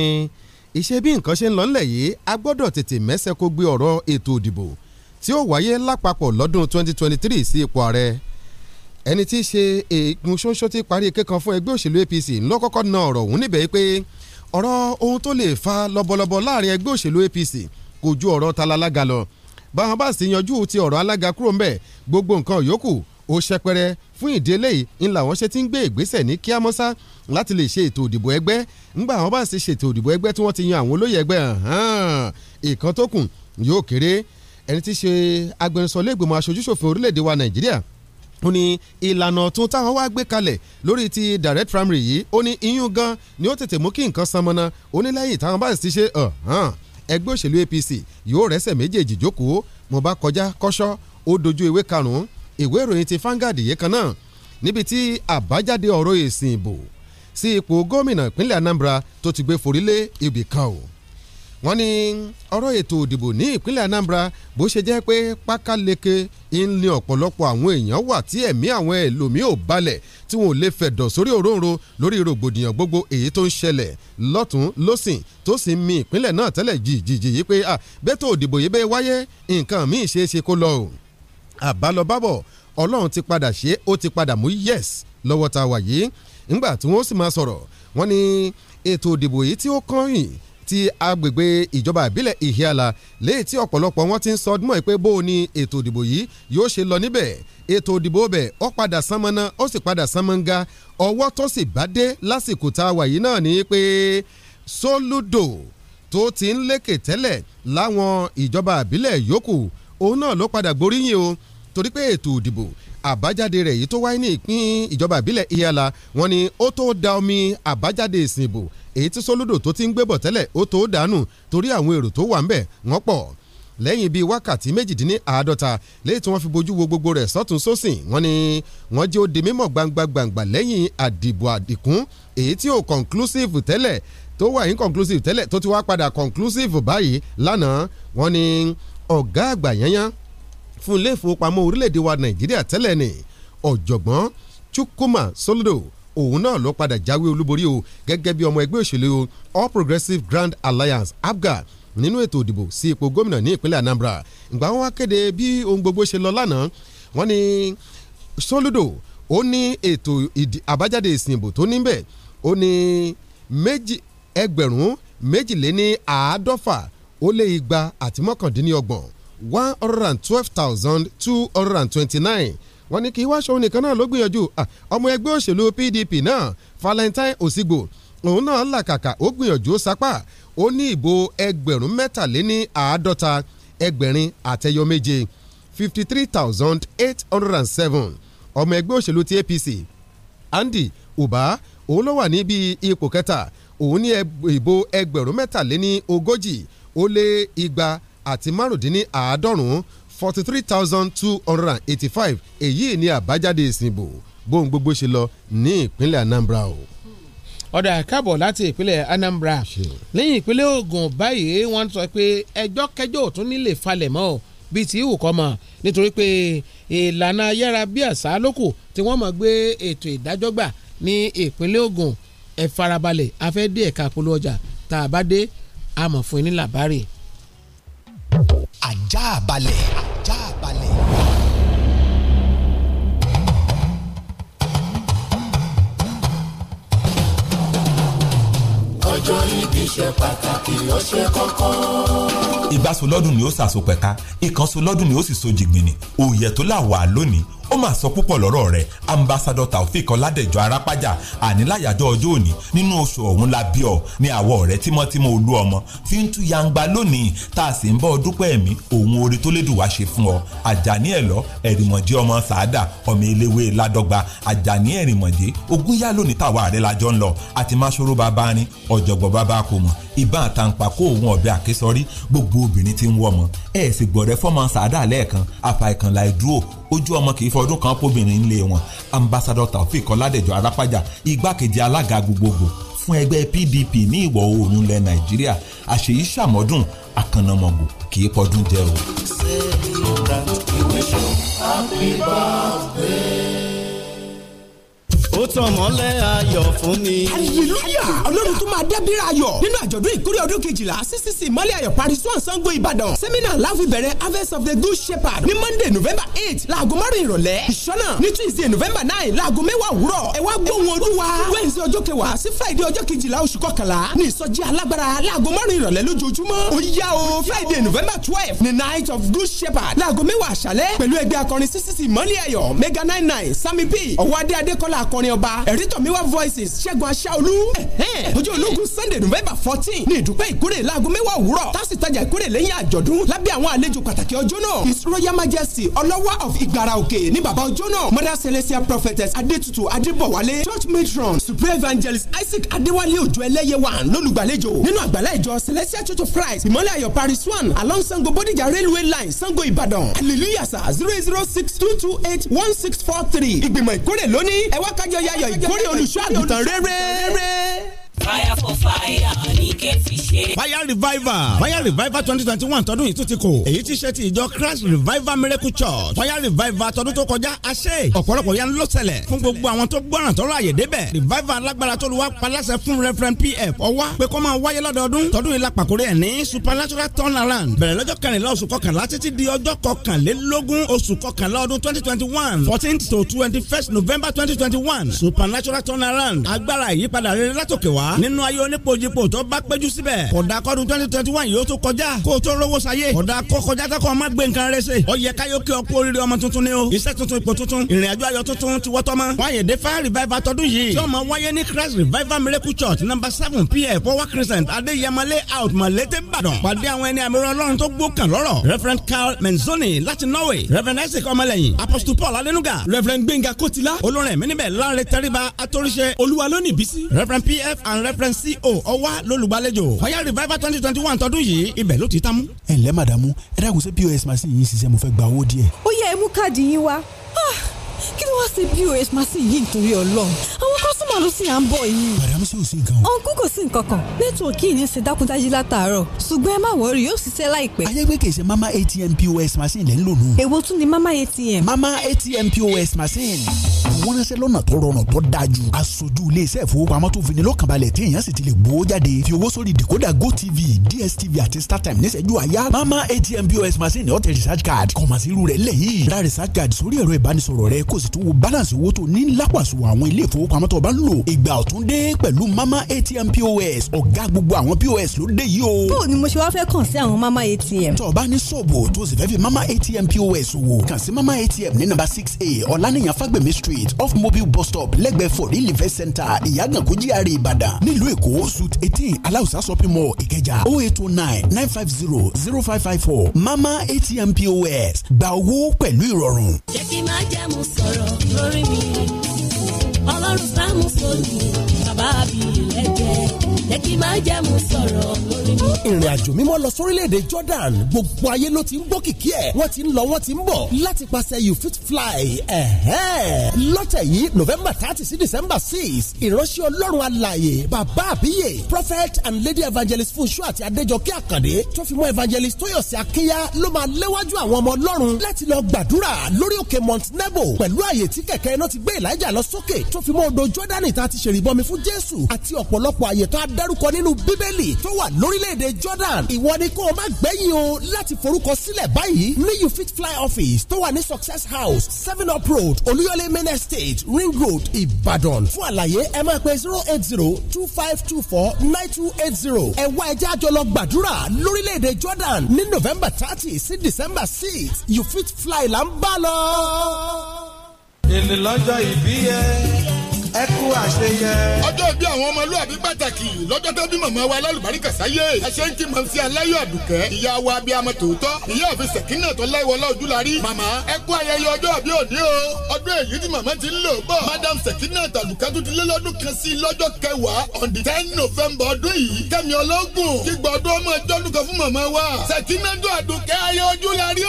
ìṣe bí nǹkan ṣe ń lọ ńlẹ̀ yìí a gbọ́dọ̀ tètè mẹ́sẹ̀ kó gbé ọ̀rọ̀ ètò òdìbò tí ó wáyé lápapọ̀ lọ́dún 2023 sí ipò ààrẹ ẹni tí í ṣe ègún ṣoṣo ti parí ike fún ẹgbẹ́ òṣèlú APC ńlọ́kọ́kọ́ na ọ̀rọ̀ ọ̀hún níbẹ̀ pé ọ̀rọ̀ ohun tó lè fa lọ́bọ̀lọ́bọ̀ láàrin ẹgbẹ́ òṣèlú APC kò ju ọ̀rọ̀ ta lalága lọ báwọn bá sì yanjú ti ọ̀rọ̀ alága kúrò ńbẹ̀ gbogbo nǹkan yòókù ó ṣẹpẹrẹ fún ìdí eléyìí ń làwọn ṣe ti ń gbé ìgbésẹ̀ ní kíámọ́sá láti lè ṣe ètò òdìbò ẹgbẹ́ ńgbà àwọn bá ṣe ṣètò òdìbò ẹgbẹ́ tí wọ́n ti yan àwọn olóyè ẹgbẹ́ ìkan tó kù yóò kéré ẹni tí ṣe agbẹnusọ lẹ́gbẹ̀mọ́ aṣojúṣòfin orílẹ̀-èdè wa nàìjíríà ó ní ìlànà ọ̀tún táwọn wá gbé kalẹ̀ lórí ti direct primary yìí ó ní iyún gan ni ó tètè mú kí nǹkan san mọ́nà ó ní lẹ́yìn táwọn bá ti ṣe ẹgbẹ́ òṣèlú APC yóò rẹ́sẹ̀ méjèèjì jókòó mo bá kọjá kọ́ṣọ́ ó dojú ewé karùn-ún ìwé ìròyìn ti fangad yìí kan náà níbi tí àbájáde ọ̀rọ̀ èsì ìbò sí ipò gómìnà ìpínlẹ̀ Anambra tó ti gbé forí lé ibì kan o wọ́n ní ọ̀rọ̀ ètò òdìbò ní ìpínlẹ̀ Anambra bó ṣe jẹ́ pé pákáleke ńlẹ̀ ọ̀pọ̀lọpọ̀ àwọn èèyàn wà tí ẹ̀mí àwọn ẹlòmíì ò balẹ̀ tí wọn ò lè fẹ̀dọ̀ sórí òróǹro lórí rògbòdìyàn gbogbo èyí tó ń ṣẹlẹ̀ lọ́tún lọ́sìn tó sì ń mi ìpínlẹ̀ náà tẹ́lẹ̀ jìjìjì yìí pé bẹ́tò òdìbò yìí bẹ́ẹ̀ wáyé nǹkan míì ṣeé ṣe kó lọ o àbálọbábọ̀ ọlọ́run ti padà ṣe ó ti padà mú yes lọ́wọ́ ta wà yìí ńgbà tí wọ́n sì máa sọ̀rọ̀ wọ́n ní ètò ìdìbò yìí tí ó kọ́yìn ti agbègbè ìjọba ìbílẹ̀ Ihiala léyìí tí ọ̀pọ̀lọpọ̀ wọn ti ń sọ ọdún mọ́ ẹ pé bó o ní ètò ìdìbò yìí yóò ṣe lọ níbẹ̀ ètò ìdìbò bẹ̀ ó padà sánmọ́ná ó sì padà sánmọ́nga ọwọ́ tó sì bá dé lásìkò tá a wà yìí náà ni pé Soludo tó ti ń lékè tẹ́lẹ̀ láwọn ìjọba ìbílẹ̀ yòókù òun náà ló padà gboríyìn o torí pé ètò ìdìbò àbájáde rẹ̀ yìí tó wáyé ní ìpín ìjọba ìbílẹ̀ Ìyálà wọ́n ní ó tó da omi àbájáde ìsìn ìbò èyí tí Sólódò tó ti ń gbébọ̀ tẹ́lẹ̀ ó tó dànù torí àwọn èrò tó wà ńbẹ̀ wọ́n pọ̀ lẹ́yìn bíi wákàtí méjìdínláàádọ́ta lẹ́yìn tí wọ́n fi bojú wo gbogbo rẹ̀ sọ́tún sósìn wọ́n ní wọ́n jẹ́ ó di mímọ̀ gbangbangba lẹ́yìn àdìbò àdìkún èyí tí ò conclusive tẹ́lẹ̀ tó wà inconclusive tẹ́lẹ̀ tó ti wá padà conclusive báyìí lánàá wọ́n ní ọ̀gá àgbà yányán fún ilé ìfowópamọ́ orílẹ̀-èdè wa nàìjíríà tẹ́lẹ̀ ni ọ̀jọ̀gbọ́n chukwuma soludo òun náà ló padà jáwé olúborí o gẹ́gẹ́ bí ọmọ ẹgbẹ́ òṣèlú all progressives grand alliance abga nínú ètò ìdìbò sí ipò gómìnà ní ìpínlẹ̀ anambra ìgbà wọn wá kéde bí ohun gbogbo ṣe lọ lánàá wọn ni soludo ó ní ètò àbájáde ìsìn ìbò tó níbẹ̀ ó ní méjì ẹgbẹ̀rún méjìléní àádọ́fà ó lé igba àti mọ́kàndínlọ́gbọ̀n one hundred and twelve thousand two hundred and twenty-nine wọ́n ní kí wáṣọ nìkan náà ló gbìyànjú ọmọ ẹgbẹ́ òṣèlú PDP náà Valentine Osigbo òun náà làkàkà ó gbìyànjú sápá ó ní ìbò ẹgbẹ̀rún mẹ́tàléní àádọ́ta ẹgbẹ̀rin àtẹyọ fifty three thousand eight hundred and seven ọmọ ẹgbẹ́ òṣèlú ti APC Andy Uba òun ló wà níbi ipò kẹta òun ní ìbò ẹgbẹ̀rún mẹ́tàléní ó lé igba àti márùndínláàádọ́rùn-ún forty three thousand two hundred and eighty five èyí ni àbájáde ìsìnbò bóun gbogbo ṣe lọ ní ìpínlẹ̀ Anambra o. ọ̀dà káàbọ̀ láti ìpínlẹ̀ Anambra lẹ́yìn ìpínlẹ̀ Ògùn báyìí wọ́n sọ pé ẹjọ́ kẹjọ́ ò tún nílè falẹ̀ mọ́ o bíi ti ìwù kọ́ mọ̀ nítorí pé ìlànà ayára bí àṣà lókù tí wọ́n máa gbé ètò ìdájọ́ gbà ní ìpínlẹ̀ Ògùn ẹ farabalẹ̀ afẹ́ dé ẹ̀ka polówó ọjà tá a bá dé àmọ̀ fún yín ní làbárì. ajá balẹ̀ ajá balẹ̀. ọjọ́ ìbí ṣe pàtàkì ó ṣe kọ́kọ́. ìbáṣolọ́dún ni ó ṣàṣopẹ̀ka ìkànṣolọ́dún ni ó sì so jìgbìnì òòyẹ̀ tó là wà lónìí ó mà sọ púpọ̀ lọ́rọ̀ rẹ̀ ambassador taofik ọládẹ̀jọ arápájà àníláyàjọ́ ọjọ́ òní nínú oṣù ọ̀hún la bí ọ ní àwọ̀ ọ̀rẹ́ tímọ́tímọ́ olú ọmọ fi ń tú yangba lónìí tá a sì ń bọ́ dúpẹ́ ẹ̀mí òun orí tó lédùn wá ṣe fún ọ àjàní ẹ̀lọ́ ẹ̀rìmọ̀dé ọmọ sàádà ọmọ eléwé ládọ́gba àjàní ẹ̀rìmọ̀dé ogúnyá lónìí táwa àrẹ lájọ ń lọ àti máṣoró bàbá rin ọ̀jọ̀gbọ̀n bàbá kò mọ̀ ìbá àtàǹpàkò òun ọ̀bẹ àkésọrí gbogbo obìnrin ti ń wọ́ ọmọ ẹ̀ sì gbọ̀rẹ́ fọ́mọ sàádà lẹ́ẹ̀kan àfàìkànlá ìdúró ojú ọmọ kì í fọdún kan pọ́bìnrin ńlé wọn ambassador taofik ọládẹjọ arápájà igbákejì alága gbogbogbò fún ẹgbẹ́ pdp ní ìwọ̀ oòrùn ilẹ̀ nàìjíríà àṣeyí sàmọ́dún àkànnàmọ̀gbò kì í pọdún jẹ́ o. Happy birthday ó tàn mọ́lẹ̀ ayọ̀ fún mi. aleluya ọlọ́run tún máa dábìrì ayọ̀ nínú àjọ̀dún ìkórè ọdún kejìlá ccc mọ́lẹ̀ ayọ̀ paris one sango ìbàdàn sẹ́mínà láfi bẹ̀rẹ̀ harvest of the good shepherd ní monday november eight láago márùn ìrọ̀lẹ́ ìṣọ́nà ní tuesday november nine láago mẹ́wàá òwúrọ̀ ẹ wá gbóhùn olúwa wednesday ọjọ́ kẹwàá sí friday ọjọ́ kejìlá oṣù kọkànlá ní ìsọjí alágbára láago márùn ìrọ̀lẹ́ lójoojúmọ́ ó yá o friday november twelve ní night of good shepherd láago mẹ́wàá àṣálẹ́ pẹ̀lú ẹgbẹ́ akọrin ccc mọ́lẹ̀ ayọ̀ mega nine nine sami p ọ̀wádé adékọ́lá akọrin akọrin ọba ẹ̀rítọ̀míwá voices ṣẹ́gun aṣáolú ọjọ́ ológun sunday november fourteen ní ìdúpẹ́ ìkórè láago mẹ́wàá òwúrọ̀ tásìtajà ìkórè lẹ́yìn àjọ̀dún lábẹ́ àwọn àlejò pàtàkì ọjọ́ náà his royal majesty ọlọ́wà of ìgbàrà òkè ní bàbá ọjọ́ náà mother celestial prophetess adétutù adébọ̀wálé church matron supreme evangelist isaac adéwálé òjò ẹlẹ́yẹ wà lólùgbàlejò nínú àgbàlá ìjọ celestial church of christ ìmọ̀lẹ̀ ayọ̀ paris one along sango bodijà railway line sango ìbàdàn hallelujah sir zero zero six two two eight one six four three ìgbìmọ̀ ìkórè lónìí ẹ wá kájọ ayọ̀yayọ̀ ìkórè olùṣọ́ àgùntàn rere fire for fire fire revival fire revival twenty twenty one tọdún yìí tún ti kò èyí ti ṣe ti ìjọ christ revival miracle church fire revival tọdún tó kọjá a ṣe ọ̀pọ̀lọpọ̀ yẹn ló ṣẹlẹ̀ fún gbogbo àwọn tó gbọ́ràn tọ́lọ́ àyè débẹ̀ revival alágbára tó lu wa paláṣẹ fún referent pf ọwá pé kó máa wáyé lọ́dọọdún tọdún yìí la pàkórí ẹ̀ ní supernatural turnaround bẹ̀rẹ̀ lọ́jọ́ kẹrìnlá oṣù kọkànlá títí di ọjọ́ kọkànlélógún oṣù kọkànlá ọdún twenty twenty one fourteen to twenty first november twenty twenty one supernatural turnaround agbára ìyípadà rere látòkè wá mọ́ nínú ayé onípojípo tó bá péjú síbẹ̀ kódà kọ́dún twenty twenty one yóò tó kọjá kó o tó rówó sáyé kódà kọjá tó kọ́ gbé nǹkan rẹ ṣe ó yẹ káyọ̀ kí ọkú oríire ọmọ tuntun ni o iṣẹ́ tuntun ipò tuntun ìrìn àjò ayọ̀ tuntun ti wọ́tọ́ mọ́ wáyé defa revival tọdún yìí tí ó máa wáyé ní Christ revival miracle church number seven pf power crescent adéyẹmọlé out malete Ìbàdàn pàdé àwọn ẹni àmì reverend Carl Menzoni láti Norway reverend Isaac ọmọlẹ́yìn apostle Paul reverend Gbénga Kotila olórin ẹ̀mí níbẹ̀ láre tẹ́ríba reverend pf and reference co ọwá lólùgbàlejò ọ̀yá revival twenty twenty one tọdún yìí ibẹ̀ ló ti tán mú. ẹ ǹlẹ́ màdàmú ẹ dákun ṣé pos machine yìí ṣiṣẹ́ mo fẹ́ gba owó díẹ̀. ó yẹ ẹ káàdì yín wá kí ló wá ṣe pos machine yìí nítorí Ọlọ́run àwọn kọ́sùmà ló sì à ń bọ̀ yìí. bàdàmú sì ò sí nǹkan o. ọ̀nkú kò sí nǹkan kan nẹ́tíwọ̀kì yìí ń ṣe dákúndájí látàárọ̀ ṣùgbọ́n ẹ má wọrí yóò ṣiṣẹ́ láìpẹ́. ayégbé ṣe mama atm pos machine lẹ́ ń lò nù. èwo tún ni mama atm. mama atm pos machine. wọ́n ránṣẹ́ lọ́nà tó rọrùn tó dájú. aṣojú iléeṣẹ́ ìfowópamọ́ tó fini lọ́kànbalẹ̀ tí èèyàn sì ti lè gbowó jáde fi owó sórí decoder gotv dstv àti startime níṣẹ́jú àyà. mama atm pos machine ọ̀tẹ̀ research card kọ̀mọ̀sí irú rẹ̀ lẹ́yìn. ra research card sórí ẹ̀rọ ìbánisọ̀rọ̀ rẹ kó sì tún balance owó tó ní lápàsù àwọn ilé ìfowópamọ́ tó bá ń lò ìgbà ọ̀tún dé pẹ̀lú mama atm pos ọ̀gá gbogbo àwọn pos ló dé yìí o. bó o ni mo ṣe wá fẹ́ kàn sí àwọn mama atm. tó bá ní ṣòbò tó sì fẹ́ fi mama atm pos wò kàn sí mama atm ní nàmbà six a ọ̀lànìyàn fagbemi street off mobile bus stop lẹ́gbẹ̀ẹ́ for real event center ìyàgànkó gr e ìbàdàn nílùú èkó suit eighteen aláùsá shopping mall ìkẹjà o oh eight o oh nine nine five zero zero five five four mama atm pos gba owó pẹ̀lú ìrọ̀rùn. jẹ́ kí n máa jẹ́ mu sọ̀rọ̀ sọ̀rọ̀ lórí mi ọlọ́run sáà mú sóyún bàbá mi lẹ́jẹ̀ jẹ́ kí má jẹ́ mu sọ̀rọ̀ lórí mi. ìrìn àjò mímọ́ lọ sórílẹ̀-èdè Jordan gbogbo ayé ló ti ń gbọ́ kìkì ẹ̀ wọ́n ti ń lọ wọ́n ti ń bọ̀ láti pàṣẹ you fit fly lọ́tẹ̀ yìí November thirty sí December six ìránṣẹ́ ọlọ́run alààyè bàbá àbíyè prophet and lady evangelist Fúnṣọ́ àti Adéjọkẹ́ Àkàndé tó fi mọ́ evangelist Tóyọ̀sí Akínyá ló máa léwájú àwọn ọmọ ọlọ́run láti lọ gbàdúrà lórí òkè Mount Nebo pẹ̀lú àyè tí kẹ̀kẹ́ iná ti gbé Èlíjà lọ sókè tó fi mọ́ odò Jọ́dánì tá a jésù àti ọ̀pọ̀lọpọ̀ àyè tó a dárúkọ nínú bíbélì tó wà lórílẹ̀‐èdè jordan ìwọ ni kó o má gbẹ̀yìn o láti forúkọ sílẹ̀ báyìí ní you fit fly office tó wà ní success house seven up road olúyọlé main estate ring road ìbàdàn fún àlàyé ẹ máa pe zero eight zero two five two four nine two eight zero ẹ wá ẹjẹ́ àjọlọ gbàdúrà lórílẹ̀‐èdè jordan ní november thirty sí december six you fit fly là ń bá lọ. èlé lọ́jọ́ ìbí yẹn ẹ kú àṣeyẹ. ọjọ́ bí àwọn ọmọlúwàbí pàtàkì lọ́jọ́ tó bí màmá wa lálùbárí kàsáyé àṣẹ ń kí mọ̀ sí aláyọ̀ àdùkẹ́ ìyá wa bí amọ̀ tòótọ́ ìyá òfin sẹ̀kínà tó láìwọ lọ́júlarí màmá ẹ kú ayẹyẹ ọjọ́ bí òní o ọdún èyí tí màmá ti ń lò bọ̀ madam sẹ̀kínà tàdùkẹ́ tó ti lé lọ́dún kan sí lọ́jọ́ kẹwàá on the ten november ọdún yìí kẹ́mi ọlọ́gùn kígbọ́ ọdún ọmọ ẹjọ́ dùkọ̀ fún màmá wa sẹ̀kínà tó àdùkẹ́ ayé ojúlarí o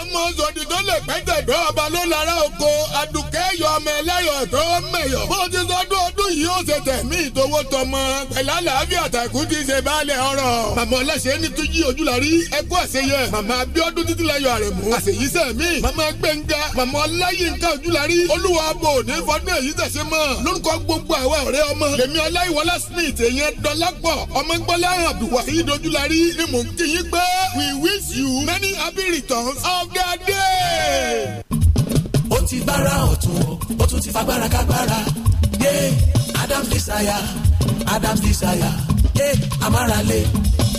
ọmọ sọ̀dì tó lè pẹ́tẹ̀ dọ́ ọba ló lára oko àdùkẹ́ ayọ̀. bó ti sọdún ọdún yìí ó ṣe tẹ̀mí ìdówó tọmọ pẹ̀lú àlàáfíà tàkùn ti ṣe baálẹ̀ ọ̀rọ̀. màmá ọlẹ́sẹ̀ ní túnjí ojúlarí ẹkú àṣeyẹ màmá abíọ́dún títílayọ̀ àrẹ̀mú àṣeyí sẹ̀mí màmá gbẹ̀ngà màmá ọláyínká ojúlarí olúwa bò ní fọdún èyí tẹ̀sẹ̀ mọ́ lórúkọ gbogbo àwa we wish you many happy returns of the day òun ti gbára ọ̀tún ó tún ti fagbára kágbára yé yeah. Adam's Desire Adam's Desire yé yeah. amárale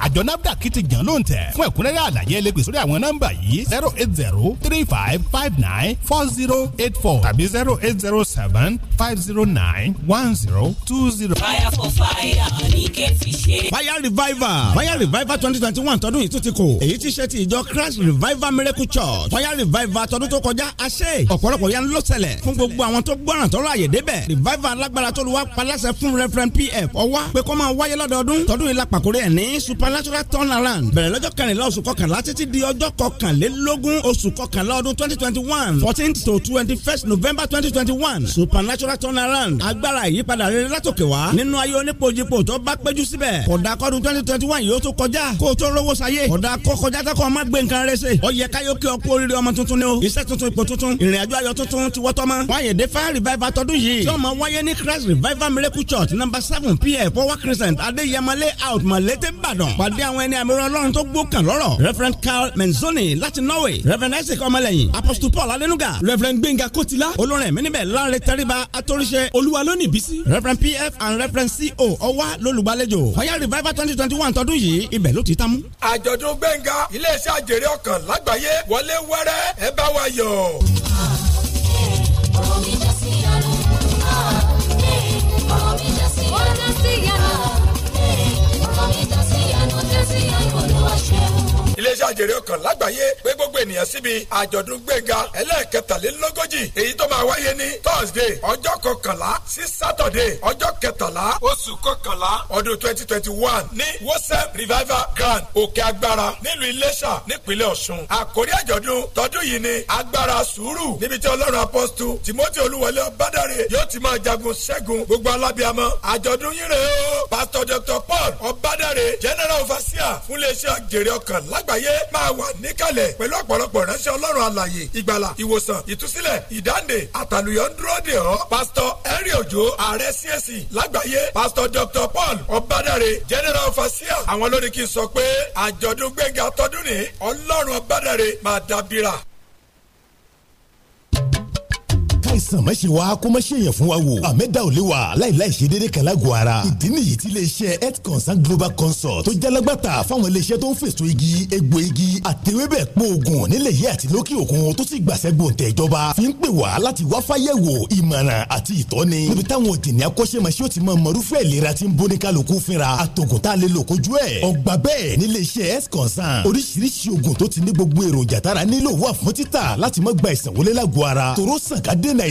á àjọ nafdac ti jàn lóhùn tẹ̀ fún ẹ̀kúnrẹ́rẹ́ àlàyé ẹ sórí àwọn nọ́mbà yìí zero eight zero three five five nine four zero eight four tàbí zero eight zero seven five zero nine one zero two zero. fire for fire ní kẹ́fì ṣe. fire revival fire revival twenty twenty one tọdún yìí tún ti kò èyí ti ṣe ti ìjọ christ revival miracle church fire revival tọdún tó kọjá àṣẹ ọ̀pọ̀lọpọ̀ yẹn ló ṣẹlẹ̀ fún gbogbo àwọn tó gbọ́ràn tọ́lọ́ àyè débẹ̀ revival alágbára tó lu wa paláṣẹ fún referent pf ọwá pé kó máa wáyé lọ́dọọdún tọdún yìí la pàkórè ẹ̀ ní sup supernatural turnaround bẹ̀rẹ̀ lọ́jọ́ kẹrìnlá oṣù kọkànlá títí di ọjọ́ kọkànlélógún oṣù kọkànlá ọdún twenty twenty one fourteen to twenty first november twenty twenty one supernatural turnaround agbára ìyípadà rere látòkè wá nínú ayé onípojípo tó bá péjú síbẹ̀ kódà kọ́dún twenty twenty one yóò tó kọjá kó o tó rówó sayé kódà kó kọjá tó kọ́ ọ má gbé nǹkan rẹ ṣe ó yẹ káyọ̀ kí ọ kú oríire ọmọ tuntun ni o iṣẹ́ tuntun ipò tuntun ìrìn àjò ayọ̀ tuntun ti wọ́tọ́ mọ́ wáyédè fire revival tọdún yìí tí ó máa wáyé ní christ revival miracle church number seven pf power crescent adéyẹmọlé out mọ̀lété ìbàdàn pàdé àwọn ẹni àmì ọlọ́run tó gbó lọ́rọ̀ Reverend Carl Menzoni láti Norway Reverend Isaac Ọmọlẹ́yìn Apostle Paul Adenuga Reverend Gbẹ̀ngà Kotila olórin ẹ̀mí níbẹ̀ Lanre Tẹ́ríba Atóríṣe Olúwa lónìí bísí Reverend PF and Reverend CO Ọwá lólùgbàlejò Fire Revival twenty twenty one tọdún yìí ibẹ̀ ló ti támú. àjọ̀dún Gbẹ̀ngà iléeṣẹ́ àjèrè ọkàn lágbàáyé wọlé wẹ́rẹ́ ẹ bá wa yọ̀. Площадь. iléeṣẹ́ àjèrè ọkàn lágbàáyé pé gbogbo ènìyàn síbi àjọ̀dún gbẹ̀ngà ẹlẹ́ẹ̀kẹtàlélógójì èyí tó máa wáyé ní thursday ọjọ́ kọkànlá sí saturday ọjọ́ kẹtàlá oṣù kọkànlá ọdún twenty twenty one ní wosem revival grand òkè agbára nílùú iléṣà nípínlẹ̀ ọ̀ṣun àkórí àjọ̀dún tọdún yìí ni agbára sùúrù níbi tí ọlọ́run apọ́sítù timothy olúwọlé ọbádàrẹ yóò ti máa jagun ṣẹ́gun gbogbo alábíàmọ́ àjọ̀dún yìí rèé o pastor dr paul ọbádàrẹ general overseer fún iléeṣẹ́ àjèrè ọkàn lágb àgbáyé máa wà níkàlẹ̀ pẹ̀lú ọ̀pọ̀lọpọ̀ ránṣẹ́ ọlọ́run àlàyé ìgbàlà ìwòsàn ìtúsílẹ̀ ìdáǹdè àtàlùyọ̀ ọ́ pásítọ̀ ẹ̀rí òjò ààrẹ CAC lágbàáyé pásítọ̀ dr paul ọ̀bádàrẹ general overseer àwọn lórí kí n sọ pé àjọ̀dún gbẹ̀ngà tọdún ní ọlọ́run ọ̀bádàrẹ máa dàbíra àìsàn má ṣe wá kó má ṣe yẹn fún wa wò àmẹ́dá ò lè wà láìláì ṣe déédéé kan lágọ̀ọ́ ara ìdí nìyí tí iléeṣẹ́ health consult global consult tó jalagbàtà fáwọn iléeṣẹ́ tó ń fèsò igi egbò igi àtẹwébẹ̀ pọ̀ oògùn nílẹ̀ yìí àti lókè òkun tó sì gbàṣẹ́ gbòǹtẹ̀ ìjọba fi ń pè wá láti wá fáyẹ̀wò ìmọ̀ràn àti ìtọ́ni níbi táwọn òjìní akọ́ṣẹ́mọṣẹ́ ò ti mọ mọ̀rúfẹ́ ìlera tí ń bóni kálukú fínra àtògùn tá a lè lò kojú ẹ̀ ọgbà bẹ́ẹ̀ nílé health consult oríṣiríṣi oògùn tó ti ní gbogbo èròjà tára nílò wà fún títà láti má gba ìsànwọlé lágọ̀ọ́ ara tòró sàn ká dènà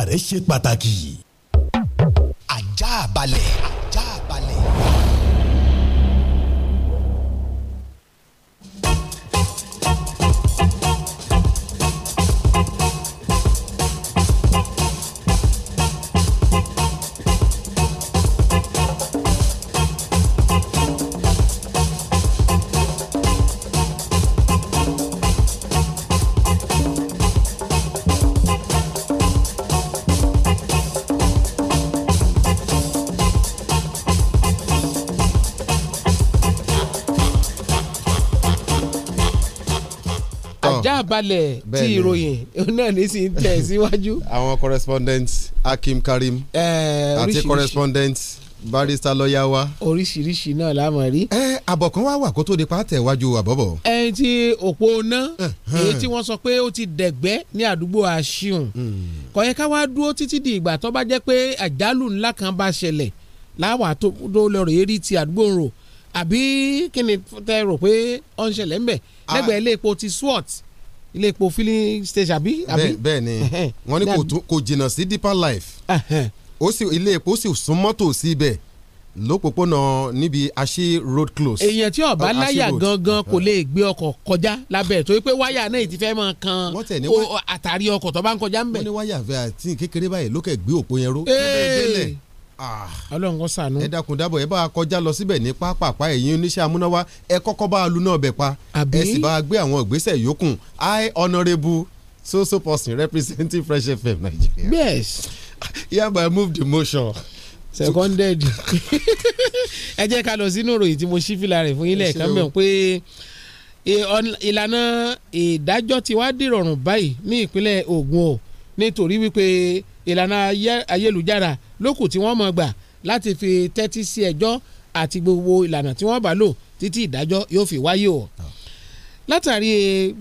rẹ ṣe pàtàkì. ajá balẹ̀ ajá balẹ̀. kalẹ̀ tí ìròyìn náà ní sí tẹ̀ síwájú. àwọn correspondent Akim Karim àti correspondent barista lọ́ọ́yà wa. oríṣiríṣi náà la mọ̀ rí. ẹ àbọ̀ kan wá wà kó tó di pàtẹ́ iwájú àbọ̀bọ̀. ẹni tí òpó ná èyí tí wọ́n sọ pé ó ti dẹ̀gbẹ́ ní àdúgbò àṣìùn hmm. kò yẹ ká wá dúró títí di ìgbà tó bá jẹ́ pé àjálù ńlá kan bá ṣẹlẹ̀ láwà tó lọ rèé ti àdúgbò rò àbí kí ni tẹ rò pé ó ń ṣẹlẹ̀ ńbẹ̀ lẹ́gbẹ̀ẹ́ ilé epo ti swot ilé epo filling station àbí. bẹ́ẹ̀ bẹ́ẹ̀ ni wọ́n ní kò jìnnà sí deeper life ó sì ilé epo sì sún mọ́tò síbẹ̀ lópòpónà níbi àṣì road close. èèyàn tí ọba láyà gangan kò lè gbé ọkọ̀ kọjá lábẹ́ tó pé wáyà náà ti fẹ́ máa kan àtàrí ọkọ̀ tó bá ń kọjá ń bẹ̀. wọ́n ní wáyà fẹ́ àti kékeré báyìí lókè gbé òpó yẹn ró. Ah. ọlọ́run kò sànú. ẹ dákun dábọ̀ ẹ bá a kọjá lọ síbẹ̀ ní pápápá ẹ̀yin oníṣẹ́ amúnáwá ẹ kọ́kọ́ bá a lu náà bẹ̀ pa ẹ sì bá a gbé àwọn ìgbésẹ̀ yòókù i honourable so so person representing Fresh FM Nigeria. yes. hereby move the motion seconded ẹ jẹ́ ká lọ sínú ìròyìn tí mo ṣí fìlà rẹ̀ fún ilé ẹ̀ka mẹ́wọ̀n pé e, ìlànà ìdájọ́ ti wá dìrọ̀rùn báyìí ní ìpínlẹ̀ Ògùn o nítorí wípé ìlànà ayélujára lókù tí wọ́n mọ̀ gbà láti fi tẹ́tí sí ẹjọ́ àti gbogbo ìlànà tí wọ́n bá lò títí ìdájọ́ yóò fi wáyé o. Ah. látàrí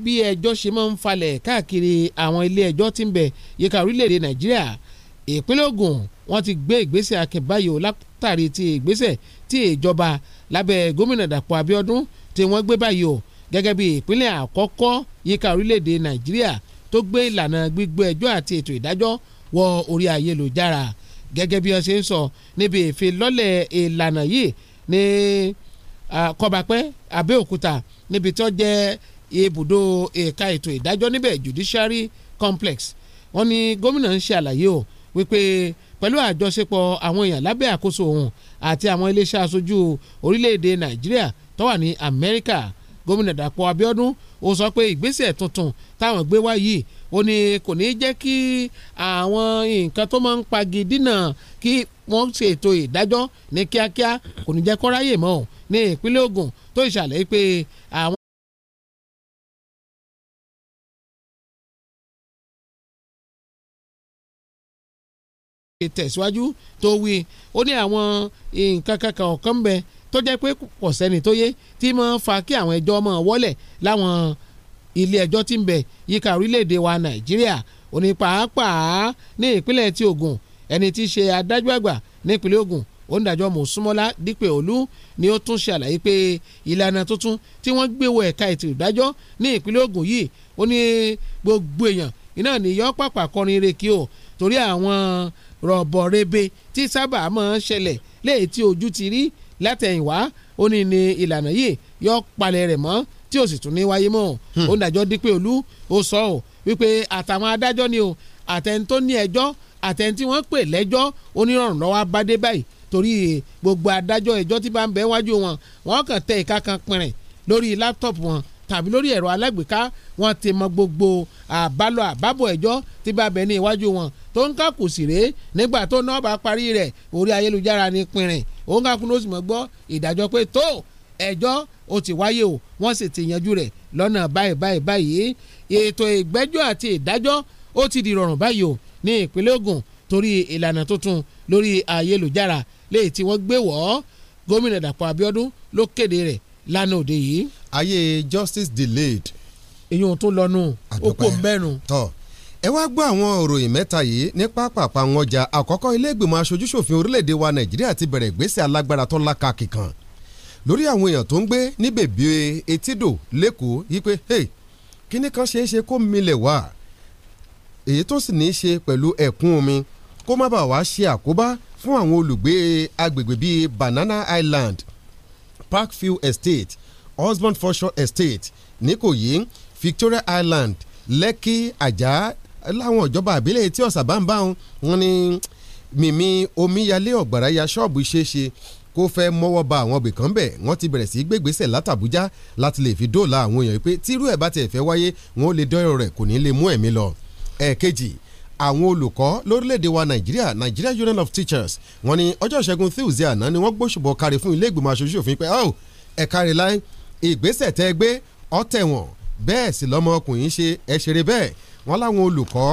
bí ẹjọ́ ṣe máa ń falẹ̀ káàkiri àwọn ilé ẹjọ́ tí ń bẹ yíká orílẹ̀-èdè nàìjíríà ìpínlẹ̀ Ògùn wọ́n ti gbé ìgbésẹ̀ akin báyìí o látàrí ti ìgbésẹ̀ tí ìjọba lábẹ́ gómìnà Dàpọ̀ Abíọ́dún tí wọ́n gbé báyìí o gẹ́gẹ́ bí ìpínlẹ̀ àkọ́kọ́ yíká orílẹ̀-èdè nàìjíríà tó gbé ìlànà gbígbé ẹjọ́ àti ètò ìdájọ́ wọ orí ayélujára gẹ́gẹ́ bí wọ́n ṣe ń sọ níbi ìfilọ́lẹ̀ ìlànà yìí ní kọ́bápẹ́ Abẹ́òkúta níbi tó jẹ́ ibùdó ẹ̀ka ètò ìdájọ́ níbẹ̀ judiciary complex wọ́n ní gómìnà ń ṣe àlàyé o wípé pẹ̀lú àjọṣepọ̀ àwọn èèyàn lábẹ́ àkóso òun àti àwọn iléeṣẹ́ aṣojú orílẹ̀-èdè Nàìjíríà tó wà ní Amẹ́ríkà gómìnà Dàpọ̀ Abíọ́dún ó sọ pé ìgbésẹ̀ tuntun táwọn gbé wá yìí ó ní kò ní jẹ́ kí àwọn nǹkan tó máa ń pagi dínà kí wọ́n ṣètò ìdájọ́ ní kíákíá kò ní jẹ́ kó mọ́ ní ìpínlẹ̀ Ògùn tó ìṣàlẹ̀ pé àwọn tẹ̀síwájú tó wí ó ní àwọn eh, nǹkan kankan ọ̀kan bẹ tó jẹ́ pé kò sẹ́ni tó yé tí máa ń fa kí àwọn ẹjọ́ máa wọ́lẹ̀ láwọn ilé ẹjọ́ tí ń bẹ yíká orílẹ̀-èdè wa Nàìjíríà ó pàápàá ní ìpínlẹ̀ ti Ògùn ẹni tí í ṣe adájọ́ àgbà nípínlẹ̀ Ògùn onídàájọ́ mọ̀súnmọ́lá dípẹ́ olú ni ó tún ṣàlàyé pé ìlànà tuntun tí wọ́n gbé wọ ẹ̀ka ètò ìdájọ́ ní ìpínlẹ̀ Ògùn yìí ó ní gbogbo èèyàn iná ní yọ pàpà kọrin rèké o torí àwọn rọ̀bọ̀rebe tí sábà máa ń ṣẹlẹ̀ léyìí tí ojú ti rí látẹ̀yìnwá ó ní ní ìlànà yìí yọ palẹ̀ rẹ̀ mọ́ tí ó sì tún ní wáyé mọ́ hmm. ó ní àjọ dípẹ́ olú ó sọ ọ́ wípé àtàwọn adájọ́ ni o àtẹni tó ní ẹjọ́ àtẹni tí wọ́n pè lẹ́jọ́ onírọ̀rùn lọ́wọ́ abádé báyìí torí gbogbo adájọ́ ẹjọ́ tí bá ń bẹ wájú wọn wọ́n kàn tẹ ìka pinrin lórí láptọ̀pù wọn tàbí lórí ẹ̀rọ alágbèéká wọ́n ti mọ gbogbo àbálọ àbábọ̀ ẹjọ́ tí bá bẹ ní iwájú wọn tó ń kàkù sí rèé nígbà tó náà bá parí rẹ̀ orí ayélujára ní pinrin òun kàkù ló sì mọ̀ gbọ́ ìdájọ́ pé tó ẹjọ́ ó ti wáyé o wọ́n sì ti yanjú rẹ̀ lọ́nà báyìí báyìí báyìí ètò ìgbẹ́jọ́ àti ìdájọ́ ó ti di rọrùn báyìí o ní ìpínlẹ̀ Ògùn torí ìlànà tuntun lórí ayélujára léyìí tí wọ́n gbé wọ̀ gómìnà Dàpọ̀ Abíọ́dún ló kéde rẹ̀ lánàá òde yìí ayé justice delayed. èyí ohun tó lọ́nu ó kò mẹ́nu. tọ́ ẹ wá gbọ́ àwọn òròyìn mẹ́ta yìí ní pápápá wọn jà àkọ́kọ́ ilé ìgbìmọ̀ aṣojúṣòfin orílẹ̀-èdè wa nàìjíríà ti bẹ̀rẹ̀ ìgbésẹ̀ alágbára tó lákàkì kan lórí àwọn èèyàn tó ń gbé ní bèbí etídò lẹ́kọ̀ọ́ yìí hey, kíní kan ṣeé ṣe kó milẹ̀ wá èyí tó sì ní í ṣe pẹ̀lú ẹ̀kún omi kó má bàa wá ṣe àkóbá fún àwọn olùgbé agbègbè bíi Banana Island Parkview Estate Husband Fortune Estate nìkòyí Victoria Island Lekki Ajah láwọn ìjọba àbílẹ̀ etí ọ̀sà bá ń bá wọn ni mímí omíyalé ọ̀gbàrá ya ṣọ́ọ̀bù ṣeéṣe kó fẹ́ mọ́wọ́ ba àwọn ibìkan bẹ̀ wọ́n ti bẹ̀rẹ̀ sí í gbégbésẹ̀ látàbújá láti lè fi dóòlà àwọn èèyàn pé tírú ẹ̀ bá tiẹ̀ fẹ́ wáyé wọn ò lè dọ́rọ̀ rẹ̀ kò ní lè mú ẹ̀mí lọ. ẹ̀ẹ̀kejì àwọn olùkọ́ lórílẹ̀‐èdè wa nàìjíríà Nigeria Union of Teachers wọ́n ní ọjọ́ ìṣẹ́gun Tuesday àná ni wọ́n gbóṣùbọ̀ kárí fún ilé ìgbìmọ̀ aṣojú òfin pé ẹ kárí láì ìgbésẹ̀ tẹ́ gbé ọ̀tẹ̀wọ̀n bẹ́ẹ̀ sì lọ́mọ ọkùnrin ṣe ẹ ṣeré bẹ́ẹ̀ wọ́n láwọn olùkọ́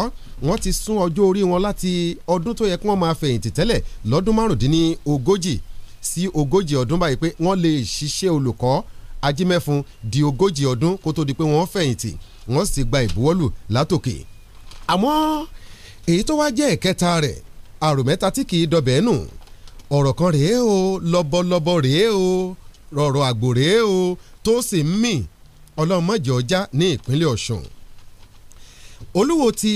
wọ́n ti sún ọjọ́ orí wọn láti ọdún tó yẹ kí wọ́n máa fẹ̀yìntì tẹ́lẹ̀ lọ́dún márùndínní ogójì sí ogójì ọdún báyìí pé wọ́n lè ṣiṣẹ́ olùkọ́ ajímẹ́fun di ogójì ọdún kó tó di pé wọ́n fẹ̀yìntì wọ́n sì gba ìbuwọ́lù látòkè. àmọ́ èyí tó wá jẹ́ ìkẹta rẹ̀ àrò mẹ́ta tí kì í dọbẹ̀ nù ọ̀rọ̀ kan rèé o lọ́bọ̀lọ́bọ̀ rèé o rọ̀rọ̀ àgbò rèé o tó sì ń mì ọlọ́mọdé ọjà ní ìpínlẹ̀ ọ̀ṣun olúwo ti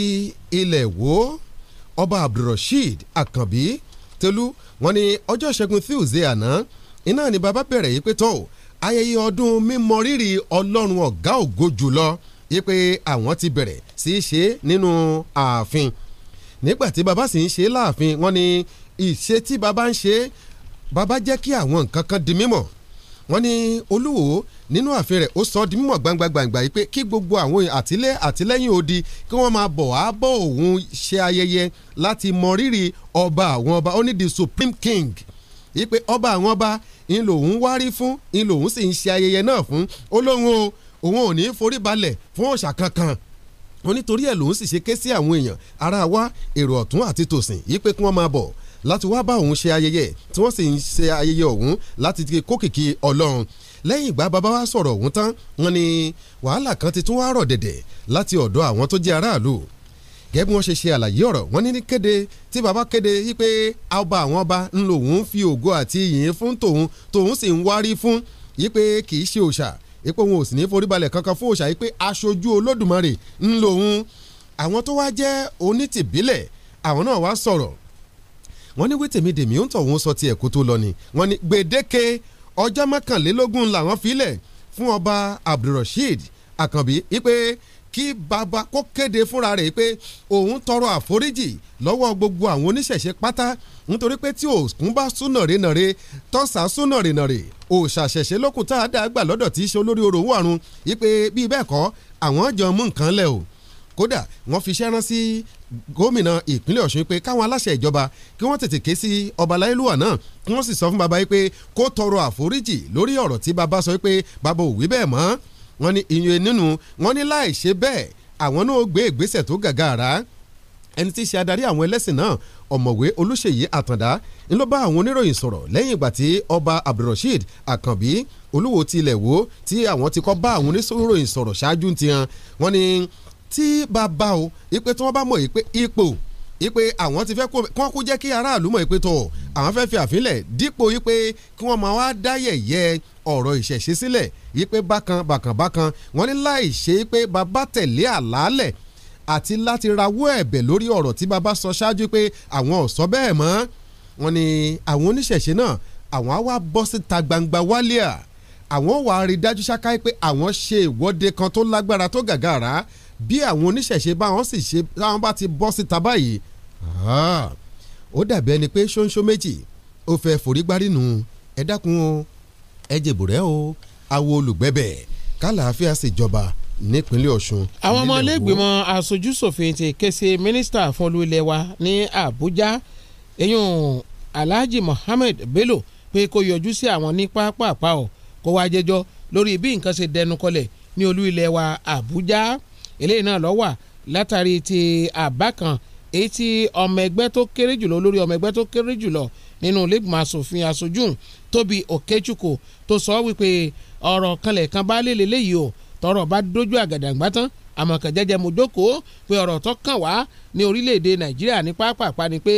ilẹ̀ wo ọba abdulrasheed akànbí tẹlú wọn ni ọjọ́ ìṣẹ́gun tuesday àná iná ni bàbá bẹ̀rẹ̀ yìí pé tó ayẹyẹ ọdún mímọ rírì ọlọ́run ọ̀gá ògo jùlọ yìí pé àwọn ti bẹ̀rẹ̀ sí í ṣe nínú ààfin nígbà tí bàbá sì ń ṣe láàfin wọn ni ìṣe tí bàbá ń ṣe bàbá jẹ́ kí àwọn nǹkan kan di mímọ̀ wọ́n ní olúwo nínú ààfin rẹ̀ ó sọ ọ́ di mímọ̀ gbangba gbangba yìí pé kí gbogbo àwọn àtìlẹ́ àtìlẹ́yìn odi kí wọ́n máa bọ̀ á bọ̀ òun ṣe ayẹyẹ láti mọ rírì ọba àwọn ọba ó ní the supreme king yìí pé ọba àwọn ọba ń lòun wárí fún ń lòun sì ń ṣe ayẹyẹ náà fún ó lóun o òun ò ní forí balẹ̀ fún òòṣà kankan ó nítorí ẹ̀ lòun sì ṣe ké sí àwọn èèyàn ara wa èrò ọ̀tún àti tòsìn yìí pé kí wọ́n máa bọ̀ láti wá bá òun ṣe ayẹyẹ tí wọ́n sì ń ṣe ayẹyẹ ọ̀hún láti kó kìkì ọlọ́run lẹ́yìn ìgbà bàbá wa sọ̀rọ̀ ọ̀hún tán wọ́n ní wàhálà kan ti tún wá rọ̀ dẹ̀dẹ̀ láti ọ̀dọ̀ àwọn tó jẹ́ aráàlú gẹ́gẹ́ bí wọ́n ṣe ṣe àlàyé ọ̀rọ̀ wọ́n ní ní kéde tí bàbá kéde wípé ọba àwọn ọba ń lò wọ́n fi ògo àti ìyìn fún tòun tòun sì ń wárí fún wípé kì í ṣe òòṣà wípé òun ò sì ní foríbalẹ̀ kankan fún òòṣà wípé aṣojú olódùmarè ń lò wọ́n àwọn tó wá jẹ́ onítìbílẹ̀ àwọn náà wá sọ̀rọ̀ wọ́n ní wítèmídèmí ó ń tọ̀hún sọ ti ẹ̀kú tó lọ ni wọ́n ní gbèdéke ọjọ́ mọ́kànlélógún làwọn filẹ̀ fún ọba abdulrasheed àkànbí wípé kí bàbá kó kéde fúnra rẹ̀ pé òun tọrọ àforíjì lọ́wọ́ gbogbo àwọn oníṣẹ̀ṣe pátá nítorí pé tí òkun bá sún nàrenàre tọ́sà sún nàrenàre òṣàṣẹ̀ṣe lókun tá a dá gbà lọ́dọ̀ tí í ṣe olórí orò wọ̀run wípé bíi bẹ́ẹ̀ kọ́ àwọn jọ mú nǹkan lẹ̀ o kódà wọ́n fi iṣẹ́ rán sí gómìnà ìpínlẹ̀ ọ̀ṣun pé káwọn aláṣẹ ìjọba kí wọ́n tètè ké sí ọba láìlúwà náà kí wọ́n sì sọ fún baba yìí pé kó tọrọ àforíjì lórí ọ̀rọ̀ tí baba sọ pé baba ò wí bẹ́ẹ̀ mọ́ wọ́n ní ìyẹn nínú wọ́n ní láì ṣe bẹ́ẹ̀ àwọn náà gbé ìgbésẹ̀ tó gàgàrà ẹni tí í ṣe adarí àwọn ẹlẹ́sìn náà ọ̀mọ̀wé olúṣèyí àtàndá ń ló bá àwọn oníròyìn sọ̀rọ̀ lẹ́yìn ìgbà tí ọba abdulrasheed àkànbí olúwo tilẹ̀ wo tí àwọn ti kọ́ bá àwọn oníròyìn sọ̀rọ̀ ṣáájú ti hàn wọ́n ní tí bàbá o ìpè tí wọ́n bá mọ̀ ìpè ipò ìpè àwọn ti fẹ́ kó kán kó jẹ́ kí aráàlú mọ̀ ìpè tọ̀ àwọn fẹ́ fi àfilẹ̀ dípò ìpè kí wọ́n máa wá dá yẹ̀yẹ́ ọ̀rọ̀ ìṣẹ̀ṣe sílẹ̀ ìpè bákan bákan bákan wọ́n ní láì ṣe ìpè bàbá tẹ̀lé àlàálẹ̀ àti láti rawọ́ ẹ̀bẹ̀ lórí ọ̀rọ̀ tí bàbá sọ ṣáájú pé àwọn ò sọ bẹ́ẹ̀ mọ́ wọ́n ní àwọn oníṣẹ̀ṣe náà àwọn á wá bọ́ síta gbangba wálíà àwọn wàá rí dájú ṣáká pé àwọn ṣe ìwọ́de kan tó lágbára tó gàgàrà bí àwọn oníṣẹ̀ṣe báwọn sì ṣe báwọn bá ti bọ́ síta báyìí ó dàbí ẹni pé ṣóńṣó méjì ó fẹ́ forí gbárí nu ẹ dákun o ẹ jèbù rẹ o àwọn olùgbẹ́bẹ̀ kálàáfíà ṣèjọba nípínlẹ̀ ọ̀ṣun. àwọn ọmọ ilégbèmọ̀ aṣojúṣòfin ti ké sí mínísítà fún olú ilẹ̀ wa ní àbújá eyín alhaji mohammed bello pé kó yọjú sí àwọn ní pápá àpá ọ̀ kó wá jẹ́jọ́ lórí bí nǹkan ṣe dẹnu kọlẹ̀ ní olú ilẹ̀ wa àbújá eléyìí náà lọ́wà látàrí ti àbá kan èyí tí ọmọ ẹgbẹ́ tó kéré jùlọ olórí ọmọ ẹgbẹ́ tó kéré jùlọ nínú lẹ́gbọ̀n asòfin aṣojú Tóbi Okechukwu tó sọ wípé ọ̀rọ̀ kanlẹ̀ kan bá lélẹ̀ léyìí o tọrọ bá dójú àgàdàgbà tán àmọ́ kàn jẹ́jẹ́ mo jókòó pé ọ̀rọ̀ tó kàn wá ní orílẹ̀-èdè Nàìjíríà ní pápápá ni pé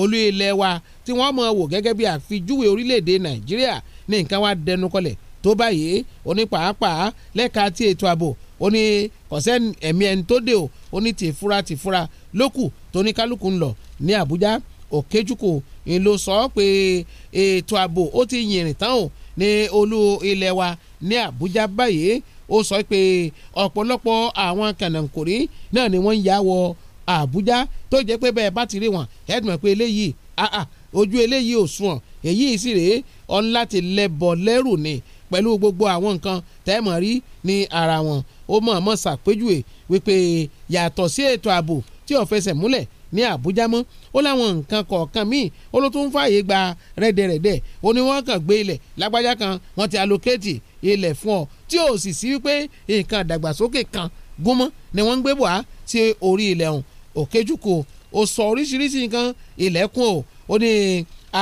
olú ilẹ̀ wa tí wọ́n mọ̀ wò gẹ́gẹ́ bí àfijúwe orílẹ̀-èdè Nàìjíríà ní nǹkan wá dẹnu kọlẹ̀ tó báyìí onípàápàá lẹ́ka ti ètò ààbò ó ní kọ̀sẹ́ni ẹ̀mí ẹni tó dé o ó ní tìfura tìfura lókù tó ní kálukú ń lọ ní Àbújá Òkèjúkò ń lọ sọ pé ètò ààbò ó ti yìnrìn tán o ní olú ilẹ̀ wa ní Àbújá báyìí ó sọ pé ọ̀pọ̀lọpọ̀ àwọn kànáńkòrí náà ni wọ́n ń yà wọ Àbújá tó jẹ́ pé bẹ́ẹ̀ bá ti rí wọn ẹ̀dùn pé eléyìí ojú eléyìí ò sunwọ̀n èyí sì rèé ọ̀n láti lẹ́bọ̀ lẹ́rù ni pẹ̀lú gbogbo àwọn nǹkan tẹ́ẹ̀mọ̀ rí ní ara wọn ó mọ̀ọ́mọ̀ ṣàpèjúwe wípé yàtọ̀ sí ètò ààbò tí ò fẹsẹ̀ múlẹ̀ ní Àbújá mọ́ ó láwọn nǹkan kọ̀ọ̀kan míì ó ló tún fààyè gba rẹ́dẹ̀rẹ́dẹ̀ ó ní wọ́n kàn gbé ilẹ̀ lágbájá kan wọ́n ti allocate ilẹ̀ fún ọ tí ò sì sí wípé nǹkan àdàgbàsókè kan gúnmọ́ ni wọ́n ń gbé bọ̀á sí orí ilẹ̀ ọ̀hún Òkèjúkò ó sọ oríṣiríṣi nǹkan ilẹ̀kùn o ó ní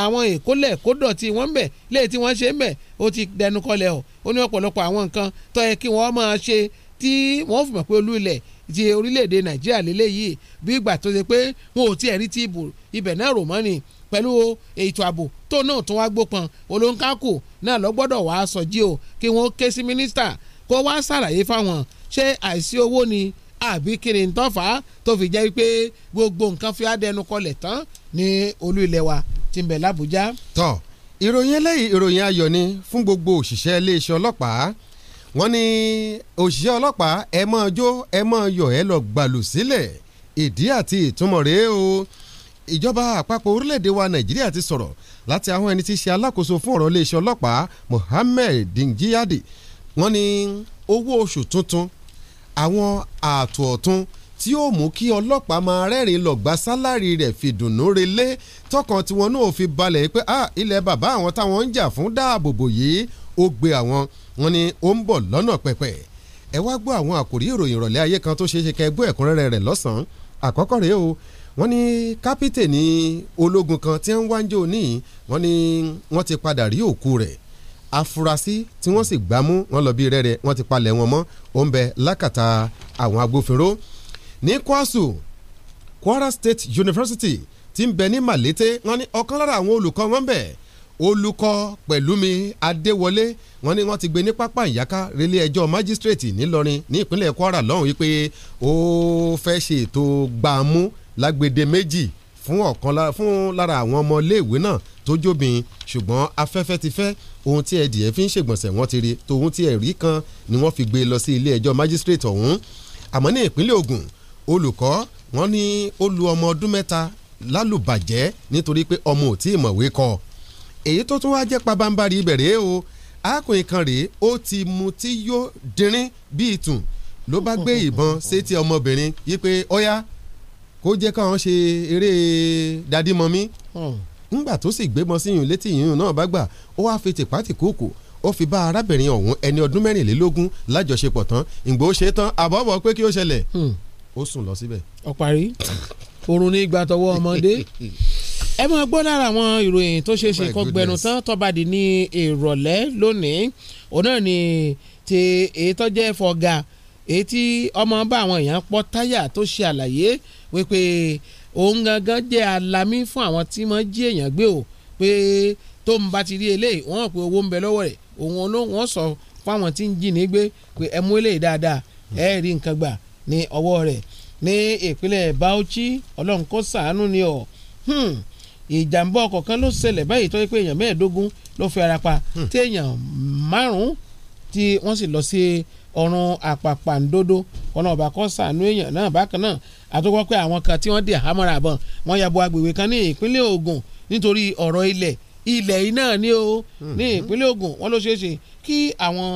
àwọn ìkólẹ̀ kódọ̀tí wọn ń bẹ̀ léyìí tí wọ́n ṣe ń bẹ̀ ó ti dẹnu kọlẹ̀ ọ̀ ó ní ọ̀pọ̀lọpọ̀ àwọn nǹkan tó yẹ kí wọ́n máa ṣe tí wọ́n fi mọ̀ pé olú ilẹ̀ ti orílẹ̀-èdè nàìjíríà lélẹ́yìí bí ìgbà tó ṣe pé wọn ò tiẹ̀ rí ti ibù ibẹ̀ náà rò mọ́ ni pẹ̀lú ètò ààbò tó náà tún wá gbópọn olóńkàkù náà lọ gbọ́dọ̀ wàá sọjí o kí wọ́n ké sí mínísítà kó wá ṣàlàyé fáwọn ṣé àìsí owó ni àbí kiri ń tọ́fà tó fi jẹ́ wípé gbogbo nǹkan fi á dẹnu kọlẹ̀ tán ní olú ilẹ̀ wa tí ń bẹ l'Àbújá. tọ́ ìròyìn eléyìí ìròyìn ayọ̀ ni fún gbogbo òṣìṣẹ́ iléeṣẹ́ ọlọ́pàá wọ́n ní òṣìṣẹ́ ọlọ́pàá ẹ máa jó ẹ máa yọ̀ ẹ lọ gbàlù sílẹ̀ ìdí àti ìtumọ̀ rèé o ìjọba àpapọ̀ orílẹ̀-èdè wa nàìjíríà ti sọ̀rọ̀ láti àwọn ẹni tí í ṣe alákòóso fún ọ̀rọ̀ iléeṣẹ́ ọlọ́pàá Mohammed Dingyadi wọ́n ní owó oṣù tuntun àwọn ààtò ọ̀tún tí ó mú kí ọlọ́pàá máa rẹ́rìn lọ gba sálárì rẹ̀ fi dùnnú relé tọkàn tiwọn náà fi balẹ̀ pé ah ilẹ̀ bàbá àwọn táwọn ń jà fún dáàbòbò yìí ó gbé àwọn wọn ni ó ń bọ̀ lọ́nà pẹ̀pẹ̀ ẹ wá gbọ́ àwọn àkòrí ìròyìn ìrọ̀lẹ́ ayé kan tó ṣeé ṣe kẹgbọ́ ẹ̀kúnrẹ́rẹ́ rẹ̀ lọ́sàn-án àkọ́kọ́ rèé o wọ́n ní kápítẹ̀nì ológun kan tí ń wáńjọ wọ́n ní wọ́n afurasí tí wọ́n sì gbámú wọn lọ bí rẹ́rẹ́ wọ́n ti palẹ̀ wọn mọ́ ó lákàtà àwọn agbófinró ní kwasu Kwara State University ti ń bẹ ní Malete wọn ní ọ̀kan lára àwọn olùkọ́ wọn bẹ̀ olùkọ́ Pẹ̀lúmi Adéwọlé wọn ní wọn ti gbé ní pápá ìyáká relé ẹjọ́ májísírèètì nílọrin ní ìpínlẹ̀ Kwara lọ́hùn wípé ó fẹ́ ṣe ètò gbàmú lágbède méjì fún ọ̀kan fún lára àwọn ọmọ iléèwé náà tó jóbin ṣùgbọ́n afẹ́fẹ́ ti fẹ́ ohun tí ẹdìẹ fi ń ṣègbọ̀nsẹ̀ wọ́n ti rí tòun tí ẹ̀rí kan ni wọ́n fi gbé lọ sí ilé ẹjọ́ májísírèètì ọ̀hún àmọ́ ní ìpínlẹ̀ Ògùn olùkọ́ wọn ní ó lu ọmọ ọdún mẹ́ta lálùbàjẹ́ nítorí pé ọmọ ò tí ì mọ̀wé kọ èyí tó tún wá jẹ́ pabambarì ibẹ̀rẹ̀ o arákùnrin kan rèé ó ti mutí yó dínrín bíi tùn ló bá gbé ìbọn sétí ọmọbìnrin yí pé ọ̀yá kó jẹ́ káwọn ṣe eré dadimọ́mí hmm. ńgbà tó sì gbé mọ́ síyùn létí yìnyín náà bá gbà ó wáá fi tìpátìkúùkù ó fi bá arábìnrin ọ̀hún ẹni ọdún mẹ́rìnlélógún lájọṣepọ̀ tán ìgbò ṣe tán àbọ̀bọ̀ pé kí ó ṣẹlẹ̀ hmm ó sùn lọ síbẹ̀. ọ̀parí oorun ní ìgbà tọwọ́ ọmọdé ẹ máa gbọ́ lára àwọn ìròyìn tó ṣeé ṣe oh kó gbẹnu tán tọ́ba dì ní ìrọ̀lẹ́ lónìí òun náà ni ti èyí tó jẹ́ fọ̀gà èyí tí ọmọ bá àwọn èèyàn pọ́ táyà tó ṣe àlàyé wípé òun gangan jẹ́ alamí fún àwọn tí wọ́n jí èèyàn gbé o pé tó ń bá ti rí eléyìí wọ́n hàn owó ń bẹ lọ́wọ́ rẹ̀ òun ló wọ́n sọ fáwọn tí ń jí ní pé ẹ mú eléyìí dáadáa ẹ rí nǹkan gbà ní ọwọ́ rẹ̀ ní ìpínlẹ̀ Bauchi ọlọ́run kó ṣàánú ni ọ̀ hmm, ìjàmbá ọkọ̀ kan ló ṣẹlẹ̀ báyìí tó yẹ pé èèyàn mẹ́ẹ̀ẹ́dógún ló fi ara pa hmm. tí èèyàn márùn-ún tí wọ́n sì lọ sí ọ̀run àpàpàǹdodo ọ̀nà ọ̀bà kọ́ ṣàánú èèyàn náà bákan náà àtúkọ́ pé àwọn kan tí wọ́n dì àhámọ́ra àbọ̀n wọ́n ya bo agbègbè kan ní ìpínlẹ̀ Ògùn nítorí ọ̀rọ̀ ilẹ̀ ilẹ̀ yìí náà ni ó hmm. ní ìpínlẹ̀ Ògùn wọ́n ló ṣeé ṣe kí àwọn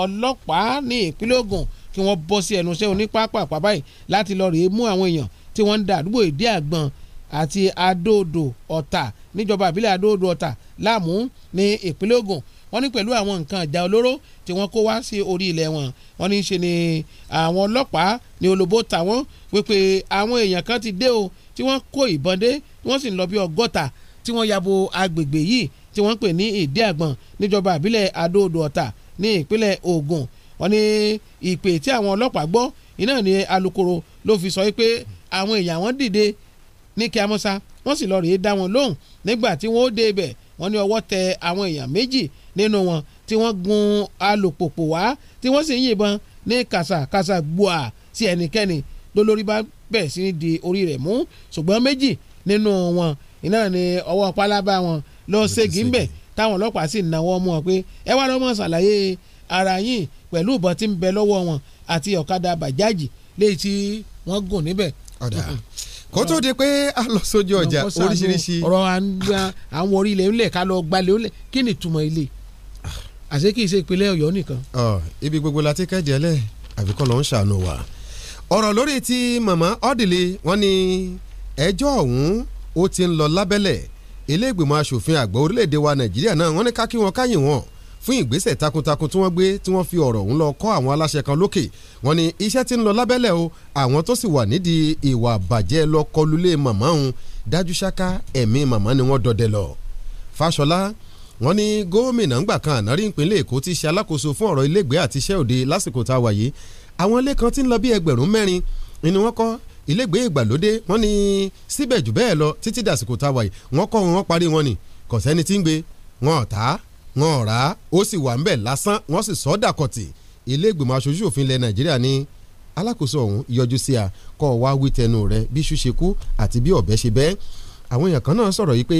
ọlọ́pàá ní ìpínlẹ̀ Ògùn kí wọ́n bọ́ sí ẹnu iṣẹ́ onípápá báyìí láti lọ rèé mú àwọn èèyàn tí wọ́n ń da àdúgbò ìdí àgbọn àti adóodò ọ̀tà níjọba àbílẹ̀ adóodò ọ̀tà láàmú ní ìpínlẹ̀ Ògùn wọ́n ní pẹ̀lú àwọn nǹkan ìjà olóró tí wọ́n kó wá sí orí ilẹ̀ wọn wọ́n ní í ṣe ni àwọn ọlọ́pàá ní olóbó ta wọ́n wípé àwọn èèyàn kan ti dé o tí wọ́n kó ìbọn dé wọ́n sì ń lọ bí ọgọ́ta tí wọ́n yabo agbègbè yìí tí wọ́n ń pè ní ìdí àgbọ̀n níjọba àbílẹ̀ adóodò ọ̀tà ní ìpínlẹ̀ Ògùn wọ́n ní ìpè tí àwọn ọlọ́pàá gbọ́ iná ni alukoro ló fi sọ pé àwọn èèyàn wọn dìde ní kíámọ́sá wọ́n sì lọ rèé dá wọn lóhùn nígbà tí wọ́n ó dé ibẹ̀ wọ́n ní ọwọ́ tẹ àwọn èèyàn méjì nínú wọn tí wọ́n gun alùpùpù wá tí wọ́n sì ń yìnbọn ní kàṣàkàṣà gbòà sí ẹnikẹ́ni lólórí bá bẹ̀rẹ̀ sí ní di orí rẹ̀ mú ṣùgbọ́n méjì nínú wọn iná ni ọwọ́ pálábá wọn lọ ṣègì ń bẹ̀ táwọn ọlọ́pàá sì náwó mú wọn pé ẹ wá lọ́mọ ṣàlàyé ara yìí pẹ̀lú ìbọn tí ń bẹ lọ́wọ́ wọn àti ọ̀kadà bàjáàjì léyìí tí wọ́n gùn níbẹ̀. ọ̀dà kó tó di pé a lọ sójú ọjà oríṣiríṣi. ọ̀rọ̀ àwọn orí ilẹ̀ ńlẹ̀ ká lọ gbalẹ̀ ó lẹ̀ kí ni ìtumọ̀ ilé àṣé kì í ṣe ìpínlẹ̀ ọ̀yọ́ nìkan. ibi gbogbo la ti kẹ́jẹ́ lẹ̀ àbíkọ́ ló ń ṣàánú wa. ọ̀rọ̀ lórí ti màmá ọ́dìlì wọ́n ní ẹjọ́ ọ̀hún ó ti ń lọ lábẹ́lẹ̀ ilé ìgbìmọ̀ asòfin àgbà orílẹ̀-èdè wa nàìjíríà náà wọ́n ní ká kí wọn káyìn wọn fún ìgbésẹ̀ takuntakun tí wọ́n gbé tí wọ́n fi ọ̀rọ̀ ọ̀hún lọ kọ́ àwọn aláṣẹ kan lókè wọ́n ní iṣẹ́ tí ń lọ lábẹ́lẹ̀ o àwọn tó sì wà nídìí ìwà bàjẹ́ lọ kọlulé màmá òun dájú ṣáká ẹ̀mí màmá ni wọ́n dọdẹ lọ. Fáṣọlá wọ́n ní gómìnà ńgbà kan ànárí ìpínlẹ̀ Èkó ti ṣe alákòóso fún ọ̀rọ̀ ilégbèé àti iṣẹ́ òde lásìkò tá a wà yìí àwọn ilé kan ti ń lọ bí ẹgbẹ̀rún mẹ́rin ni wọ́n kọ́ ilégbèé ìgbàlódé wọ́n ní síbẹ̀ jù bẹ́ẹ̀ lọ títí dàsìkò tá a wà yìí wọ́n kọ́ wọn parí wọn ni kò sẹ́ni ń gbé wọn ò wọn ò rà á ó sì wà ńbẹ̀ lásán wọ́n sì sọ́ dàkọ̀tì ilé ìgbìmọ̀ aṣojú òfin ilẹ̀ nàìjíríà ní alákòóso ọ̀hún yọjú sí a kọ́ ọ wá wí tẹnu rẹ bí iṣu ṣe kú àti bí ọ̀bẹ ṣe bẹ́ àwọn èèyàn kan náà sọ̀rọ̀ yìí pé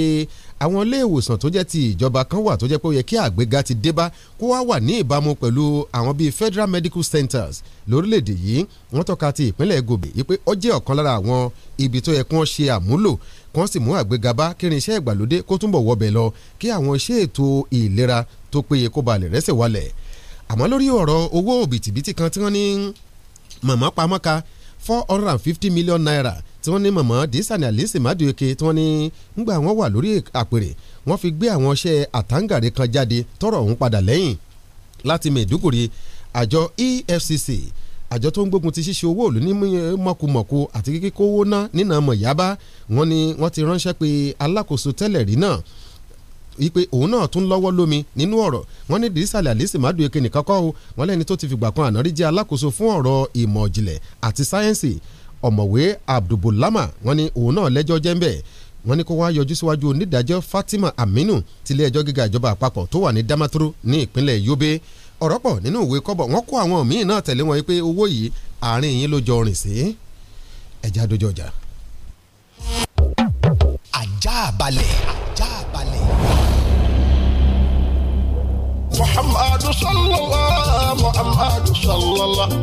àwọn ilé ìwòsàn tó jẹ́ ti ìjọba kan wà tó jẹ́ pé ó yẹ kí àgbéga ti dé bá kó wá wà ní ìbámu pẹ̀lú àwọn bíi federal medical centers lórílẹ̀‐èdè yìí wọ́n tọ́ka ti ìpínlẹ̀ Gòbè yìí pé ó jẹ́ ọ̀kan lára àwọn ibi tó yẹ kí wọ́n ṣe àmúlò kan sì mú àgbéga bá kírin iṣẹ́ ìgbàlódé kó túnbọ̀ wọbẹ̀ lọ kí àwọn iṣẹ́ ètò ìlera tó péye kó balẹ̀ rẹ́sẹ̀ wálẹ̀ àmọ́ lórí ọ̀rọ̀ owó òbítíbitì kan tí wọ́n ní mọ̀mọ́ pamọ́ka four hundred and fifty million naira tí wọ́n ní mọ̀mọ́ dísàní àlẹ́sì mádùúkẹ́ tí wọ́n ní ńgbà wọ́n wà lórí àpèrè wọ́n fi gbé àwọn iṣẹ́ àtàǹgàrẹ́ kan jáde tọ́rọ̀ ọ̀hún padà lẹ́yìn láti Maiduguri àjọ EFCC àjọ tó ń gbógun ti ṣíṣe owó òlù ní mọ̀kùmọ̀kù àti kíkówó ná nínà mọ̀yábá wọn ni wọ́n ti ránṣẹ́ pé alákòóso tẹ́lẹ̀ rí náà wípé òun náà tún lọ́wọ́ lómi nínú ọ̀rọ̀ wọ́n ní dísàlẹ̀ àlísì má dùn ekenì kankan o wọ́n lẹ́ni tó ti fìgbà kan ànárí jẹ́ alákòóso fún ọ̀rọ̀ ìmọ̀ ìjìnlẹ̀ àti sáyẹ́ǹsì ọ̀mọ̀wé abdulbulama wọ́n ní òun náà lẹ́jọ́ jẹ́ ń bẹ̀ wọ́n ní kó wá yọjú síwájú onídàájọ́ fatima aminu tilé ẹjọ́ gíga ìjọba àpapọ̀ tó wà ní damaturu ní ìpínlẹ̀ yobe ọ̀rọ̀ pọ̀ nínú ìwé kọ́bọ̀ wọ́n kó àwọn míì náà tẹ̀lé wọn pé owó yìí àárín yín ló jọ rìn sí ẹ̀já dojú ọjà. ajá balẹ̀ ajá balẹ̀. Muhammadu sallallahu Muhammadu sallallahu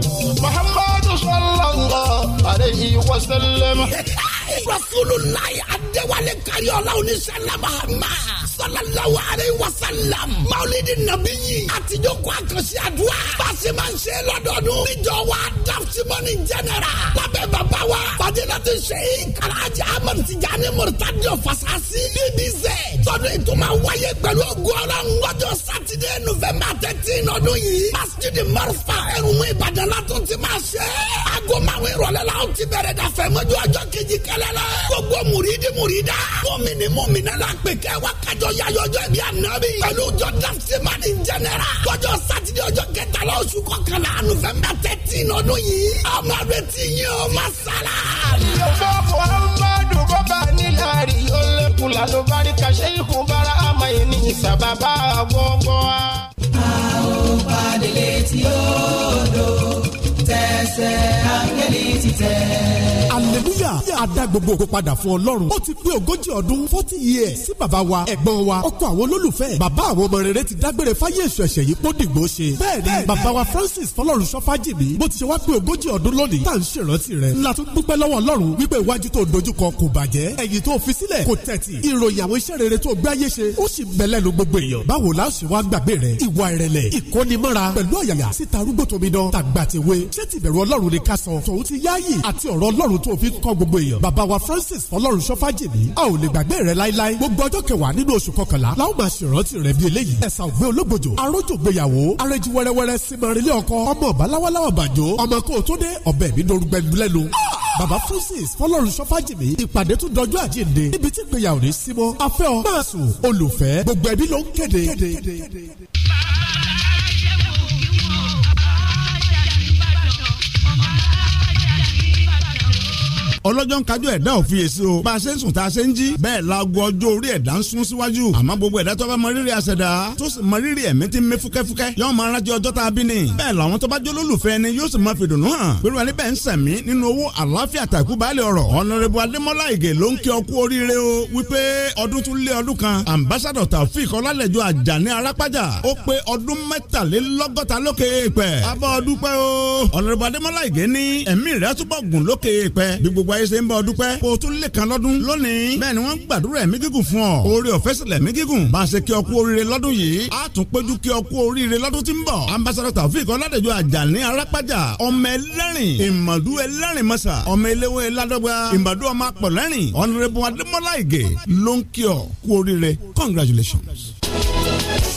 Muhammadu sallallahu alayhi wa sallam. Rasulullah Adéwálé Kariola oníṣẹ́lá Mahama sallallahu alayhi wa sallam maulidi nabi yi àtijọ́ kó àkànṣe àdúrà baasi máa níjọ wa daftimoni general lábẹ́ bàbá wa fadilati sheik alhaji amadu tijani murtadi fasasi bbz tọdún ìtumọ̀ wáyé pẹ̀lú ọgọ́rọ̀ ńlọ́jọ́ sátidé november thirteen ọdún yìí masjid marfa ẹ̀rùmú ìbàdàn látún ti máa ṣe é aago ìrọ̀lẹ́ la ó ti bẹ̀rẹ̀ dàfẹ́ mọ́jú ọjọ́ kejì ká yẹlẹlẹ. gbogbo mùrídìí mùrídà. mọ́mìnì mọ́mìnà la pè kẹ́ wa kájọ yayọjọ ibi ànábì. pẹ̀lú jordan simani jẹnẹra. lọ́jọ́ sátidé ọjọ́ kẹtàlá oṣù kọkànlá nùfẹ̀mbà tẹ́tì nọdún yìí. a máa retí yín o masala. ìyọ̀fọ̀ muhammadu bọ́bá níláàrí olókùn lálọ́ barika ṣe ikú bára àmọ́ yìí ní ìsàbàbà gbọ́ngbọ́n wa. a ò pàdé létí odò tẹ̀sẹ̀ áńgẹ́lì jẹ́. aleluya adá gbogbo ògo padà fún ọlọ́run ó ti pé ogójì ọdún forty years sí bàbá wa ẹ̀gbọ́n wa ọkọ àwọn olólùfẹ́ bàbá àwọn ọmọ rere ti dágbére fáyé èso ẹ̀ṣẹ̀ yìí pódìgbò ṣe bẹ́ẹ̀ni bàbá wa Francis fọlọ́run sọ́fájì mi bó ti ṣe wá pé ogójì ọdún lónìí tá à ń ṣèrántí rẹ̀ la tún dúpẹ́ lọ́wọ́ ọlọ́run wípé iwájú tó dojúkọ kò bàjẹ́ ẹ̀yìn tó fi sílẹ̀ kò tẹ̀tì ìròyìn àwọn iṣẹ́ rere tó gbé wòlíì àti ọ̀rọ̀ ọlọ́run tó fi kọ́ gbogbo èèyàn bàbá wa Francis fọlọ́run sọ́fàjìmí a ò lè gbàgbé rẹ láíláí gbogbo ọjọ́ kẹwàá nínú oṣù kọkànlá la ó máa ṣèrántí rẹ bí eléyìí ẹ̀sà ògbé ológbòjò arójò gbéyàwó arẹjì wẹ́rẹ́wẹ́rẹ́ símọ̀rìnlé ọkọ ọmọ balawawa ọ̀bàjò ọmọ kò tó dé ọbẹ̀ mi dorúgbẹ́nulẹ́nu baba francis fọlọ́run sọ́fàjìmí ìpàdé tún dọjọ́ àjíǹde níbi tí ìgbéyàwó ní símọ́ afẹ́ ọ máa sùn olùfẹ́ gbogbo ẹbí ló ń kéde. ọlọ́jọ́ ń kájọ ẹ̀dá òfin o bá a ṣe ń sùn tá a ṣe ń jí bẹ́ẹ̀ laago ọjọ́ orí ẹ̀dá ń sún síwájú àmọ́ gbogbo ẹ̀dá tó bá mọ rírì àṣẹdá tó sì mọ rírì ẹ̀mí tí ń mí fúkẹ́fúkẹ́ yóò máa rájọ ọjọ́ tá a bí ni bẹ́ẹ̀ làwọn tó bá jó lólùfẹ́ ni yóò sì máa fìdùnnú hàn pẹ̀lú ẹni bẹ́ẹ̀ ń sẹ̀mí nínú owó àlàáfíà tàkú baálẹ̀ ọ̀rọ̀ ọ̀nàrẹ́bù adémọ́lá ìgè ló ń kí ọ kú oríire o wípé ọdún tún lé ọdún o ọ̀nàrẹ́bù adémọ́lá ìgè ní ẹ̀mí rẹ̀ túbọ̀ gùn lókè àgbáyé ṣe ń bọ̀ dúpẹ́ kó tún lè kan lọ́dún lónìí bẹ́ẹ̀ ni wọ́n ń gbàdúrà ẹ̀mí gígùn fún ọ oore ọ̀fẹ́ sílẹ̀ mí gígùn bá ṣe kí ọ kú oríire lọ́dún yìí a tún péjú kí ọ kú oríire lọ́dún tí ń bọ̀ ambassadọ Taofik Ọládèjọ Àjàní Arápájà ọmọ ẹlẹ́rìn ìmọ̀dú ẹlẹ́rìn mọ́sà ọmọ eléwé ládọ́gba congratulations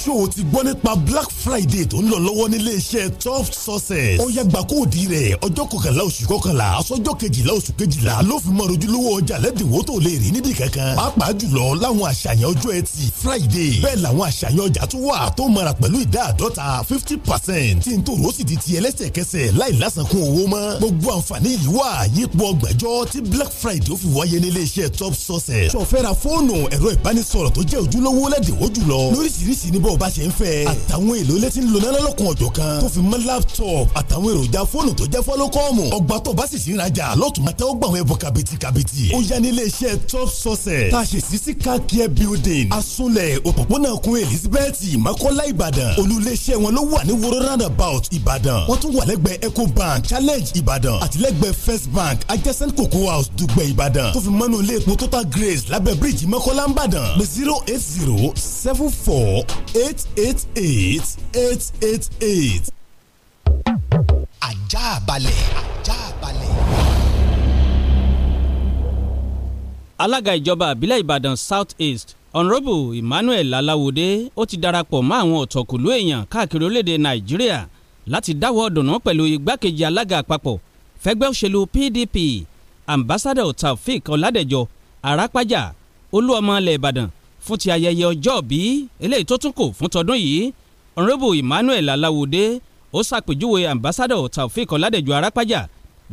ṣó o ti gbọ́ nípa black friday tó ń lọ lọ́wọ́ nílé iṣẹ́ top success. ó yá gbà kó di rẹ̀ ọjọ́ kọkànlá oṣù kọkànlá aṣọ́jọ́ kejìlá oṣù kejìlá ló fi mọ ojúlówó ọjà lẹ́dínwó tó lè rí nídìí kankan. pàápàá jùlọ láwọn àṣàyàn ọjọ́ ẹtì friday bẹ́ẹ̀ làwọn àṣàyàn ọjà tó wà tó mara pẹ̀lú ìdá àdọ́ta fifty percent tí n tó rò sì di ti ẹlẹ́sẹ̀kẹsẹ̀ láì lásàkún owó mọ́. gbogbo àǹfààní yìí wà yípo ọgbàjọ́ tí black friday ó fi wáyé nílé iṣẹ́ top success. sọfẹ́ra fóònù ẹ̀rọ ìbánisọ̀rọ̀ tó jẹ́ ojúlówó lẹ́dínwó jùlọ lóríṣiríṣi níbọ̀ báwo bá ṣe ń fẹ́. àtàwọn èlò ilé ń lo náírà lọ́kùn ọ̀jọ̀ kan tó fi mọ́ laptop àtàwọn èròjà fóònù tó jẹ́ fọ́lọ́kọ́ọ̀mù. ọgbà tó bá sì sí ìrajà lọ́tùmọ̀ tẹ́ ó gbà wọn ẹ̀bùn kàbìtì kàbìtì. ó yá ní iléeṣẹ́ top success tá a ṣe sí sí car building asunlẹ̀ òpópónà kun elizabeth makola ìbàdàn olùléeṣẹ́ wọn ló wà ní woro roundabout ìbàdàn wọ́n tún eco bank challenge ìbàdàn àtìlẹ́gbẹ̀ẹ́ first bank adjacent cocoa house dùgbẹ̀ ìbàdàn tó fi mọ́nú ilé epo total grace lábẹ́ bíríìjì makola zero eight zero seven four eight eight eight eight eight eight. ajá balẹ̀ ajá balẹ̀. alága ìjọba àbílẹ̀ ìbàdàn south east honourable emmanuel aláwòdé ó ti darapọ̀ mọ́ àwọn ọ̀tọ̀kùlú èèyàn káàkiri orílẹ̀-èdè nàìjíríà láti dáwọ́ dùnú pẹ̀lú igbákejì alága àpapọ̀ fẹ́gbẹ́ òṣèlú pdp ambassador taofik ọládẹjọ arápájà olúọmọ ilẹ̀ ìbàdàn fún ti ayẹyẹ ọjọ́bí eléyìí tó tún kò fún tọdún yìí ọ̀nrẹ́bù Emmanuel Aláwọ̀dé ó ṣàpèjúwe ambassadọ̀ Taofik Ọládèjọ Arápájà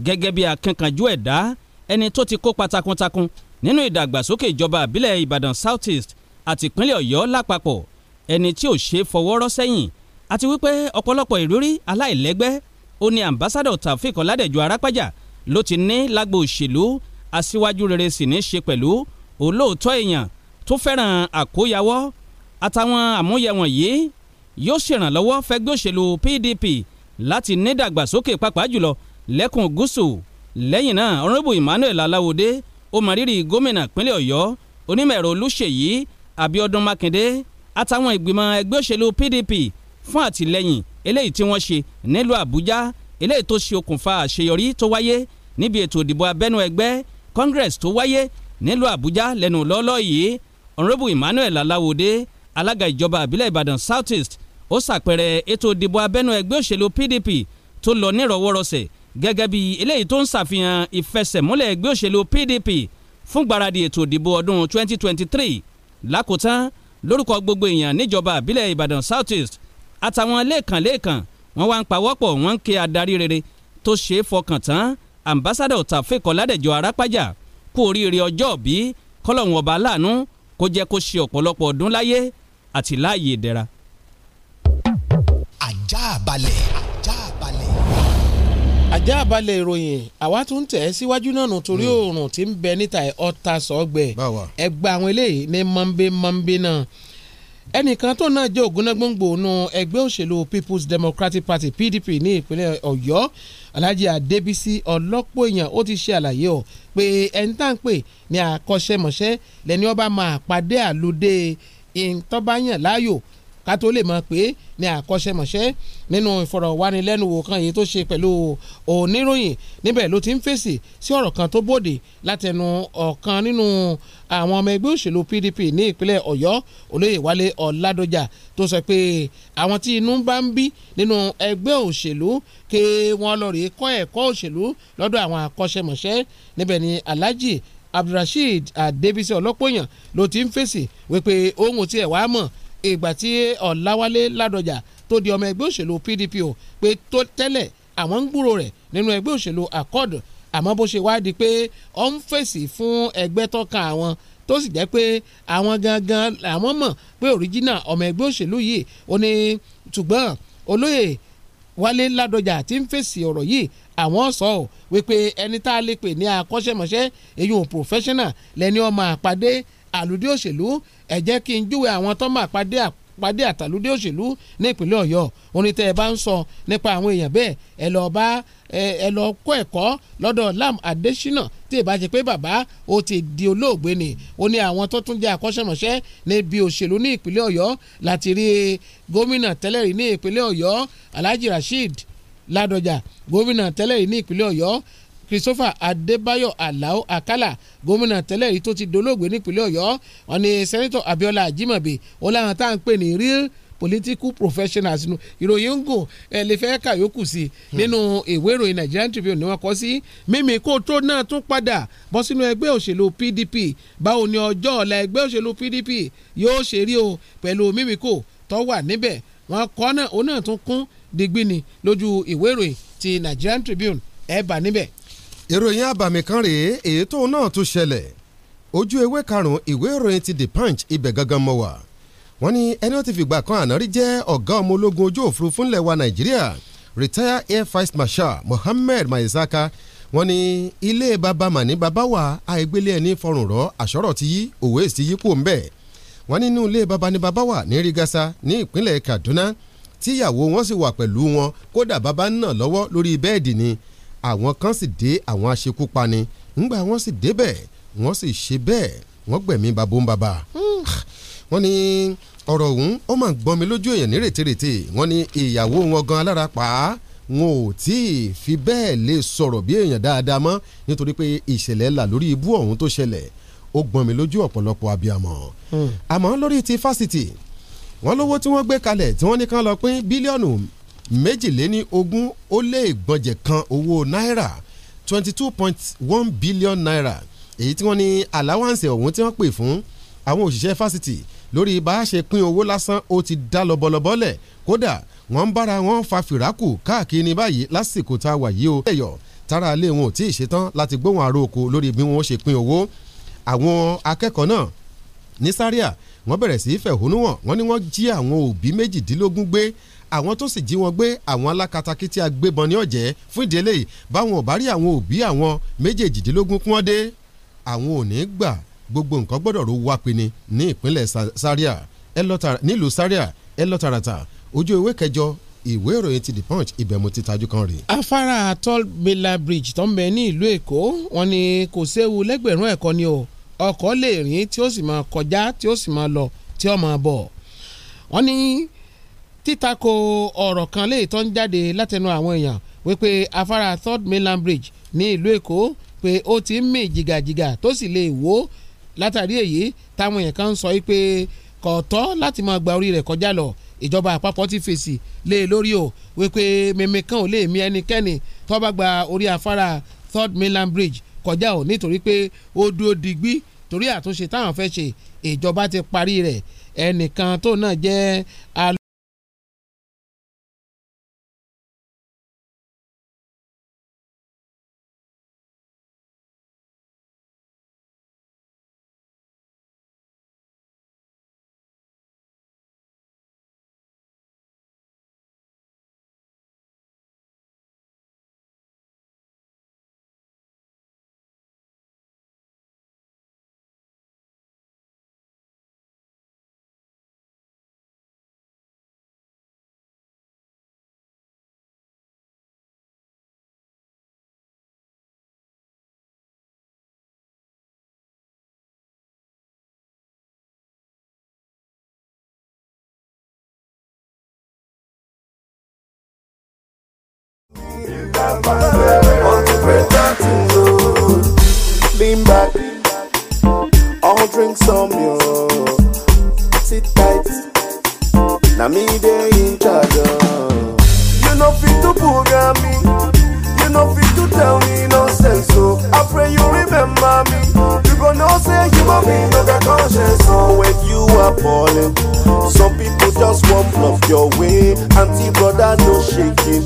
gẹ́gẹ́ bí akínkanjú ẹ̀dá ẹni tó ti kópa takuntakun nínú ìdàgbàsókè ìjọba àbílẹ̀ Ìbàdàn South East àti ìpínlẹ̀ Ọ̀yọ́ lápapọ̀ ẹni tí ò ṣe fọwọ́rọ́ sẹ́yìn àti wípé ọ̀pọ̀lọpọ̀ ìrírí aláìlẹ́gbẹ́ ó ní ambassadọ̀ Taofik Ọládèjọ Arápájà ló ti ní lágbo òṣèlú aṣíwájú rere sì ní í ṣe pẹ̀lú olóòótọ́ èèyàn tó fẹ́ràn àkóyawọ́ àtàwọn àmúyẹ wọ̀nyí yóò ṣèrànlọ́wọ́ fẹ́gbẹ́ òṣèlú PDP láti ní ìdàgbàsókè pàápàá jùlọ lẹ́kùn gúúsù lẹ́yìn náà ọ̀rẹ́bù Emmanuel Aláwọ̀dé ó mọrírì gómìnà pínlẹ̀ Ọ̀yọ́ onímọ̀ẹ̀rọ Olúṣèyí Abíọ́dún Mákindé àtàwọn ìgbìmọ̀ ẹgbẹ́ òṣèlú PDP fún àtìlẹ́yìn eléyìí tí wọ́n ṣe nílùú Àbújá eléyìí tó ṣe okùnfà àṣeyọrí tó wáyé níbi ètò ìdìbò abẹ́nú ẹgbẹ́ Congress tó wáyé nílùú Àbújá lẹ́nu lọ́ọ́lọ́ yìí honourable emmanuel aláwòdé alága ìjọba àbílẹ̀ ìbàdàn south east ó ṣàpẹẹrẹ ètò ìdìbò abẹ́nú ẹgbẹ́ òṣèlú pdp tó lọ nírọ̀wọ́rọ̀sẹ̀ gẹ́gẹ́ bí eléyìí tó ń ṣàfihàn ìfẹsẹ̀múlẹ̀ ẹgbẹ́ òṣèlú pdp fún gbáradì ètò ìdìbò ọdún 2023 lákòótán lórúkọ gbogbo èèyàn níjọba àbílẹ̀ ìbàdàn south east àtàwọn lẹ́ẹ̀kan lẹ́ẹ̀kan wọ́n wá ń pawọ́pọ̀ wọ́n ń ké adarí rere tó ṣeé fọkàn tán ambassadọ̀ Tàfẹ́kọ̀ Ládẹ̀jọ Arápájà kú oríire ọjọ́ bí kọ́lọ́hún ọba aláàánú kó jẹ́ kó ṣe ọ̀pọ̀lọpọ̀ ọdún láyé àti láàyè ìdẹ̀ra. ajá balẹ̀ ajá balẹ̀. ajá balẹ̀ ìròyìn àwa tún ń tẹ̀ ẹ́ síwájú náà nù torí hmm. oòrùn tí ń bẹ níta ẹ̀ ọ̀ta sọ́gbẹ̀ ẹ̀ àwọn eléyìí ní mọ́ńbé mọ́ńbé náà ẹnìkan tó náà jẹ́ ògúnnágbòǹgbò nu ẹgbẹ́ òṣèlú People's Democratic Party PDP ní ìpínlẹ̀ Ọ̀yọ́ Alhaji Adébísí ọlọ́pọ̀ èèyàn ó ti ṣe àlàyé o pé ẹni tá ń pè ní àkọ́ṣẹ́mọṣẹ́ lẹ́ni ọba máa pàdé àlùdé ìtọ́báyàn láàyò ká tó lè mọ̀ pé ní àkọ́ṣẹ́mọṣẹ́ nínú ìfọ̀rọ̀wánilẹ́nuwò kan èyí tó ṣe pẹ̀lú oníròyìn níbẹ̀ ló ti ń fèsì sí ọ̀rọ̀ kan tó bòde látẹnu ọ̀kan nínú àwọn ọmọ ẹgbẹ́ òṣèlú PDP ní ìpínlẹ̀ Ọ̀yọ́ olóyè Wálé Ọ̀làdọ́jà tó sọ pé àwọn tí inú bá ń bí nínú ẹgbẹ́ òṣèlú ké wọ́n lọ rèé kọ́ ẹ̀kọ́ òṣèlú lọ́dọ̀ àwọn àkọ́ṣẹ́mọṣẹ́ níbẹ̀ ni Alhaji Abdulrasheed Adébísí Ọlọ́pọ̀yàn ló ti ń fèsì wípé ohun tí ẹ̀ wá mọ̀ ìgbà tí ọ̀làwálé ládọjà tó di ọmọ ẹgbẹ́ òṣèlú PDP o pé tó tẹ́lẹ̀ àwọn ń gbúrò rẹ̀ nínú ẹgbẹ́ òṣèlú accord àmọ́ bó ṣe wá di pé ó ń fèsì fún ẹgbẹ́ tọ́ka àwọn tó sì jẹ́ pé àwọn gangan àwọn mọ̀ pé original ọmọ ẹgbẹ́ òṣèlú yìí ó ní ṣùgbọ́n olóyè wálé ládọjà tí ń fèsì ọ̀rọ̀ yìí àwọn sọ ọ wípé ẹni tá a lè pè ní akọ́ṣẹ́mọṣẹ́ èyí ò professional lẹ́ni ọmọ àpàdé àlùdí òṣèlú ẹ jẹ́ kí n júwe àwọn tó máa pàdé pàdé àtàlùdí òṣèlú ní ìpínlẹ̀ ọ̀yọ́ onítẹ̀ ẹ bá ń sọ nípa àwọn èèyàn bẹ́ẹ̀ ẹ lọ bá ẹ lọ kọ́ ẹ̀kọ́ lọ́dọ̀ Lam Adesina tí ìbá ṣe pé bàbá ó ti di olóògbé ni ó ní àwọn tó tún jẹ́ akọ́ṣẹ́mọṣẹ́ níbi òṣèlú ní ìpínlẹ̀ ọ̀yọ́ láti rí gómìnà tẹ́lẹ̀ rí ní ìpínlẹ̀ ọ̀yọ́ Alhaji Rasheed Ládọjà gómìnà tẹ́lẹ̀ rí ní ìpínlẹ̀ ọ̀yọ́ Christopher Adébáyọ̀ Alao Akala gómìnà tẹ́lẹ̀ rí tó ti dolóògbé nípínlẹ̀ Ọ̀yọ́ wọn ni sẹ́nitọ̀ Abiola Ajimobi ó láwọn tá à ń pè ní real political professionals nu ìròyìn ń gùn ẹ lè fẹ́ kàyókù sí i hmm. nínú ìwé ìròyìn Nigerian Tribune ni wọ́n kọ sí mímí kó tó náà tún padà bọ́ sínú ẹgbẹ́ òṣèlú PDP báwo ni ọjọ́ ọ̀la ẹgbẹ́ òṣèlú PDP yóò ṣe rí o pẹ̀lú mímí kó tó wà níbẹ̀ wọ́n kọ́ náà ó náà tún kún digbí ni lójú ìwé ìròyìn ti Nigerian Tribune ẹ̀ bà níbẹ̀ ìròyìn àbàmì kan rèé èyí tóun náà tún ṣẹlẹ̀ ojú ewé karùn-ún ìwé ìròyìn ti the punch ibẹ̀ gangan mọ̀ wá wọ́n ní ẹni ó ti fìgbà kan ànárí jẹ́ ọ̀gá ọmọ ológun ojú òfurufú ńlẹ̀ wa nàìjíríà retired air Force marshal mohammed maisaka wọ́n ní ilé bàbá màní bàbá wa àìgbélé ẹni fọrùn rọ àṣọ́rọ̀ ti yí òwe sì yí kú ńbẹ̀ wọ́n nínú ilé bàbá ni bàbá wa ní rigasa ní ìpínlẹ̀ kaduna tíyàwó wọn sì wà pẹ̀lú wọn kódà bàbá náà lọ́wọ́ lórí bẹ́ẹ̀dì ni àwọn kan sì dé àwọn aṣekúpani ńgbà wọ́n sì débẹ̀ wọ́n sì ṣe bẹ́ẹ̀ wọ́n gbẹ̀mí babó ń baba. wọ́n ní ọ̀rọ̀ ọ̀hún ó máa ń gbọ́n mi lójú èèyàn ní rètérètè wọ́n ní ìyàwó wọn gan alára pa á wọn ò tí ì fi bẹ́ẹ̀ lè sọ̀rọ̀ bí èèyàn dáadáa mọ́ nítorí pé ìṣẹ̀lẹ̀ là lórí ibú ọ̀hún tó ṣẹlẹ̀ ó gbọ́n mi lójú ọ̀pọ̀lọpọ̀ abiyamọ. Hmm. àmọ́ lórí ti fásitì wọ́n lówó tí wọ́n gbé kalẹ̀ tí wọ́n ní kán lọ pín bílíọ̀nù méjìléní ogún ó lé ìgbọ̀njẹ̀ kan owó náírà twenty two point one billion naira èyí tí wọ́n ní aláwáǹsì ọ̀hún tí wọ́n pè fún àwọn òṣìṣẹ́ fásitì lórí bá a ṣe pín owó lásán ó ti dá lọ́bọ̀lọ́bọ̀lẹ̀ kódà wọ́n ń bára wọn fa fìràkù káàkiri ní báyìí lásìkò tá a wà yìí o. ẹ̀yọ̀ tára ilé wọn ò tí ì ṣetán láti gbóhùn aró oko lórí bí wọ́n ṣe pín owó. àwọn akẹ́kọ̀ọ́ náà ní sáríà wọ́n bẹ̀rẹ̀ sí í fẹ̀hónú hàn wọ́n ní wọ́n jí àwọn òbí méjìdínlógún gbé àwọn tó sì jí wọn gbé àwọn alákatakí tí a gbébọn ní ọ̀jẹ́ fún ìdílé yìí báwọn ò bá rí àwọn òbí àwọn méjèèjìdínlógún kún ọ́n dé àwọn ò ní gbà gbogbo nǹkan gbọ́dọ̀ ro wá pinni ní ìpínlẹ̀ Zaria nílùú Zaria ẹ lọ tààràtà ojú ewé kẹjọ ìwé ìròyìn ti The Punch ibẹ̀ mo ti tajú kan rè. afárá toll bela bridge tó ń bẹ ní ìlú Èkó wọn ni kò séwu lẹ́gbẹ̀rún ẹ̀kọ́ ni o ọkọ̀ lè rìn tí ó sì máa kọjá tí ó sì máa lọ tí ó máa bọ̀ wọ́n ní títako ọ̀rọ̀ kan lè tó ń jáde látẹnu àwọn èèyàn wípé afárá third mainland bridge ní ìlú èkó pé ó ti ń mì jìgàjìgà tó sì lè wó látàrí èyí táwọn èèyàn kan ń sọ wípé kò tọ́ láti máa gba orí rẹ̀ kọjá lọ ìjọba àpapọ̀ ti fèsì lé e lórí o wípé mímí kan ò lè mí ẹnikẹ́ni tó bá gba orí afárá third mainland bridge kọjá o nítorí pé ó dúró digbí torí àtúnṣe táwọn fẹ́ ṣe ìjọba ti parí rẹ̀ ẹnìkan tó náà jẹ́ all the Lean back, I'll drink some, yo. Sit tight, now me they in charge, oh. You fit to me, you fit to tell me nonsense, so oh. I pray you remember me say you a man of your conscience. So when you are balling, some people just won't love your way. Auntie brother, no shaking.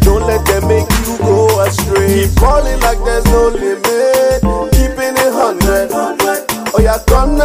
Don't let them make you go astray. Keep balling like there's no limit. Keeping it hundred. Oh yeah, gonna.